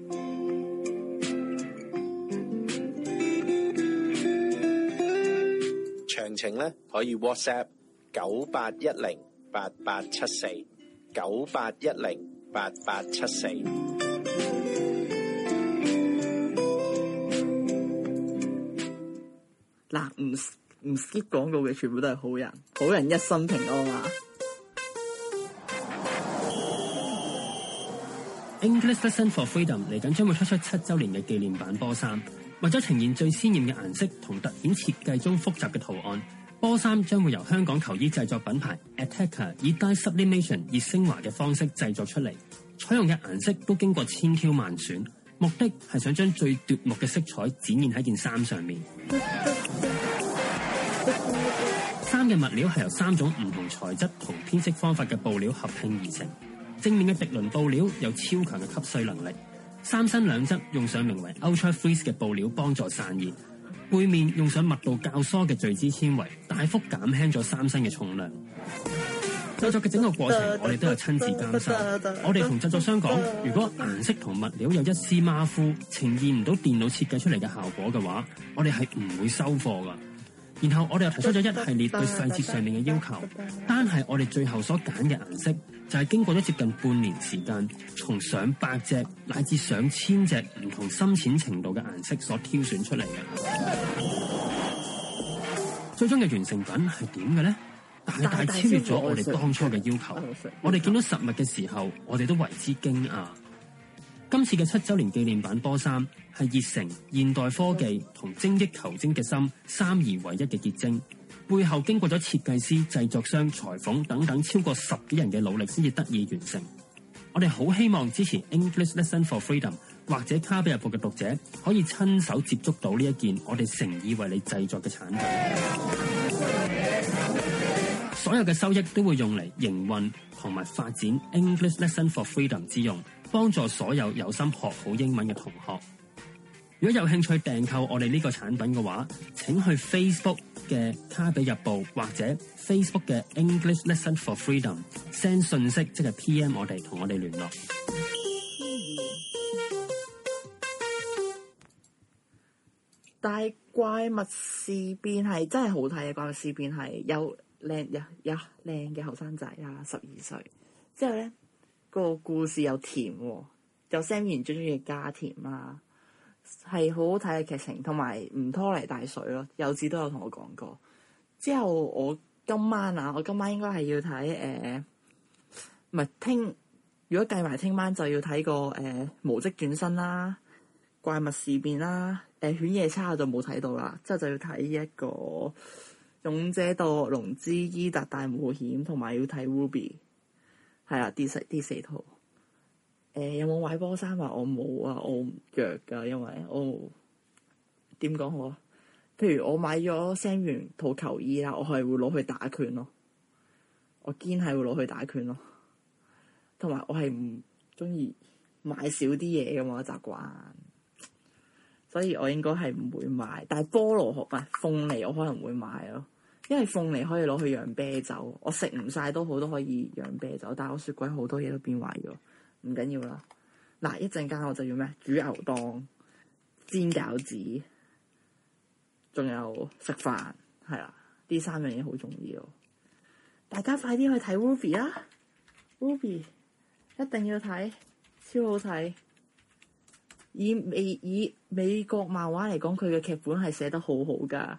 詳情咧可以 WhatsApp 九八一零八八七四，九八一零八八七四。嗱，唔唔 skip 廣告嘅全部都係好人，好人一生平安啊！English Lesson for Freedom 嚟緊將會推出七周年嘅紀念版波衫，為咗呈現最鮮艷嘅顏色同特顯設計中複雜嘅圖案，波衫將會由香港球衣製作品牌 Attacker 以 Dye Sublimation 熱升華嘅方式製作出嚟，採用嘅顏色都經過千挑萬選，目的係想將最奪目嘅色彩展現喺件衫上面。衫嘅 物料係由三種唔同材質同編織方法嘅布料合拼而成。正面嘅滌綸布料有超強嘅吸水能力，三身兩側用上名為 Ultra Freeze 嘅布料幫助散熱，背面用上密度較疏嘅聚酯纖維，大幅減輕咗三身嘅重量。製作嘅整個過程，我哋都有親自監修，我哋同製作商講，如果顏色同物料有一絲馬虎，呈現唔到電腦設計出嚟嘅效果嘅話，我哋係唔會收貨噶。然後我哋又提出咗一系列對細節上面嘅要求，單係我哋最後所揀嘅顏色。但係經過咗接近半年時間，從上百隻乃至上千隻唔同深淺程度嘅顏色所挑選出嚟嘅。 最終嘅完成品係點嘅咧？大大超越咗我哋當初嘅要求。 我哋見到實物嘅時候，我哋都為之驚訝。 今次嘅七周年紀念版波衫係熱誠、現代科技同精益求精嘅心三而唯一嘅結晶。背後經過咗設計師、製作商、裁縫等等超過十幾人嘅努力，先至得以完成。我哋好希望支持 English Lesson for Freedom 或者卡比日報嘅讀者，可以親手接觸到呢一件我哋誠意為你製作嘅產品。Hey! 所有嘅收益都會用嚟營運同埋發展 English Lesson for Freedom 之用，幫助所有有心學好英文嘅同學。如果有興趣訂購我哋呢個產品嘅話，請去 Facebook 嘅卡比日報或者 Facebook 嘅 English Lesson for Freedom send 信息，即係 PM 我哋同我哋聯絡。但《怪物事變》係真係好睇嘅，《怪物事變》係有靚有有靚嘅後生仔啊，十二歲之後咧，呢個故事又甜、哦，又聲完最鍾意嘅加甜啊！係好好睇嘅劇情，同埋唔拖泥帶水咯。侑子都有同我講過。之後我今晚啊，我今晚應該係要睇誒，唔係聽。如果計埋聽晚就要睇個誒、呃《無職轉身》啦，《怪物事變》啦。誒，《犬夜叉》我就冇睇到啦，之後就要睇一個《勇者鬥惡龍之伊達大冒險》y,，同埋要睇 Ruby。係啊，第四第四套。誒、欸，有冇買波衫？啊我冇啊，我唔着噶，因為我點講好啊？譬如我買咗三元套球衣啦，我係會攞去打拳咯，我堅係會攞去打拳咯。同埋我係唔中意買少啲嘢嘅我習慣，所以我應該係唔會買。但係菠蘿殼唔係鳳梨，我可能會買咯，因為鳳梨可以攞去釀啤酒，我食唔晒都好都可以釀啤酒。但係我雪櫃好多嘢都變壞咗。唔緊要啦，嗱，一陣間我就要咩煮牛丼、煎餃子，仲有食飯，係啦，呢三樣嘢好重要。大家快啲去睇 Ruby 啦，Ruby 一定要睇，超好睇。以美以，以美國漫畫嚟講，佢嘅劇本係寫得好好噶，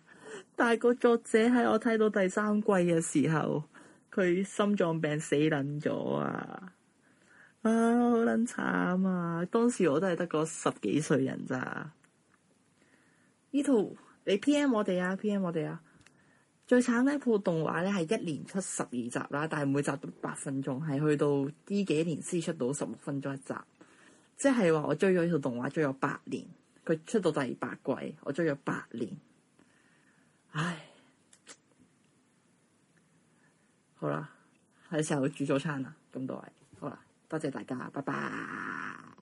但係個作者喺我睇到第三季嘅時候，佢心臟病死撚咗啊！啊，好捻慘啊！當時我都係得個十幾歲人咋？呢套你 PM 我哋啊，PM 我哋啊！最慘呢套動畫咧係一年出十二集啦，但係每集都八分鐘，係去到呢幾年先出到十六分鐘一集，即係話我追咗呢套動畫追咗八年，佢出到第八季，我追咗八年，唉，好啦，係時候煮早餐啦，咁多位。多謝大家，拜拜。